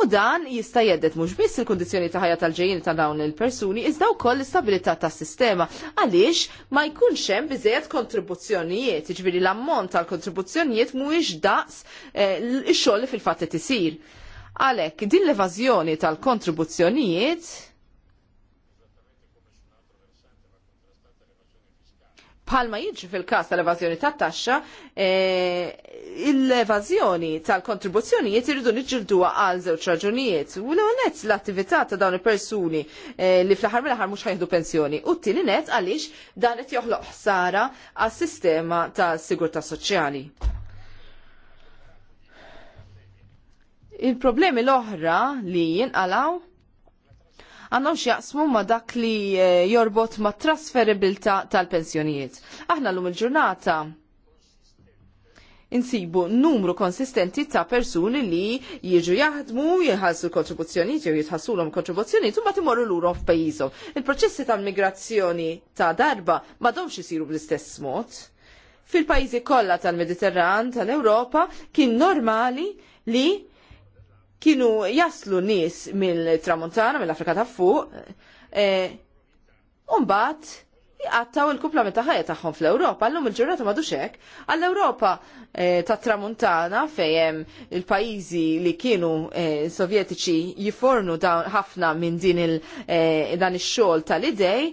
U dan jista' jeddet mhux biss il-kundizzjoni ta' ħajja tal-ġejjin ta' dawn il-persuni iżda wkoll l-istabilità tas-sistema għaliex ma jkunx hemm biżejjed kontribuzzjonijiet, jiġifieri l-ammont tal-kontribuzzjonijiet mhuwiex daqs eh, ix-xogħol fil-fatt isir. Għalhekk din l-evażjoni tal-kontribuzzjonijiet palma jiġri fil-kas tal-evazjoni tat taxxa, e, l-evazjoni tal-kontribuzzjonijiet irridu niġġilduha għal żewġ raġunijiet. U l net l-attività ta' dawn il-persuni e, li fl-aħħar mill-aħħar mhux ħajħdu pensjoni. U t tini net għaliex dan qed joħloq ħsara għas-sistema tas-sigurtà soċjali. Il-problemi l-oħra li jinqalaw għandhom x'jaqsmu ma' dak li eh, jorbot ma' trasferibilta tal-pensjonijiet. Aħna llum il-ġurnata insibu numru konsistenti ta' persuni li jiġu jaħdmu, jħassu kontribuzzjonijiet jew jitħassulhom kontribuzzjonijiet u ma timorru lurhom f'pajjiżhom. Il-proċessi ta' migrazzjoni ta' darba m'għadhomx isiru bl-istess mod. Fil-pajjiżi kollha tal-Mediterran, tal-Ewropa, kien normali li kienu jaslu nis mill-Tramuntana, mill-Afrika ta' fuq, e, un-bat jgħattaw il kupla ta' ħajja tagħhom fl-Ewropa, lum il-ġurnata ma duxek, għall-Ewropa e, ta' tramuntana fejem il-pajizi li kienu e, sovjetiċi jifornu ħafna minn din il-dan ix-xogħol tal-idej,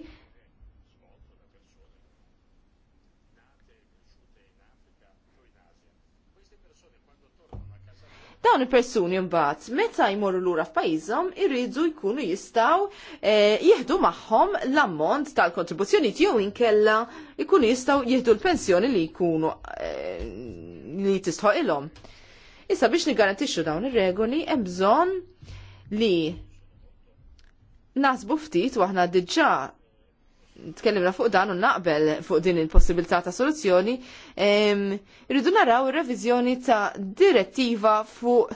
Dawn il-persuni mbagħad meta jmorru lura f'pajjiżhom irridu jkunu jistgħu eh, jieħdu magħhom l-ammont tal-kontribuzzjoni tiegħu inkella jkunu jistgħu jieħdu l-pensjoni li jkunu eh, li tistħoq ilhom. Issa biex nigarantixxu dawn ir-regoli hemm bżonn li nasbu ftit u aħna diġà tkellimna fuq dan u naqbel fuq din il-possibilità ta' soluzzjoni, irridu naraw ir-reviżjoni ta' direttiva fuq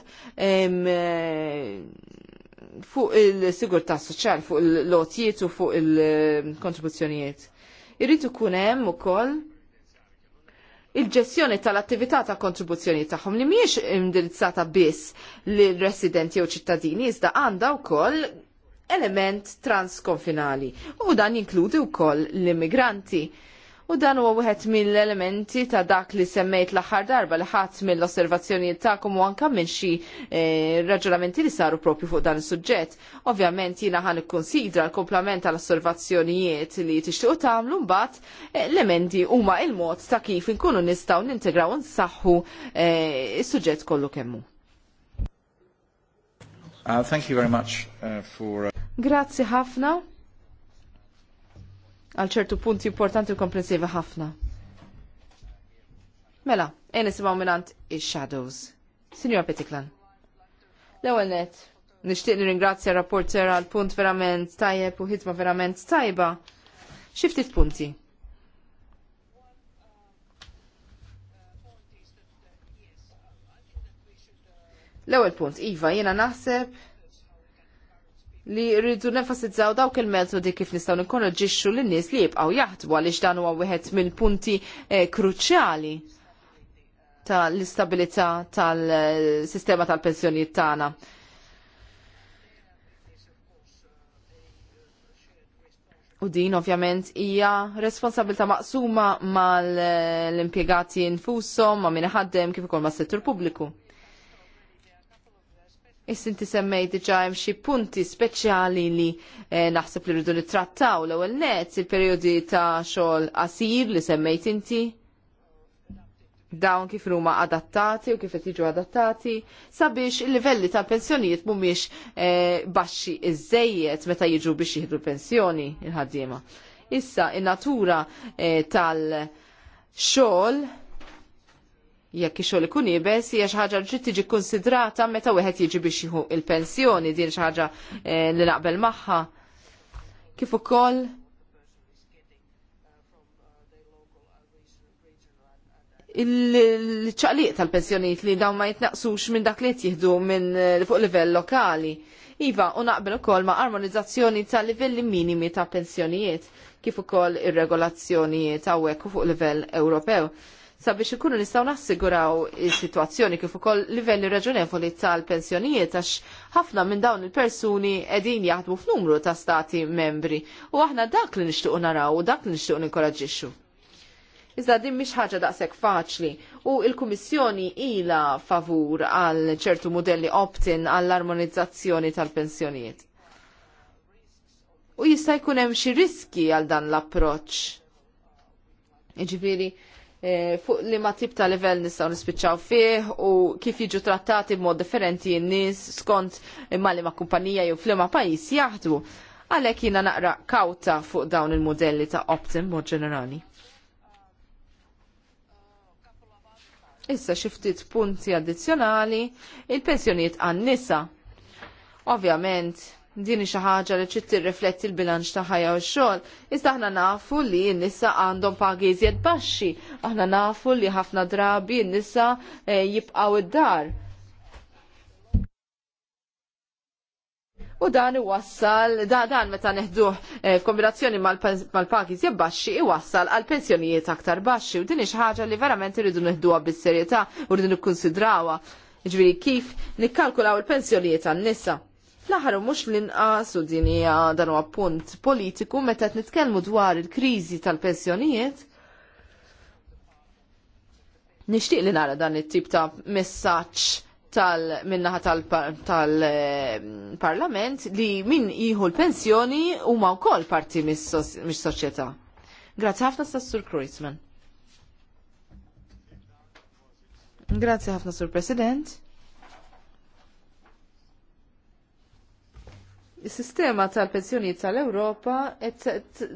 fuq il-sigurtà soċjal, fuq il lotijiet u fuq il-kontribuzzjonijiet. Irrid ikun hemm ukoll il-ġestjoni tal-attività ta' kontribuzzjoni tagħhom li mhijiex indirizzata biss lil residenti jew ċittadini iżda għandha wkoll element transkonfinali u dan jinkludi wkoll l-immigranti. U dan huwa wieħed mill-elementi ta' dak li semmejt l-aħħar darba li ħadd mill-osservazzjonijiet tagħkom u anke minn xi e, raġunamenti li saru propju fuq dan is-suġġett. Ovvjament jiena ħan ikkunsidra l-komplement tal-osservazzjonijiet li tixtiequ tagħmlu mbagħad e, l-emendi huma il-mod ta' kif inkunu nistgħu nintegraw u nsaħħu eh, is-suġġett kollu kemmu. Uh, thank you very much uh, for... Uh, Grazzi ħafna għal ċertu punti importanti u komprensivi ħafna. Mela, ejn nisimgħu minant il shadows Signor Petiklan. L-ewwel net, nixtieq nirringrazzja rapporter għal punt verament tajjeb u hitma verament tajba. Xi ftit punti. L-ewwel punt, Iva, jiena naħseb li rridu nefasizzaw dawk il-metodi kif nistgħu nikkonoġixxu lin-nies li jibqgħu jaħdmu għaliex dan huwa wieħed mill-punti eh, kruċjali tal-istabilità tal-sistema tal-pensjonijiet tagħna. U din ovvjament hija responsabilta maqsuma mal-impjegati infushom ma' min ħaddem kif ukoll mas-settur pubbliku. Is-sinti semmej diġa hemm xi punti speċjali li eh, naħseb li rridu nittrattaw l-ewwel net il-perjodi ta' xogħol qasir li semmejt inti dawn kif huma adattati u kif qed jiġu adattati sabiex il-livelli ta' pensjonijiet mhumiex eh, baxxi iżejjed meta jiġu biex jieħdu l-pensjoni il-ħaddiema. Issa in-natura eh, tal-xogħol jekk ix-xogħol ikun ibes hija xi ħaġa ġrid tiġi kkunsidrata meta wieħed jiġi biex jieħu l pensjoni din xi ħaġa eh, li naqbel magħha. Kif ukoll il-ċaqliq tal-pensjonijiet li dawn ma jitnaqsux minn dak li qed jieħdu minn eh, fuq livell lokali. Iva, u naqbel ukoll ma' armonizzazzjoni ta' livelli minimi ta' pensjonijiet kif ukoll ir-regolazzjonijiet hawnhekk fuq livell Ewropew sabiex ikunu nistgħu nassiguraw is-sitwazzjoni kif ukoll livelli raġunevoli tal-pensjonijiet għax ħafna minn dawn il-persuni qegħdin jaħdmu f'numru ta' stati membri u aħna dak li nixtiequ naraw u dak li nixtiequ ninkoraġixxu. Iżda din mhix ħaġa daqshekk faċli u l-Kummissjoni ila favur għal ċertu modelli opt-in għall armonizzazzjoni tal-pensjonijiet. U jista' jkun hemm xi riski għal dan l-approċċ. Jiġifieri Eh, fuq li ma tip ta' level nistaw nispiċċaw fih u kif jiġu trattati b'mod differenti n-nies skont imma li ma' kumpanija jew flima pajis jaħdu. Għalhekk jiena naqra kawta fuq dawn il-modelli ta' Optim mod ġenerali. Issa xi ftit punti addizzjonali il-pensjonijiet għan-nisa. Ovvjament, din xi ħaġa li trid tirrifletti l-bilanċ ta' ħajja u xol, xogħol Iżda aħna nafu li n-nisa għandhom pagi iżjed baxxi, aħna nafu li ħafna drabi n-nisa eh, jibqgħu id-dar. U dan iwassal, da, dan meta neħduh f'kombinazzjoni eh, mal-pakis jibbaxxi iwassal għal pensjonijiet aktar baxxi u din xi ħaġa li verament irridu neħduha bis-serjetà u rridu nikkunsidrawha. Ġifieri kif nikkalkulaw il-pensjonijiet għan-nisa. Fl-aħħar mhux l-inqas u din hija dan huwa punt politiku meta qed nitkellmu dwar il-kriżi tal-pensjonijiet. Nixtieq li nara dan it-tip ta' messaġġ tal minnaħa tal-parlament li min jieħu l-pensjoni huma wkoll parti mis-soċjetà. Grazzi ħafna Sur Kreuzman. Grazzi ħafna Sur President. Is-sistema tal-pensjonijiet tal-Ewropa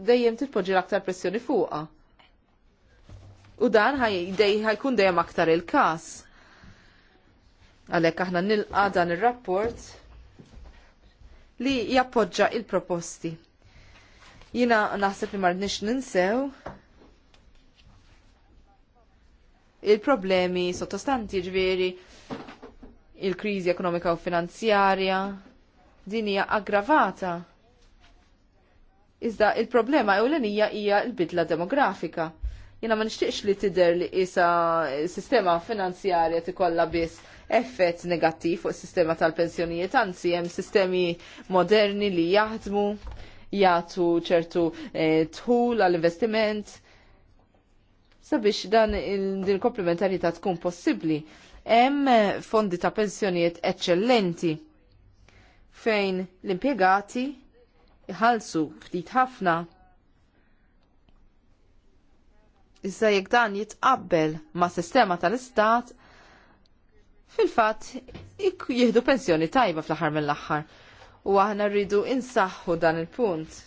dejjem titpoġġi l-aktar pressjoni fuqha. U dan ħajkun dejjem aktar il-każ. Għalhekk aħna nilqa dan ir-rapport li jappoġġa il-proposti. Jina naħseb li marnix ninsew il-problemi sottostanti ġveri il-krizi ekonomika u finanzjarja, din hija aggravata. Iżda il-problema ewlenija hija l-bidla demografika. Jiena ma nixtieqx li tidher li isa sistema finanzjarja tikollha biss effett negattiv fuq is-sistema tal-pensjonijiet, anzi hemm sistemi moderni li jaħdmu jagħtu ċertu eh, tħul għall-investiment sabiex dan din komplementarjetà tkun possibbli. Hemm fondi ta' pensjonijiet eċċellenti fejn l-impiegati iħallsu ftit ħafna. Iżda jekk dan jitqabbel ma' sistema tal-istat, fil-fatt jieħdu pensjoni tajba fl-aħħar mill-aħħar. U aħna rridu insaħħu dan il-punt.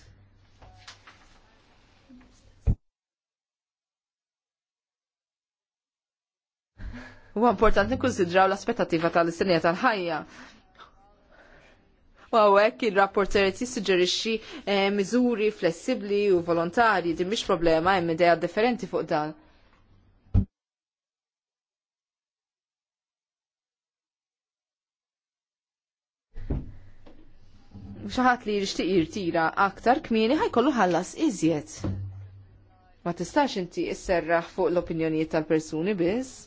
Huwa importanti nikkonsidraw l-aspettativa tal-istinija tal-ħajja U għawek il-rapporter jissuġġerixxi eh, miżuri flessibli u volontarji din mhix problema hemm idea differenti fuq dan. xaħat li jishtiq jirtira aktar kmieni ħajkollu ħallas iżjed. Ma tistax inti isserraħ fuq l-opinjonijiet tal-persuni biss.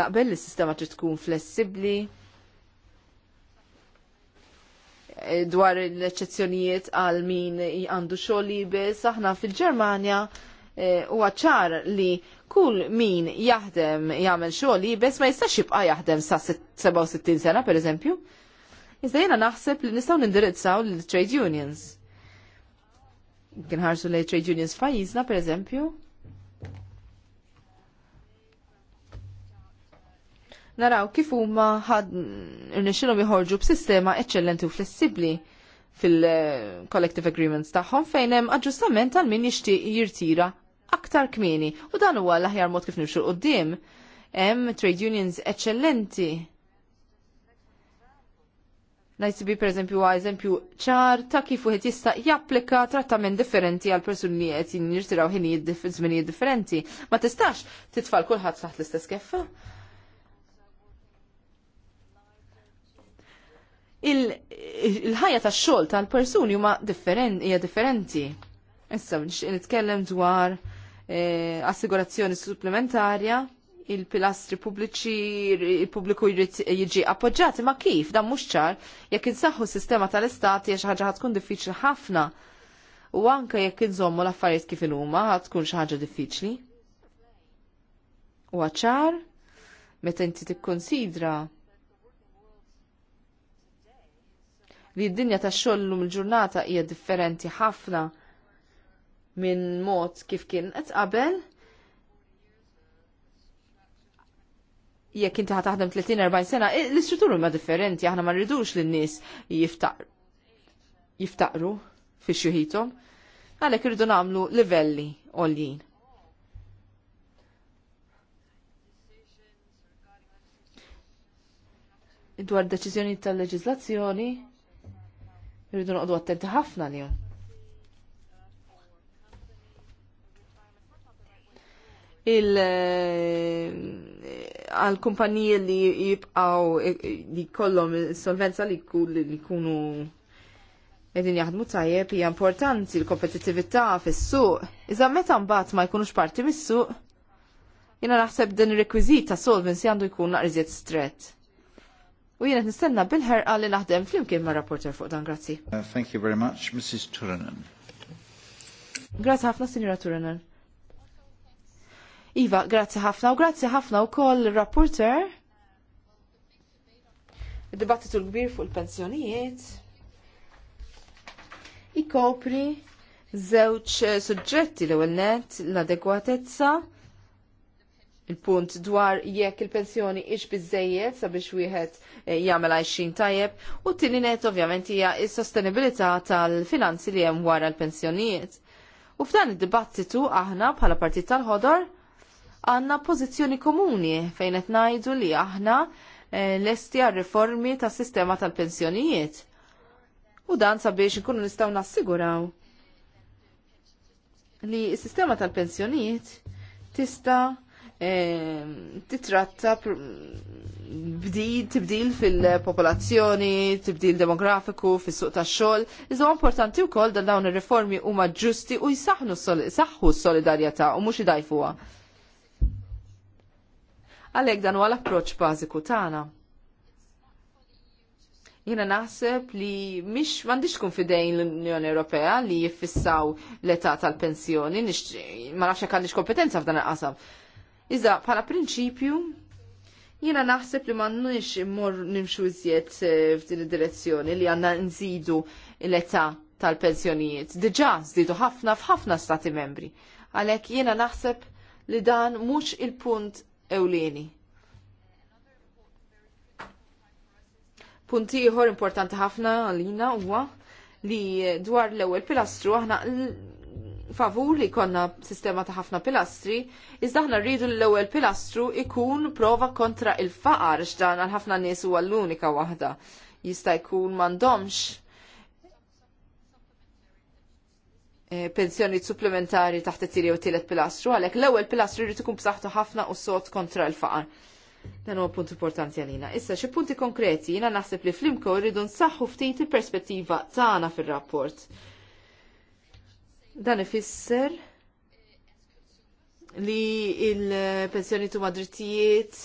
Naqbel li s-sistema trid tkun flessibbli, Eh, dwar l-eċezzjonijiet għal min għandu xogħol jibes, aħna fil-Ġermanja eh, huwa ċar li kull min jaħdem jagħmel xogħol jibes ma jistax jibqa' jaħdem sa 67 sena pereżempju. Iżda jiena naħseb li nistgħu nindirizzaw lill trade unions. Kien ħarsu lejn trade unions f'pajjiżna pereżempju naraw kif huma ħad irnexxilhom joħorġu b'sistema eċċellenti u flessibbli fil-collective agreements tagħhom fejn hemm aġġustament għal min jixtieq jirtira aktar kmieni u dan huwa l-aħjar mod kif nimxu qudiem. Hemm trade unions eċċellenti Najsibi per eżempju għaj eżempju ċar ta' kif u jista' japplika trattament differenti għal persuni li qed jirtiraw ħinijiet żminijiet differenti. Ma tistax titfal kulħadd taħt l-istess keffa. il-ħajja tax-xogħol tal-persuni huma differenti hija differenti. Issa nitkellem dwar eh, assigurazzjoni supplementarja, il-pilastri pubbliċi, il-pubbliku jiġi appoġġati, ma kif, dan mhux ċar, jekk insaħħu s-sistema tal-istat hija xi ħaġa tkun diffiċli ħafna. U anke jekk inżommu l-affarijiet kif il-huma tkun xaħġa ħaġa diffiċli. U ċar, meta inti tikkonsidra li d-dinja tax xogħol mil ġurnata hija differenti ħafna minn mod kif kien qed qabel. jekk inti ħataħdem 30-40 sena, l istrutturi ma differenti, aħna ma rridux li n-nies jiftaqru fi xuħitom, għalek rridu namlu livelli għoljien. Dwar deċizjoni tal-leġizlazzjoni, Irridu noqdu attenti ħafna li il eh, għal kumpaniji li jibqaw eh, li kollom solvenza li kunu edin jaħdmu tajjeb hija importanti l-kompetittività fis-suq. Iżda meta mbagħad ma jkunux parti mis-suq, jiena naħseb din ir-rekwiżit ta' solvency għandu jkun naqriżiet strett. U jiena nistenna bil-ħerqa li naħdem flimkien ma' rapporter fuq dan, grazzi. Uh, thank you very much, Mrs. Turanen. Grazzi ħafna, signora Turanen. Iva, grazzi ħafna u grazzi ħafna u koll rapporter. Dibattitu l-kbir fuq il pensionijiet Ikopri zewċ suġġetti l-ewel l-adegwatezza il-punt dwar jekk il-pensjoni ix biżejjed sabiex wieħed eh, jagħmel għajxin tajjeb u t-tieni net ovvjament hija s-sostenibilità tal-finanzi li hemm wara l-pensjonijiet. U f'dan id-dibattitu aħna bħala partit tal-ħodor għandna pożizzjoni komuni fejn qed ngħidu li aħna eh, lesti għal riformi tas sistema tal-pensjonijiet. U dan sabiex inkunu nistgħu nassiguraw li s-sistema tal-pensjonijiet tista' Ehm, titratta tibdil fil-popolazzjoni, tibdil demografiku, fis-suq tax-xogħol. Iżda importanti wkoll dan dawn ir-riformi huma ġusti u jisaxnu s-solidarjetà u mhux idajfuha. Għalhekk dan huwa l-approċċ bażiku tagħna. Jiena naħseb li mhix mandiċ tkun fidejn l-Unjoni Ewropea li jiffissaw l-età tal-pensjoni, ma nafx hekk kompetenza f'dan il-qasam Iżda bħala prinċipju jiena naħseb li m'għandniex immur nimxu iżjed eh, f'din id-direzzjoni li għandna nżidu l-età tal-pensjonijiet. Diġà zidu ħafna f'ħafna stati membri. Għalhekk jiena naħseb li dan mhux il-punt ewlieni. Punt ieħor importanti ħafna għalina huwa li dwar l-ewwel pilastru aħna favur li konna sistema ta' ħafna pilastri, iżda aħna rridu l-ewwel pilastru ikun prova kontra il-faqar x'dan għal ħafna nies huwa l-unika waħda. Jista' jkun m'għandhomx e, pensjoni supplementari taħt it-tiri u tielet pilastru, għalhekk l-ewwel pilastru jrid ikun b'saħħtu ħafna u sot kontra l-faqar. Dan huwa punt importanti għalina. Issa xi punti konkreti jiena naħseb li flimko rridu nsaħħu ftit il-perspettiva tagħna fir-rapport. Dan ifisser li il-pensjoni tu madrittijiet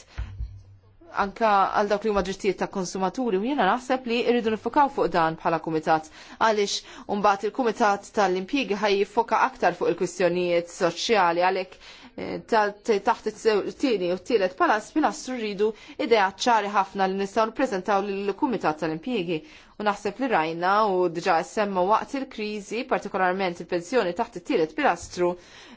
anka għal dawk li huma drittijiet ta' konsumaturi u jiena naħseb li rridu nifokaw fuq dan bħala kumitat għaliex mbagħad il-kumitat tal-impjiegi ħaj jiffoka aktar fuq il-kwistjonijiet soċjali għalhekk eh, taħt it-tieni u t-tielet pala spilastru rridu idea ċari ħafna li nistgħu nippreżentaw lill-kumitat tal-impjiegi naħseb li rajna u diġa semma waqt il-krizi, partikolarment il-pensjoni taħt it-tielet pilastru,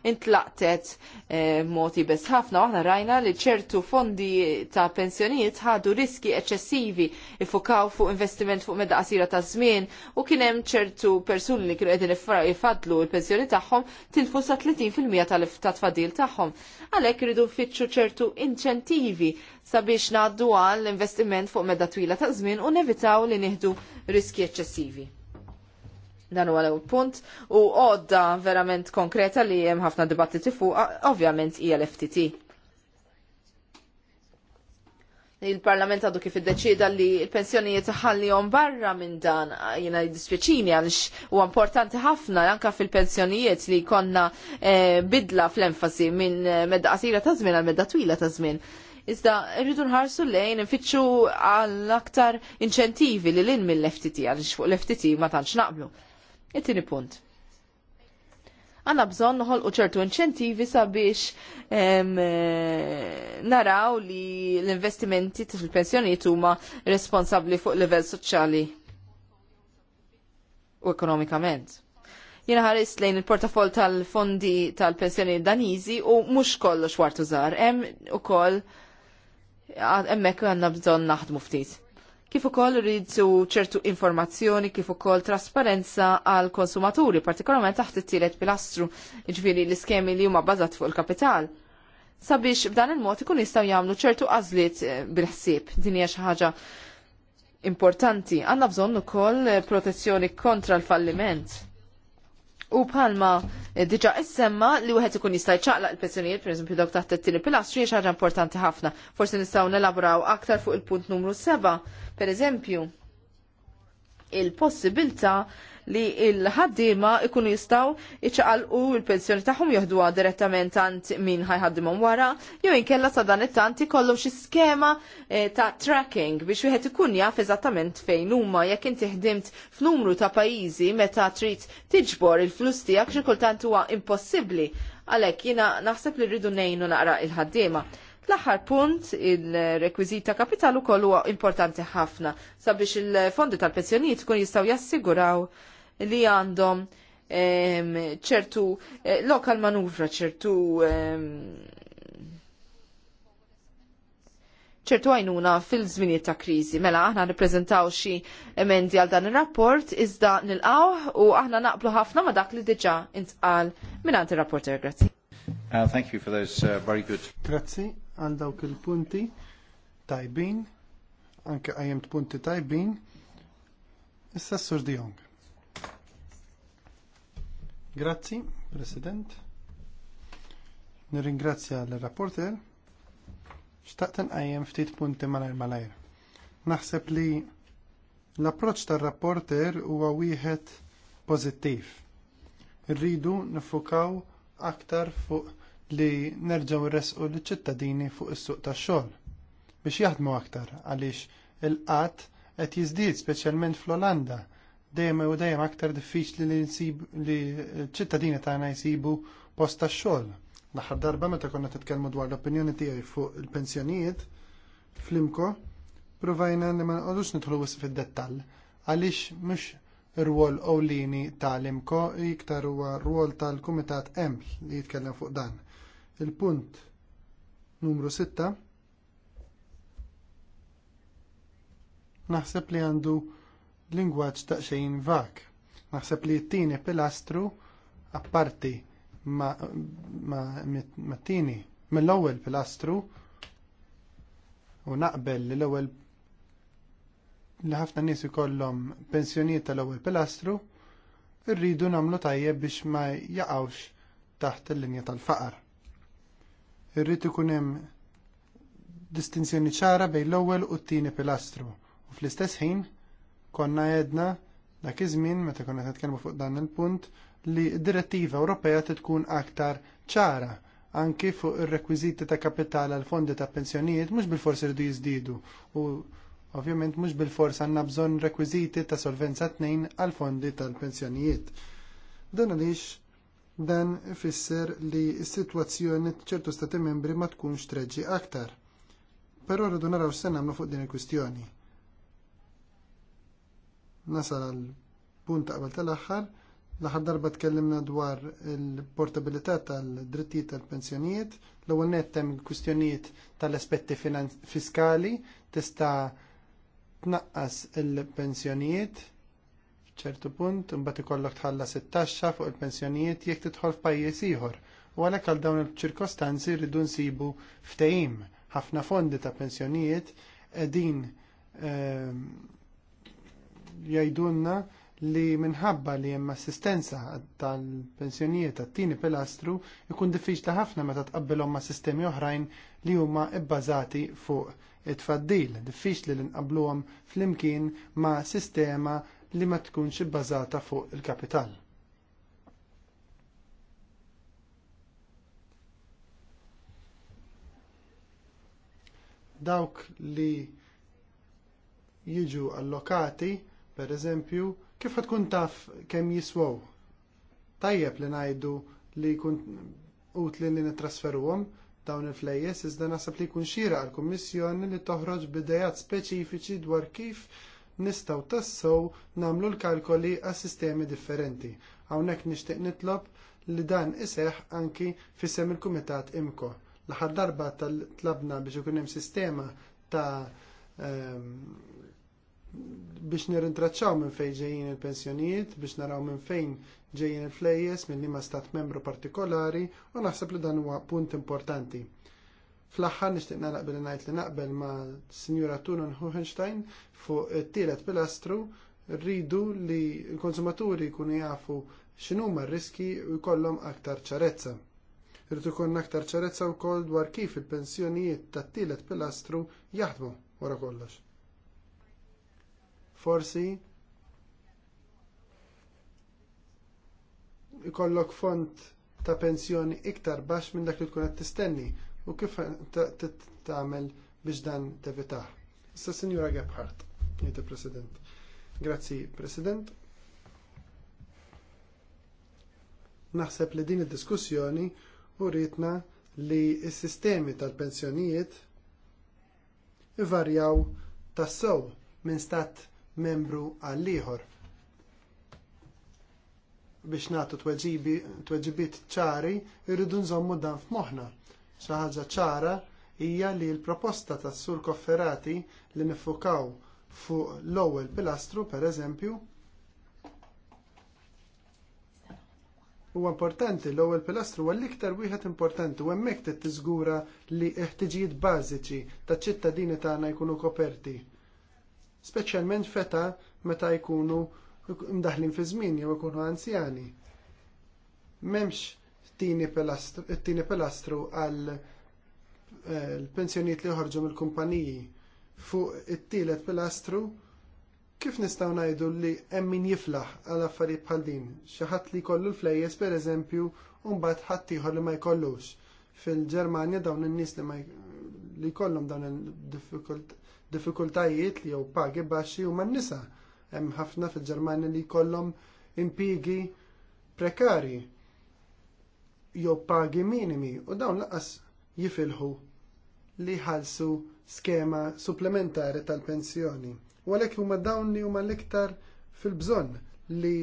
intlaqtet eh, moti bes ħafna waħna rajna li ċertu fondi ta' pensjonijiet ħadu riski eċċessivi ifukaw fuq investiment fuq medda qasira ta' żmien u kien hemm ċertu persuni li kienu qegħdin ifadlu l-pensjoni tagħhom tilfu sa 30% tal-tfadil tagħhom. Għalhekk iridu fitxu ċertu inċentivi sabiex ngħaddu għal investiment fuq medda twila ta' żmien u nevitaw li nieħdu riski eċċessivi. Dan huwa l-ewwel punt u għodda verament konkreta li hemm ħafna dibattiti fuq ovvjament hija l-FTT. Il-Parlament għadu kif iddeċida li l-pensjonijiet ħallihom barra minn dan jiena jiddispjaċini għaliex huwa importanti ħafna anke fil-pensjonijiet li jkollna eh, bidla fl-enfasi minn eh, medda qasira ta' żmien għal medda twila ta' żmien. Iżda rridu nħarsu lejn nfittxu għal aktar inċentivi li lin mill-FTT għaliex fuq l-FTT ma tantx naqblu. It-tieni punt. Għanna bżon noħolqu ċertu inċentivi sabiex eh, naraw li l-investimenti fil-pensjoniet huma responsabli fuq livell soċjali u ekonomikament jena ħares lejn il-portafol tal-fondi tal-pensjoni danizi u mux kollox wartu zar. Hemm ukoll hemmhekk għandna bżonn naħdmu ftit. Kif ukoll rridu ċertu informazzjoni, kif ukoll trasparenza għal konsumaturi, partikolarment taħt it-tielet pilastru, jiġifieri l-iskemi li huma bbażat fuq il-kapital. Sabiex b'dan il-mod ikun jistgħu jagħmlu ċertu għażliet eh, bil-ħsieb din hija xi ħaġa importanti. Għandna bżonn ukoll protezzjoni kontra l-falliment U palma eh, diġa issemma li wieħed ikun jista' jċaqlaq il-pensjonijiet, pereżempju dawk taħt it-tieni pilastri hija ħaġa importanti ħafna. Forsi nistgħu nelaboraw aktar fuq il-punt numru 7, pereżempju il-possibilità li il-ħaddima ikunu jistaw iċaqalqu il-pensjoni tagħhom joħduha direttament tant min ħajħaddimhom wara, jew inkella sa dan it tanti ikollhom xi skema eh, ta' tracking biex wieħed ikun jaf eżattament fejn huma jekk inti ħdimt f'numru ta' pajjiżi meta trid tiġbor il-flus tiegħek xi kultant huwa impossibbli. Għalhekk jiena naħseb li rridu ngħinu naqra il-ħaddiema. L-aħħar punt, il-rekwizita kapitalu kollu importanti ħafna sabiex il-fondi tal-pensjonijiet kun jistaw jassiguraw li għandhom ċertu eh, lokal manuvra, ċertu ċertu għajnuna fil-żminiet ta' kriżi. Mela aħna nippreżentaw xi emendi għal dan ir-rapport iżda nilqawh u aħna naqblu ħafna ma' dak li diġà intqal mingħand ir-rapporter. Grazzi. Uh, thank you for those uh, very good. Grazzi għal dawk il-punti tajbin, anke t punti tajbin. Issa s-sur Grazzi, President. Nirringrazzja l-rapporter. Xtaqt nqajjem ftit punti malajr malajr. Naħseb li l-approċċ tar-rapporter huwa wieħed pożittiv. Irridu nifukaw aktar fuq li nerġgħu nresqu l-ċittadini fuq is-suq tax-xogħol biex jaħdmu aktar għaliex il-qatt qed jiżdied speċjalment fl-Olanda dejjem u dejjem aktar diffiċli li nsib li ċittadini tagħna jsibu post tax-xogħol. L-aħħar darba meta konna titkellmu dwar l-opinjoni tiegħi fuq il-pensjonijiet flimko, provajna li ma nqogħdux nidħlu wisq fid-dettall għaliex mhux ir-rwol ewlieni tal-imko iktar huwa rwol tal-Kumitat Empl li jitkellem fuq dan. Il-punt numru 6 naħseb li għandu lingwaġġ daqsxejn vak. Naħseb li t-tieni pilastru apparti ma' t-tieni mill-ewwel pilastru u naqbel li l-ewwel li ħafna nies ikollhom pensjonijiet tal-ewwel pilastru, irridu nagħmlu tajjeb biex ma jaqgħux taħt il-linja tal-faqar. Irrid ikun hemm distinzjoni ċara bejn l-ewwel u t-tieni pilastru u fl-istess ħin Konna edna dak iż-żmien meta konna qed nitkellmu fuq dan il-punt li d-direttiva Ewropea tkun aktar ċara anki fuq ir-rekwiżiti ta' kapital għal fondi ta' pensjonijiet mhux bil-fors jiżdiedu u ovvjament mhux bil għandna bżonn rekwiżiti ta' solvenza tnejn għal fondi tal-pensjonijiet. Dan għaliex dan ifisser li s-sitwazzjoni ċertu stati membri ma tkunx treġġi aktar. Però rridu naraw se nagħmlu fuq din il-kwistjoni nasal għal punt qabel tal-aħħar. L-aħħar darba tkellimna dwar il-portabilità tal-drittijiet tal-pensjonijiet, l-ewwel nettem il-kwistjonijiet tal-aspetti fiskali tista' tnaqqas il-pensjonijiet ċertu punt, imbagħad ikollok tħallas it-taxxa fuq il-pensjonijiet jekk tidħol f'pajjiż ieħor. U għalhekk għal dawn il-ċirkostanzi rridu nsibu ftehim. Ħafna fondi ta' pensjonijiet qegħdin ehm, jgħidulna li minħabba li hemm assistenza tal-pensjonijiet tat-tieni pilastru ikun diffiċli ħafna meta tqabbilhom ma' sistemi oħrajn li huma bbażati fuq it-tfaddil. Diffiċli li nqabbluhom flimkien ma' sistema li ma tkunx bbażata fuq il-kapital. Dawk li jiġu allokati pereżempju, kif tkun taf kemm jiswow? Tajjeb li ngħidu li jkun utli li nitrasferuhom dawn il-flejjes iżda naħseb li jkun xira għall kummissjoni li toħroġ bidejat speċifiċi dwar kif nistgħu tassew nagħmlu l-kalkoli għas sistemi differenti. Hawnhekk nixtieq nitlob li dan iseħħ anki fissem il-Kumitat Imko. L-aħħar darba tal-tlabna biex ikun hemm sistema ta' ehm, biex nirintraċċaw minn fejn ġejjin il-pensjonijiet, biex naraw minn fejn ġejjin il-flejjes minn liema stat membru partikolari u naħseb li dan huwa punt importanti. Fl-aħħar nixtieq naqbel ngħid li naqbel ma' Sinjura Tunon Hohenstein fuq it-tielet pilastru rridu li l-konsumaturi jkunu jafu x'inhuma r-riski u jkollhom aktar ċarezza. Rridu jkun aktar ċarezza wkoll dwar kif il-pensjonijiet tat-tielet pilastru jaħdmu wara kollox forsi ikollok font ta' pensjoni iktar baxx minn dak li tkun qed tistenni u kif tagħmel biex dan tevitah. Issa Sinjura Gebhardt, jiet President. Grazzi, President. Naħseb li din id-diskussjoni uritna li s-sistemi tal-pensjonijiet ivarjaw tas-sew minn stat membru għal ieħor biex nagħtu tweġibiet ċari irridu nżommu dan f'moħħna. Xi ħaġa ċara hija li l-proposta tas-sur kofferati li nifukaw fuq l-ewwel pilastru pereżempju huwa importanti l-ewwel pilastru huwa l-iktar wieħed importanti u hemmhekk trid tiżgura li ħtiġijiet bażiċi taċ-ċittadini tagħna jkunu koperti speċjalment feta meta jkunu mdaħlin fi żmien jew ikunu anzjani. M'hemmx t-tieni pilastru għal eh, l li joħorġu mill-kumpaniji fuq it-tielet pilastru kif nistgħu ngħidu li hemm min jiflaħ għal affarijiet bħal din xi ħadd li jkollu l-flejjes pereżempju u mbagħad ħadd ieħor li ma jkollux. Fil-Ġermanja dawn in-nies li jkollhom dawn il-diffikult diffikultajiet li jew pagi baxxi huma n-nisa. Hemm ħafna fil-Ġermanja li jkollhom impigi prekari jew pagi minimi u dawn laqas jifilħu li ħalsu skema supplementari tal-pensjoni. U għalhekk huma dawn li huma l-iktar fil-bżonn li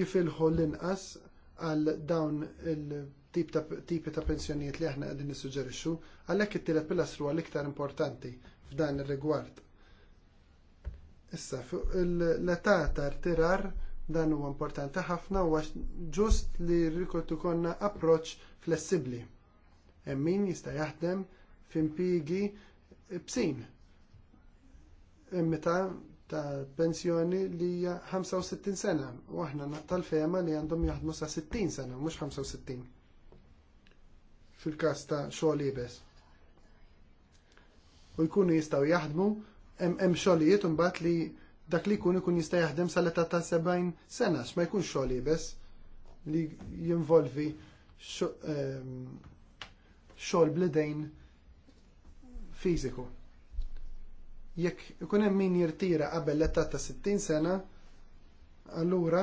jifilħu l-inqas għal dawn il- ta' tipi ta' pensjonijiet li aħna qegħdin nissuġġerixxu, għalhekk it-tielet pilastru huwa l-iktar importanti f'dan ir-rigward. Issa, fuq l-età tar-tirar dan huwa importanti ħafna u ġust li rikot konna approċ flessibbli. Hemm min jista' jaħdem f'impigi bsin. Meta ta' pensjoni li hija 65 sena u aħna tal-fema li għandhom jaħdmu sa' 60 sena, mhux 65. Fil-każ ta' xogħol ibes u jkunu jistgħu jaħdmu hemm xogħlijiet imbagħad li dak li jkun ikun jista' jaħdem sal-età ta' 70 sena x'ma jkun xogħol bes li jinvolvi ehm, xogħol blidejn fiżiku. Jekk ikun hemm min jirtira qabel l-età ta' 60 sena, allura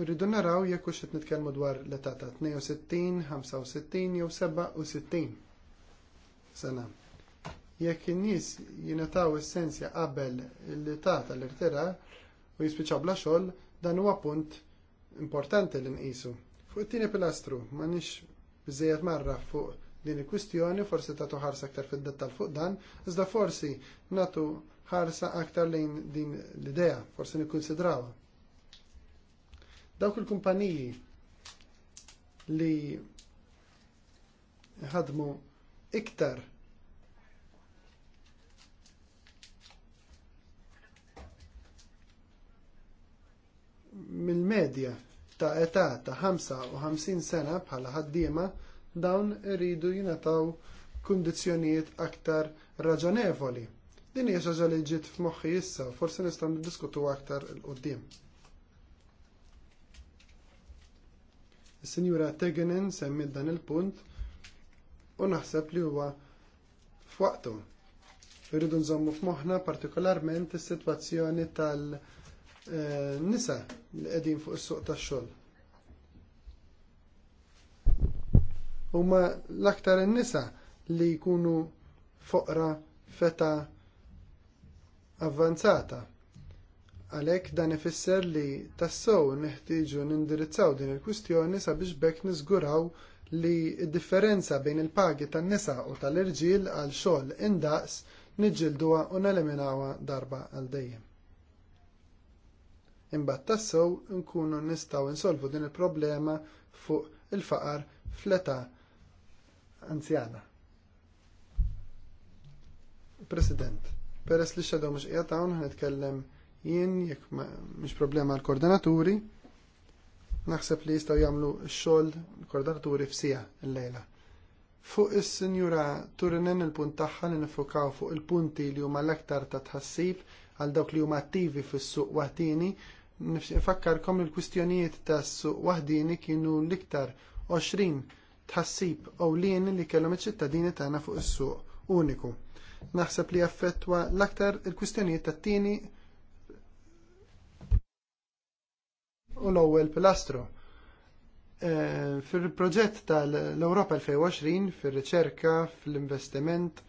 rridu naraw jekk hux qed nitkellmu dwar l-età ta' 62, 65 jew 67 sena jekk in-nies jingħataw essenzja qabel l-età l irtirar u jispiċċaw bla xogħol, dan huwa punt importanti li nqisu. Fuq it-tieni pilastru m'għandniex biżejjed marra fuq din il-kwistjoni, forsi tagħtu ħarsa aktar fid-dettal fuq dan, iżda forsi nagħtu ħarsa aktar lejn din l-idea, forsi nikkunsidrawha. Dawk il-kumpaniji li ħadmu iktar mill-medja ta' età ta' 55 sena bħala ħaddiema dawn iridu jingħataw kundizzjonijiet aktar raġonevoli. Din hija xaġa li ġiet f'moħħi issa, forsi nistgħu niddiskutu aktar il qudiem Is-Sinjura Tegenen semmi dan il-punt u naħseb li huwa f'waqtu. Irridu nżommu f'moħħna partikolarment is-sitwazzjoni tal- Eh, nisa li qegħdin fuq is-suq tax-xogħol. Huma l-aktar in-nisa li jkunu foqra feta avvanzata. Għalhekk dan ifisser li tassew neħtieġu nindirizzaw din il-kwistjoni sabiex bekk niżguraw li d differenza bejn il-pagi tan-nisa u tal-irġiel għal xogħol indaqs niġġilduha u neliminawha darba għal dejjem. Imbagħad tassew nkunu nistgħu insolvu din il-problema fuq il-faqar fl-età anzjana. President, peress li xedaw mhux qiegħed hawn ħanitkellem jien jekk mhux problema l koordinaturi naħseb li jistgħu jagħmlu x-xogħol koordinaturi f'sija llejla. Fuq is-Sinjura Turinen il-punt tagħha li nifukaw fuq il-punti li huma l-aktar ta' tħassib għal dawk li huma attivi fis-suq waħtini Nifakkarkom il-kwistjonijiet tas suq waħdini kienu l-iktar 20 tħassib ewlieni li kellhom iċ-ċittadini tagħna fuq is-suq uniku. Naħseb li affettwa l-aktar il-kwistjonijiet tat-tieni u l-ewwel pilastru. E, Fil-proġett tal ewropa 2020, fil-riċerka, fil-investiment,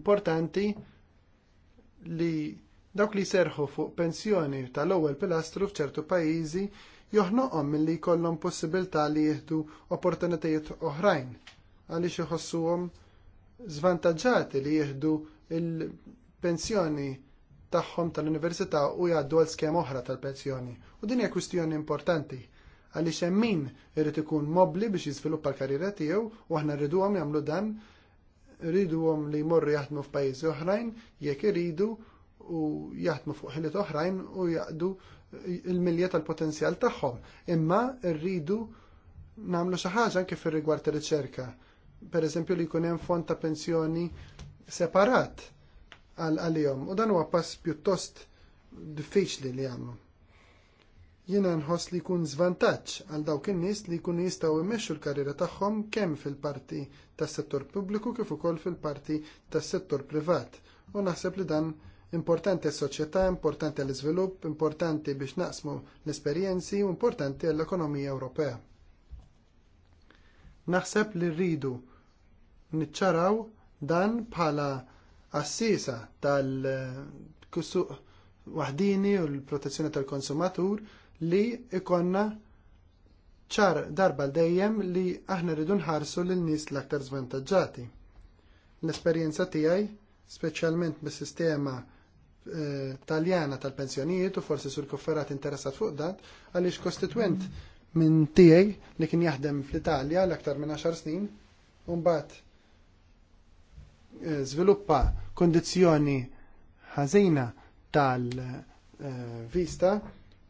importanti li Dawk li serħu fuq pensjoni tal-ewwel pilastru f'ċertu pajjiżi joħnoqhom milli jkollhom possibilità li jieħdu opportunitajiet oħrajn għaliex iħossuhom zvantaġġati li jieħdu il pensjoni tagħhom tal-università u jgħaddu għal skema oħra tal-pensjoni. U din hija kwistjoni importanti għaliex hemm min irid ikun mobbli biex jiżviluppa l-karriera tiegħu u aħna rriduhom jagħmlu dan rriduhom li jmorru jaħdmu f'pajjiżi oħrajn jekk iridu u jaħdmu fuq ħiliet oħrajn u jaqdu il-milja tal-potenzjal tagħhom. Imma rridu nagħmlu xi ħaġa anke fir-rigward ir-riċerka. Pereżempju li jkun hemm fond ta' pensjoni separat għal għalihom u dan huwa pass pjuttost diffiċli li jagħmlu. Jiena nħoss li jkun żvantaġġ għal dawk in-nies li jkunu jistgħu jmexxu l-karriera tagħhom kemm fil-parti tas-settur pubbliku kif ukoll fil-parti tas-settur privat. U naħseb li dan Importanti s-soċjetà, importanti l iżvilupp importanti biex naqsmu l-esperjenzi u importanti għall-ekonomija Ewropea. Naħseb li rridu niċċaraw dan bħala assisa tal kussuq waħdini u l-protezzjoni tal-konsumatur li ikonna ċar darba l-dejjem li aħna rridu nħarsu l nies l-aktar zvantagġati. L-esperjenza tiegħi, speċjalment bis-sistema taljana tal-pensjonijiet u forsi sur kofferat interessat fuq dat għaliex kostituent minn tiegħi li kien jaħdem fl-Italja l-aktar minn 10 snin u mbagħad eh, żviluppa kondizzjoni ħażina tal-vista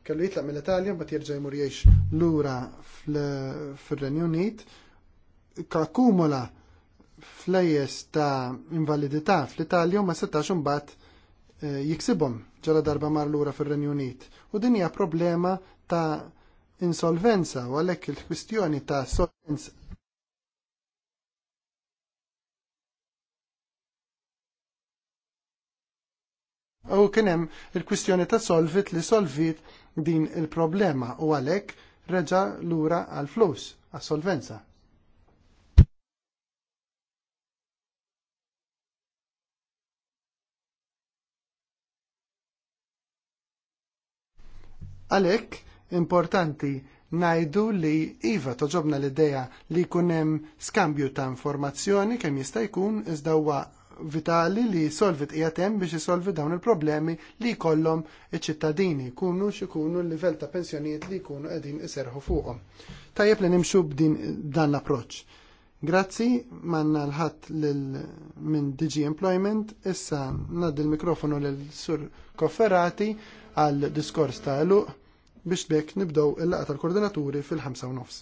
kellu jitlaq mill-Italja mbagħad jerġa' jmur jgħix lura fir-Renju Unit kakumula flejjes ta' invalidità fl-Italja u ma setax imbagħad Eh, jiksibhom ġala darba mar lura fir-Renju Unit. U din hija problema ta' insolvenza u għalhekk il-kwistjoni ta' solvenza U kien hemm il-kwistjoni ta' solvit li solvit din il-problema u għalhekk reġa' lura għal flus għas-solvenza. Għalhekk importanti ngħidu li iva toġobna l-idea li jkun hemm skambju ta' informazzjoni kemm jista' jkun iżda huwa vitali li solvit qiegħed biex isolvi dawn il-problemi li jkollhom iċ-ċittadini jkunu x'ikunu l-livell ta' pensjonijiet li jkunu qegħdin iserħu fuqhom. Tajjeb li nimxu b'din dan l-approċċ. Grazzi, manna l-ħat minn DG Employment, issa nad il-mikrofonu l-sur Kofferati għal diskors ta' eluq biex bekk nibdow il-laqa tal-koordinaturi fil-5 nofs.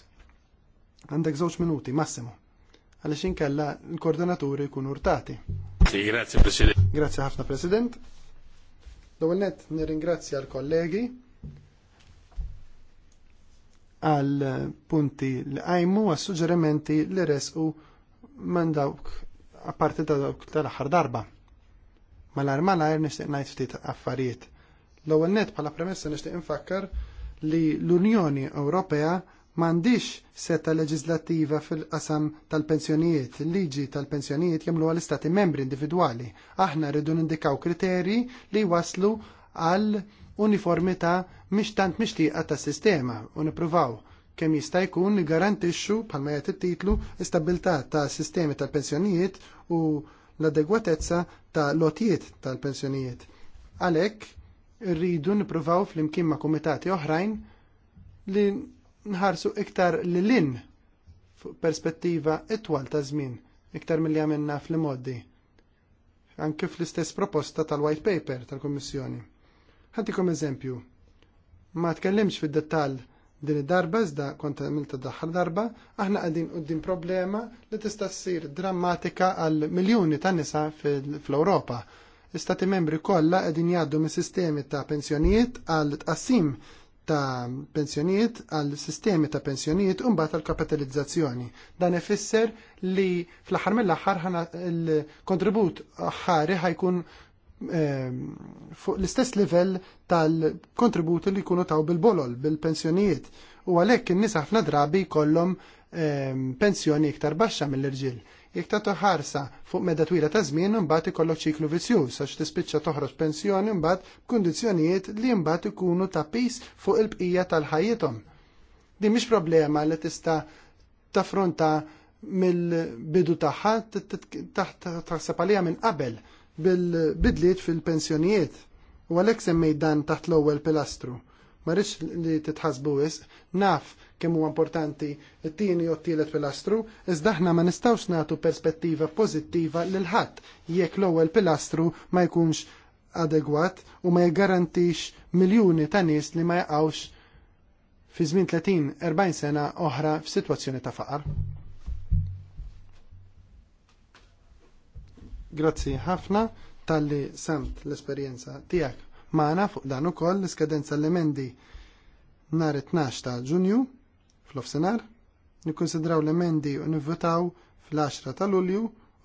Għandek żewġ minuti, massimo, għaliex inkella l-koordinaturi jkunu urtati. Grazie, President. Grazie ħafna, President. Dowelnet, nir nirringrazzja l-kollegi għal punti li għajmu għas suġġerimenti li resqu man dawk apparti ta' dawk tal-aħħar darba. Malar malar nishtiq najt ftit affarijiet. L-ewwel net bħala premessa nixtieq infakkar li l-Unjoni Ewropea m'għandix seta leġislattiva fil-qasam tal-pensjonijiet. Il-liġi tal-pensjonijiet jagħmluha l-istati membri individwali. Aħna rridu nindikaw kriterji li waslu għal uniformità mhix tant mixtieqa tas-sistema u nippruvaw kemm jista' jkun garantixxu bħalma jagħti titlu istabilità ta' sistemi tal-pensjonijiet u l-adegwatezza ta' lotijiet tal-pensjonijiet. Għalhekk rridu nippruvaw flimkien ma' kumitati oħrajn li nħarsu iktar li lin fuq perspettiva itwal ta' żmien iktar milli għamilna fl-modi. Anke fl-istess proposta tal-white paper tal-Kommissjoni. Ħatikom eżempju. Ma tkellimx fid-dettall din id-darba, iżda kont ta' daħħal darba, aħna għadin din problema li tista' ssir drammatika għal miljuni ta' nisa fl-Ewropa l-istati membri kollha qegħdin jgħaddu mis sistemi ta' pensjonijiet għal tqassim ta' pensjonijiet għal sistemi ta' pensjonijiet u mbagħad għal kapitalizzazzjoni. Dan ifisser li fl-aħħar mill-aħħar il-kontribut ħari ħajkun ehm, fuq l-istess livell tal-kontributi li jkunu taw bil-bolol, bil-pensjonijiet. U għalhekk in-nisa ħafna drabi jkollhom ehm, pensjoni iktar baxxa mill-irġiel. Jekk ta' ħarsa fuq medda twila ta' żmien imbagħad ikollok ċiklu vizzjuż għax tispiċċa toħroġ pensjoni mbagħad b'kundizzjonijiet li mbagħad ikunu ta' pis fuq il-bqija tal-ħajjithom. Din mhix problema li tista' taffronta mill-bidu tagħha taħseb għalija minn qabel bil-bidliet fil-pensjonijiet. U għalhekk semmej dan taħt l-ewwel pilastru. Ma rridx li titħasbu wisq, naf kemm huwa importanti t-tieni u t-tielet pilastru, iżda aħna ma nistgħux nagħtu perspettiva pożittiva lil ħadd jekk l-ewwel pilastru ma jkunx adegwat u ma jgarantix miljuni ta' nies li ma jaqgħux fi żmien 30-40 sena oħra f'sitwazzjoni ta' faqar. Grazzi ħafna tal-li samt l-esperjenza tiegħek Maħna fuq dan ukoll l-iskadenza l-emendi nhar 12 ta' Ġunju fl-ofsenar, nikkonsidraw l-emendi u nivvotaw fl-10 ta' Lulju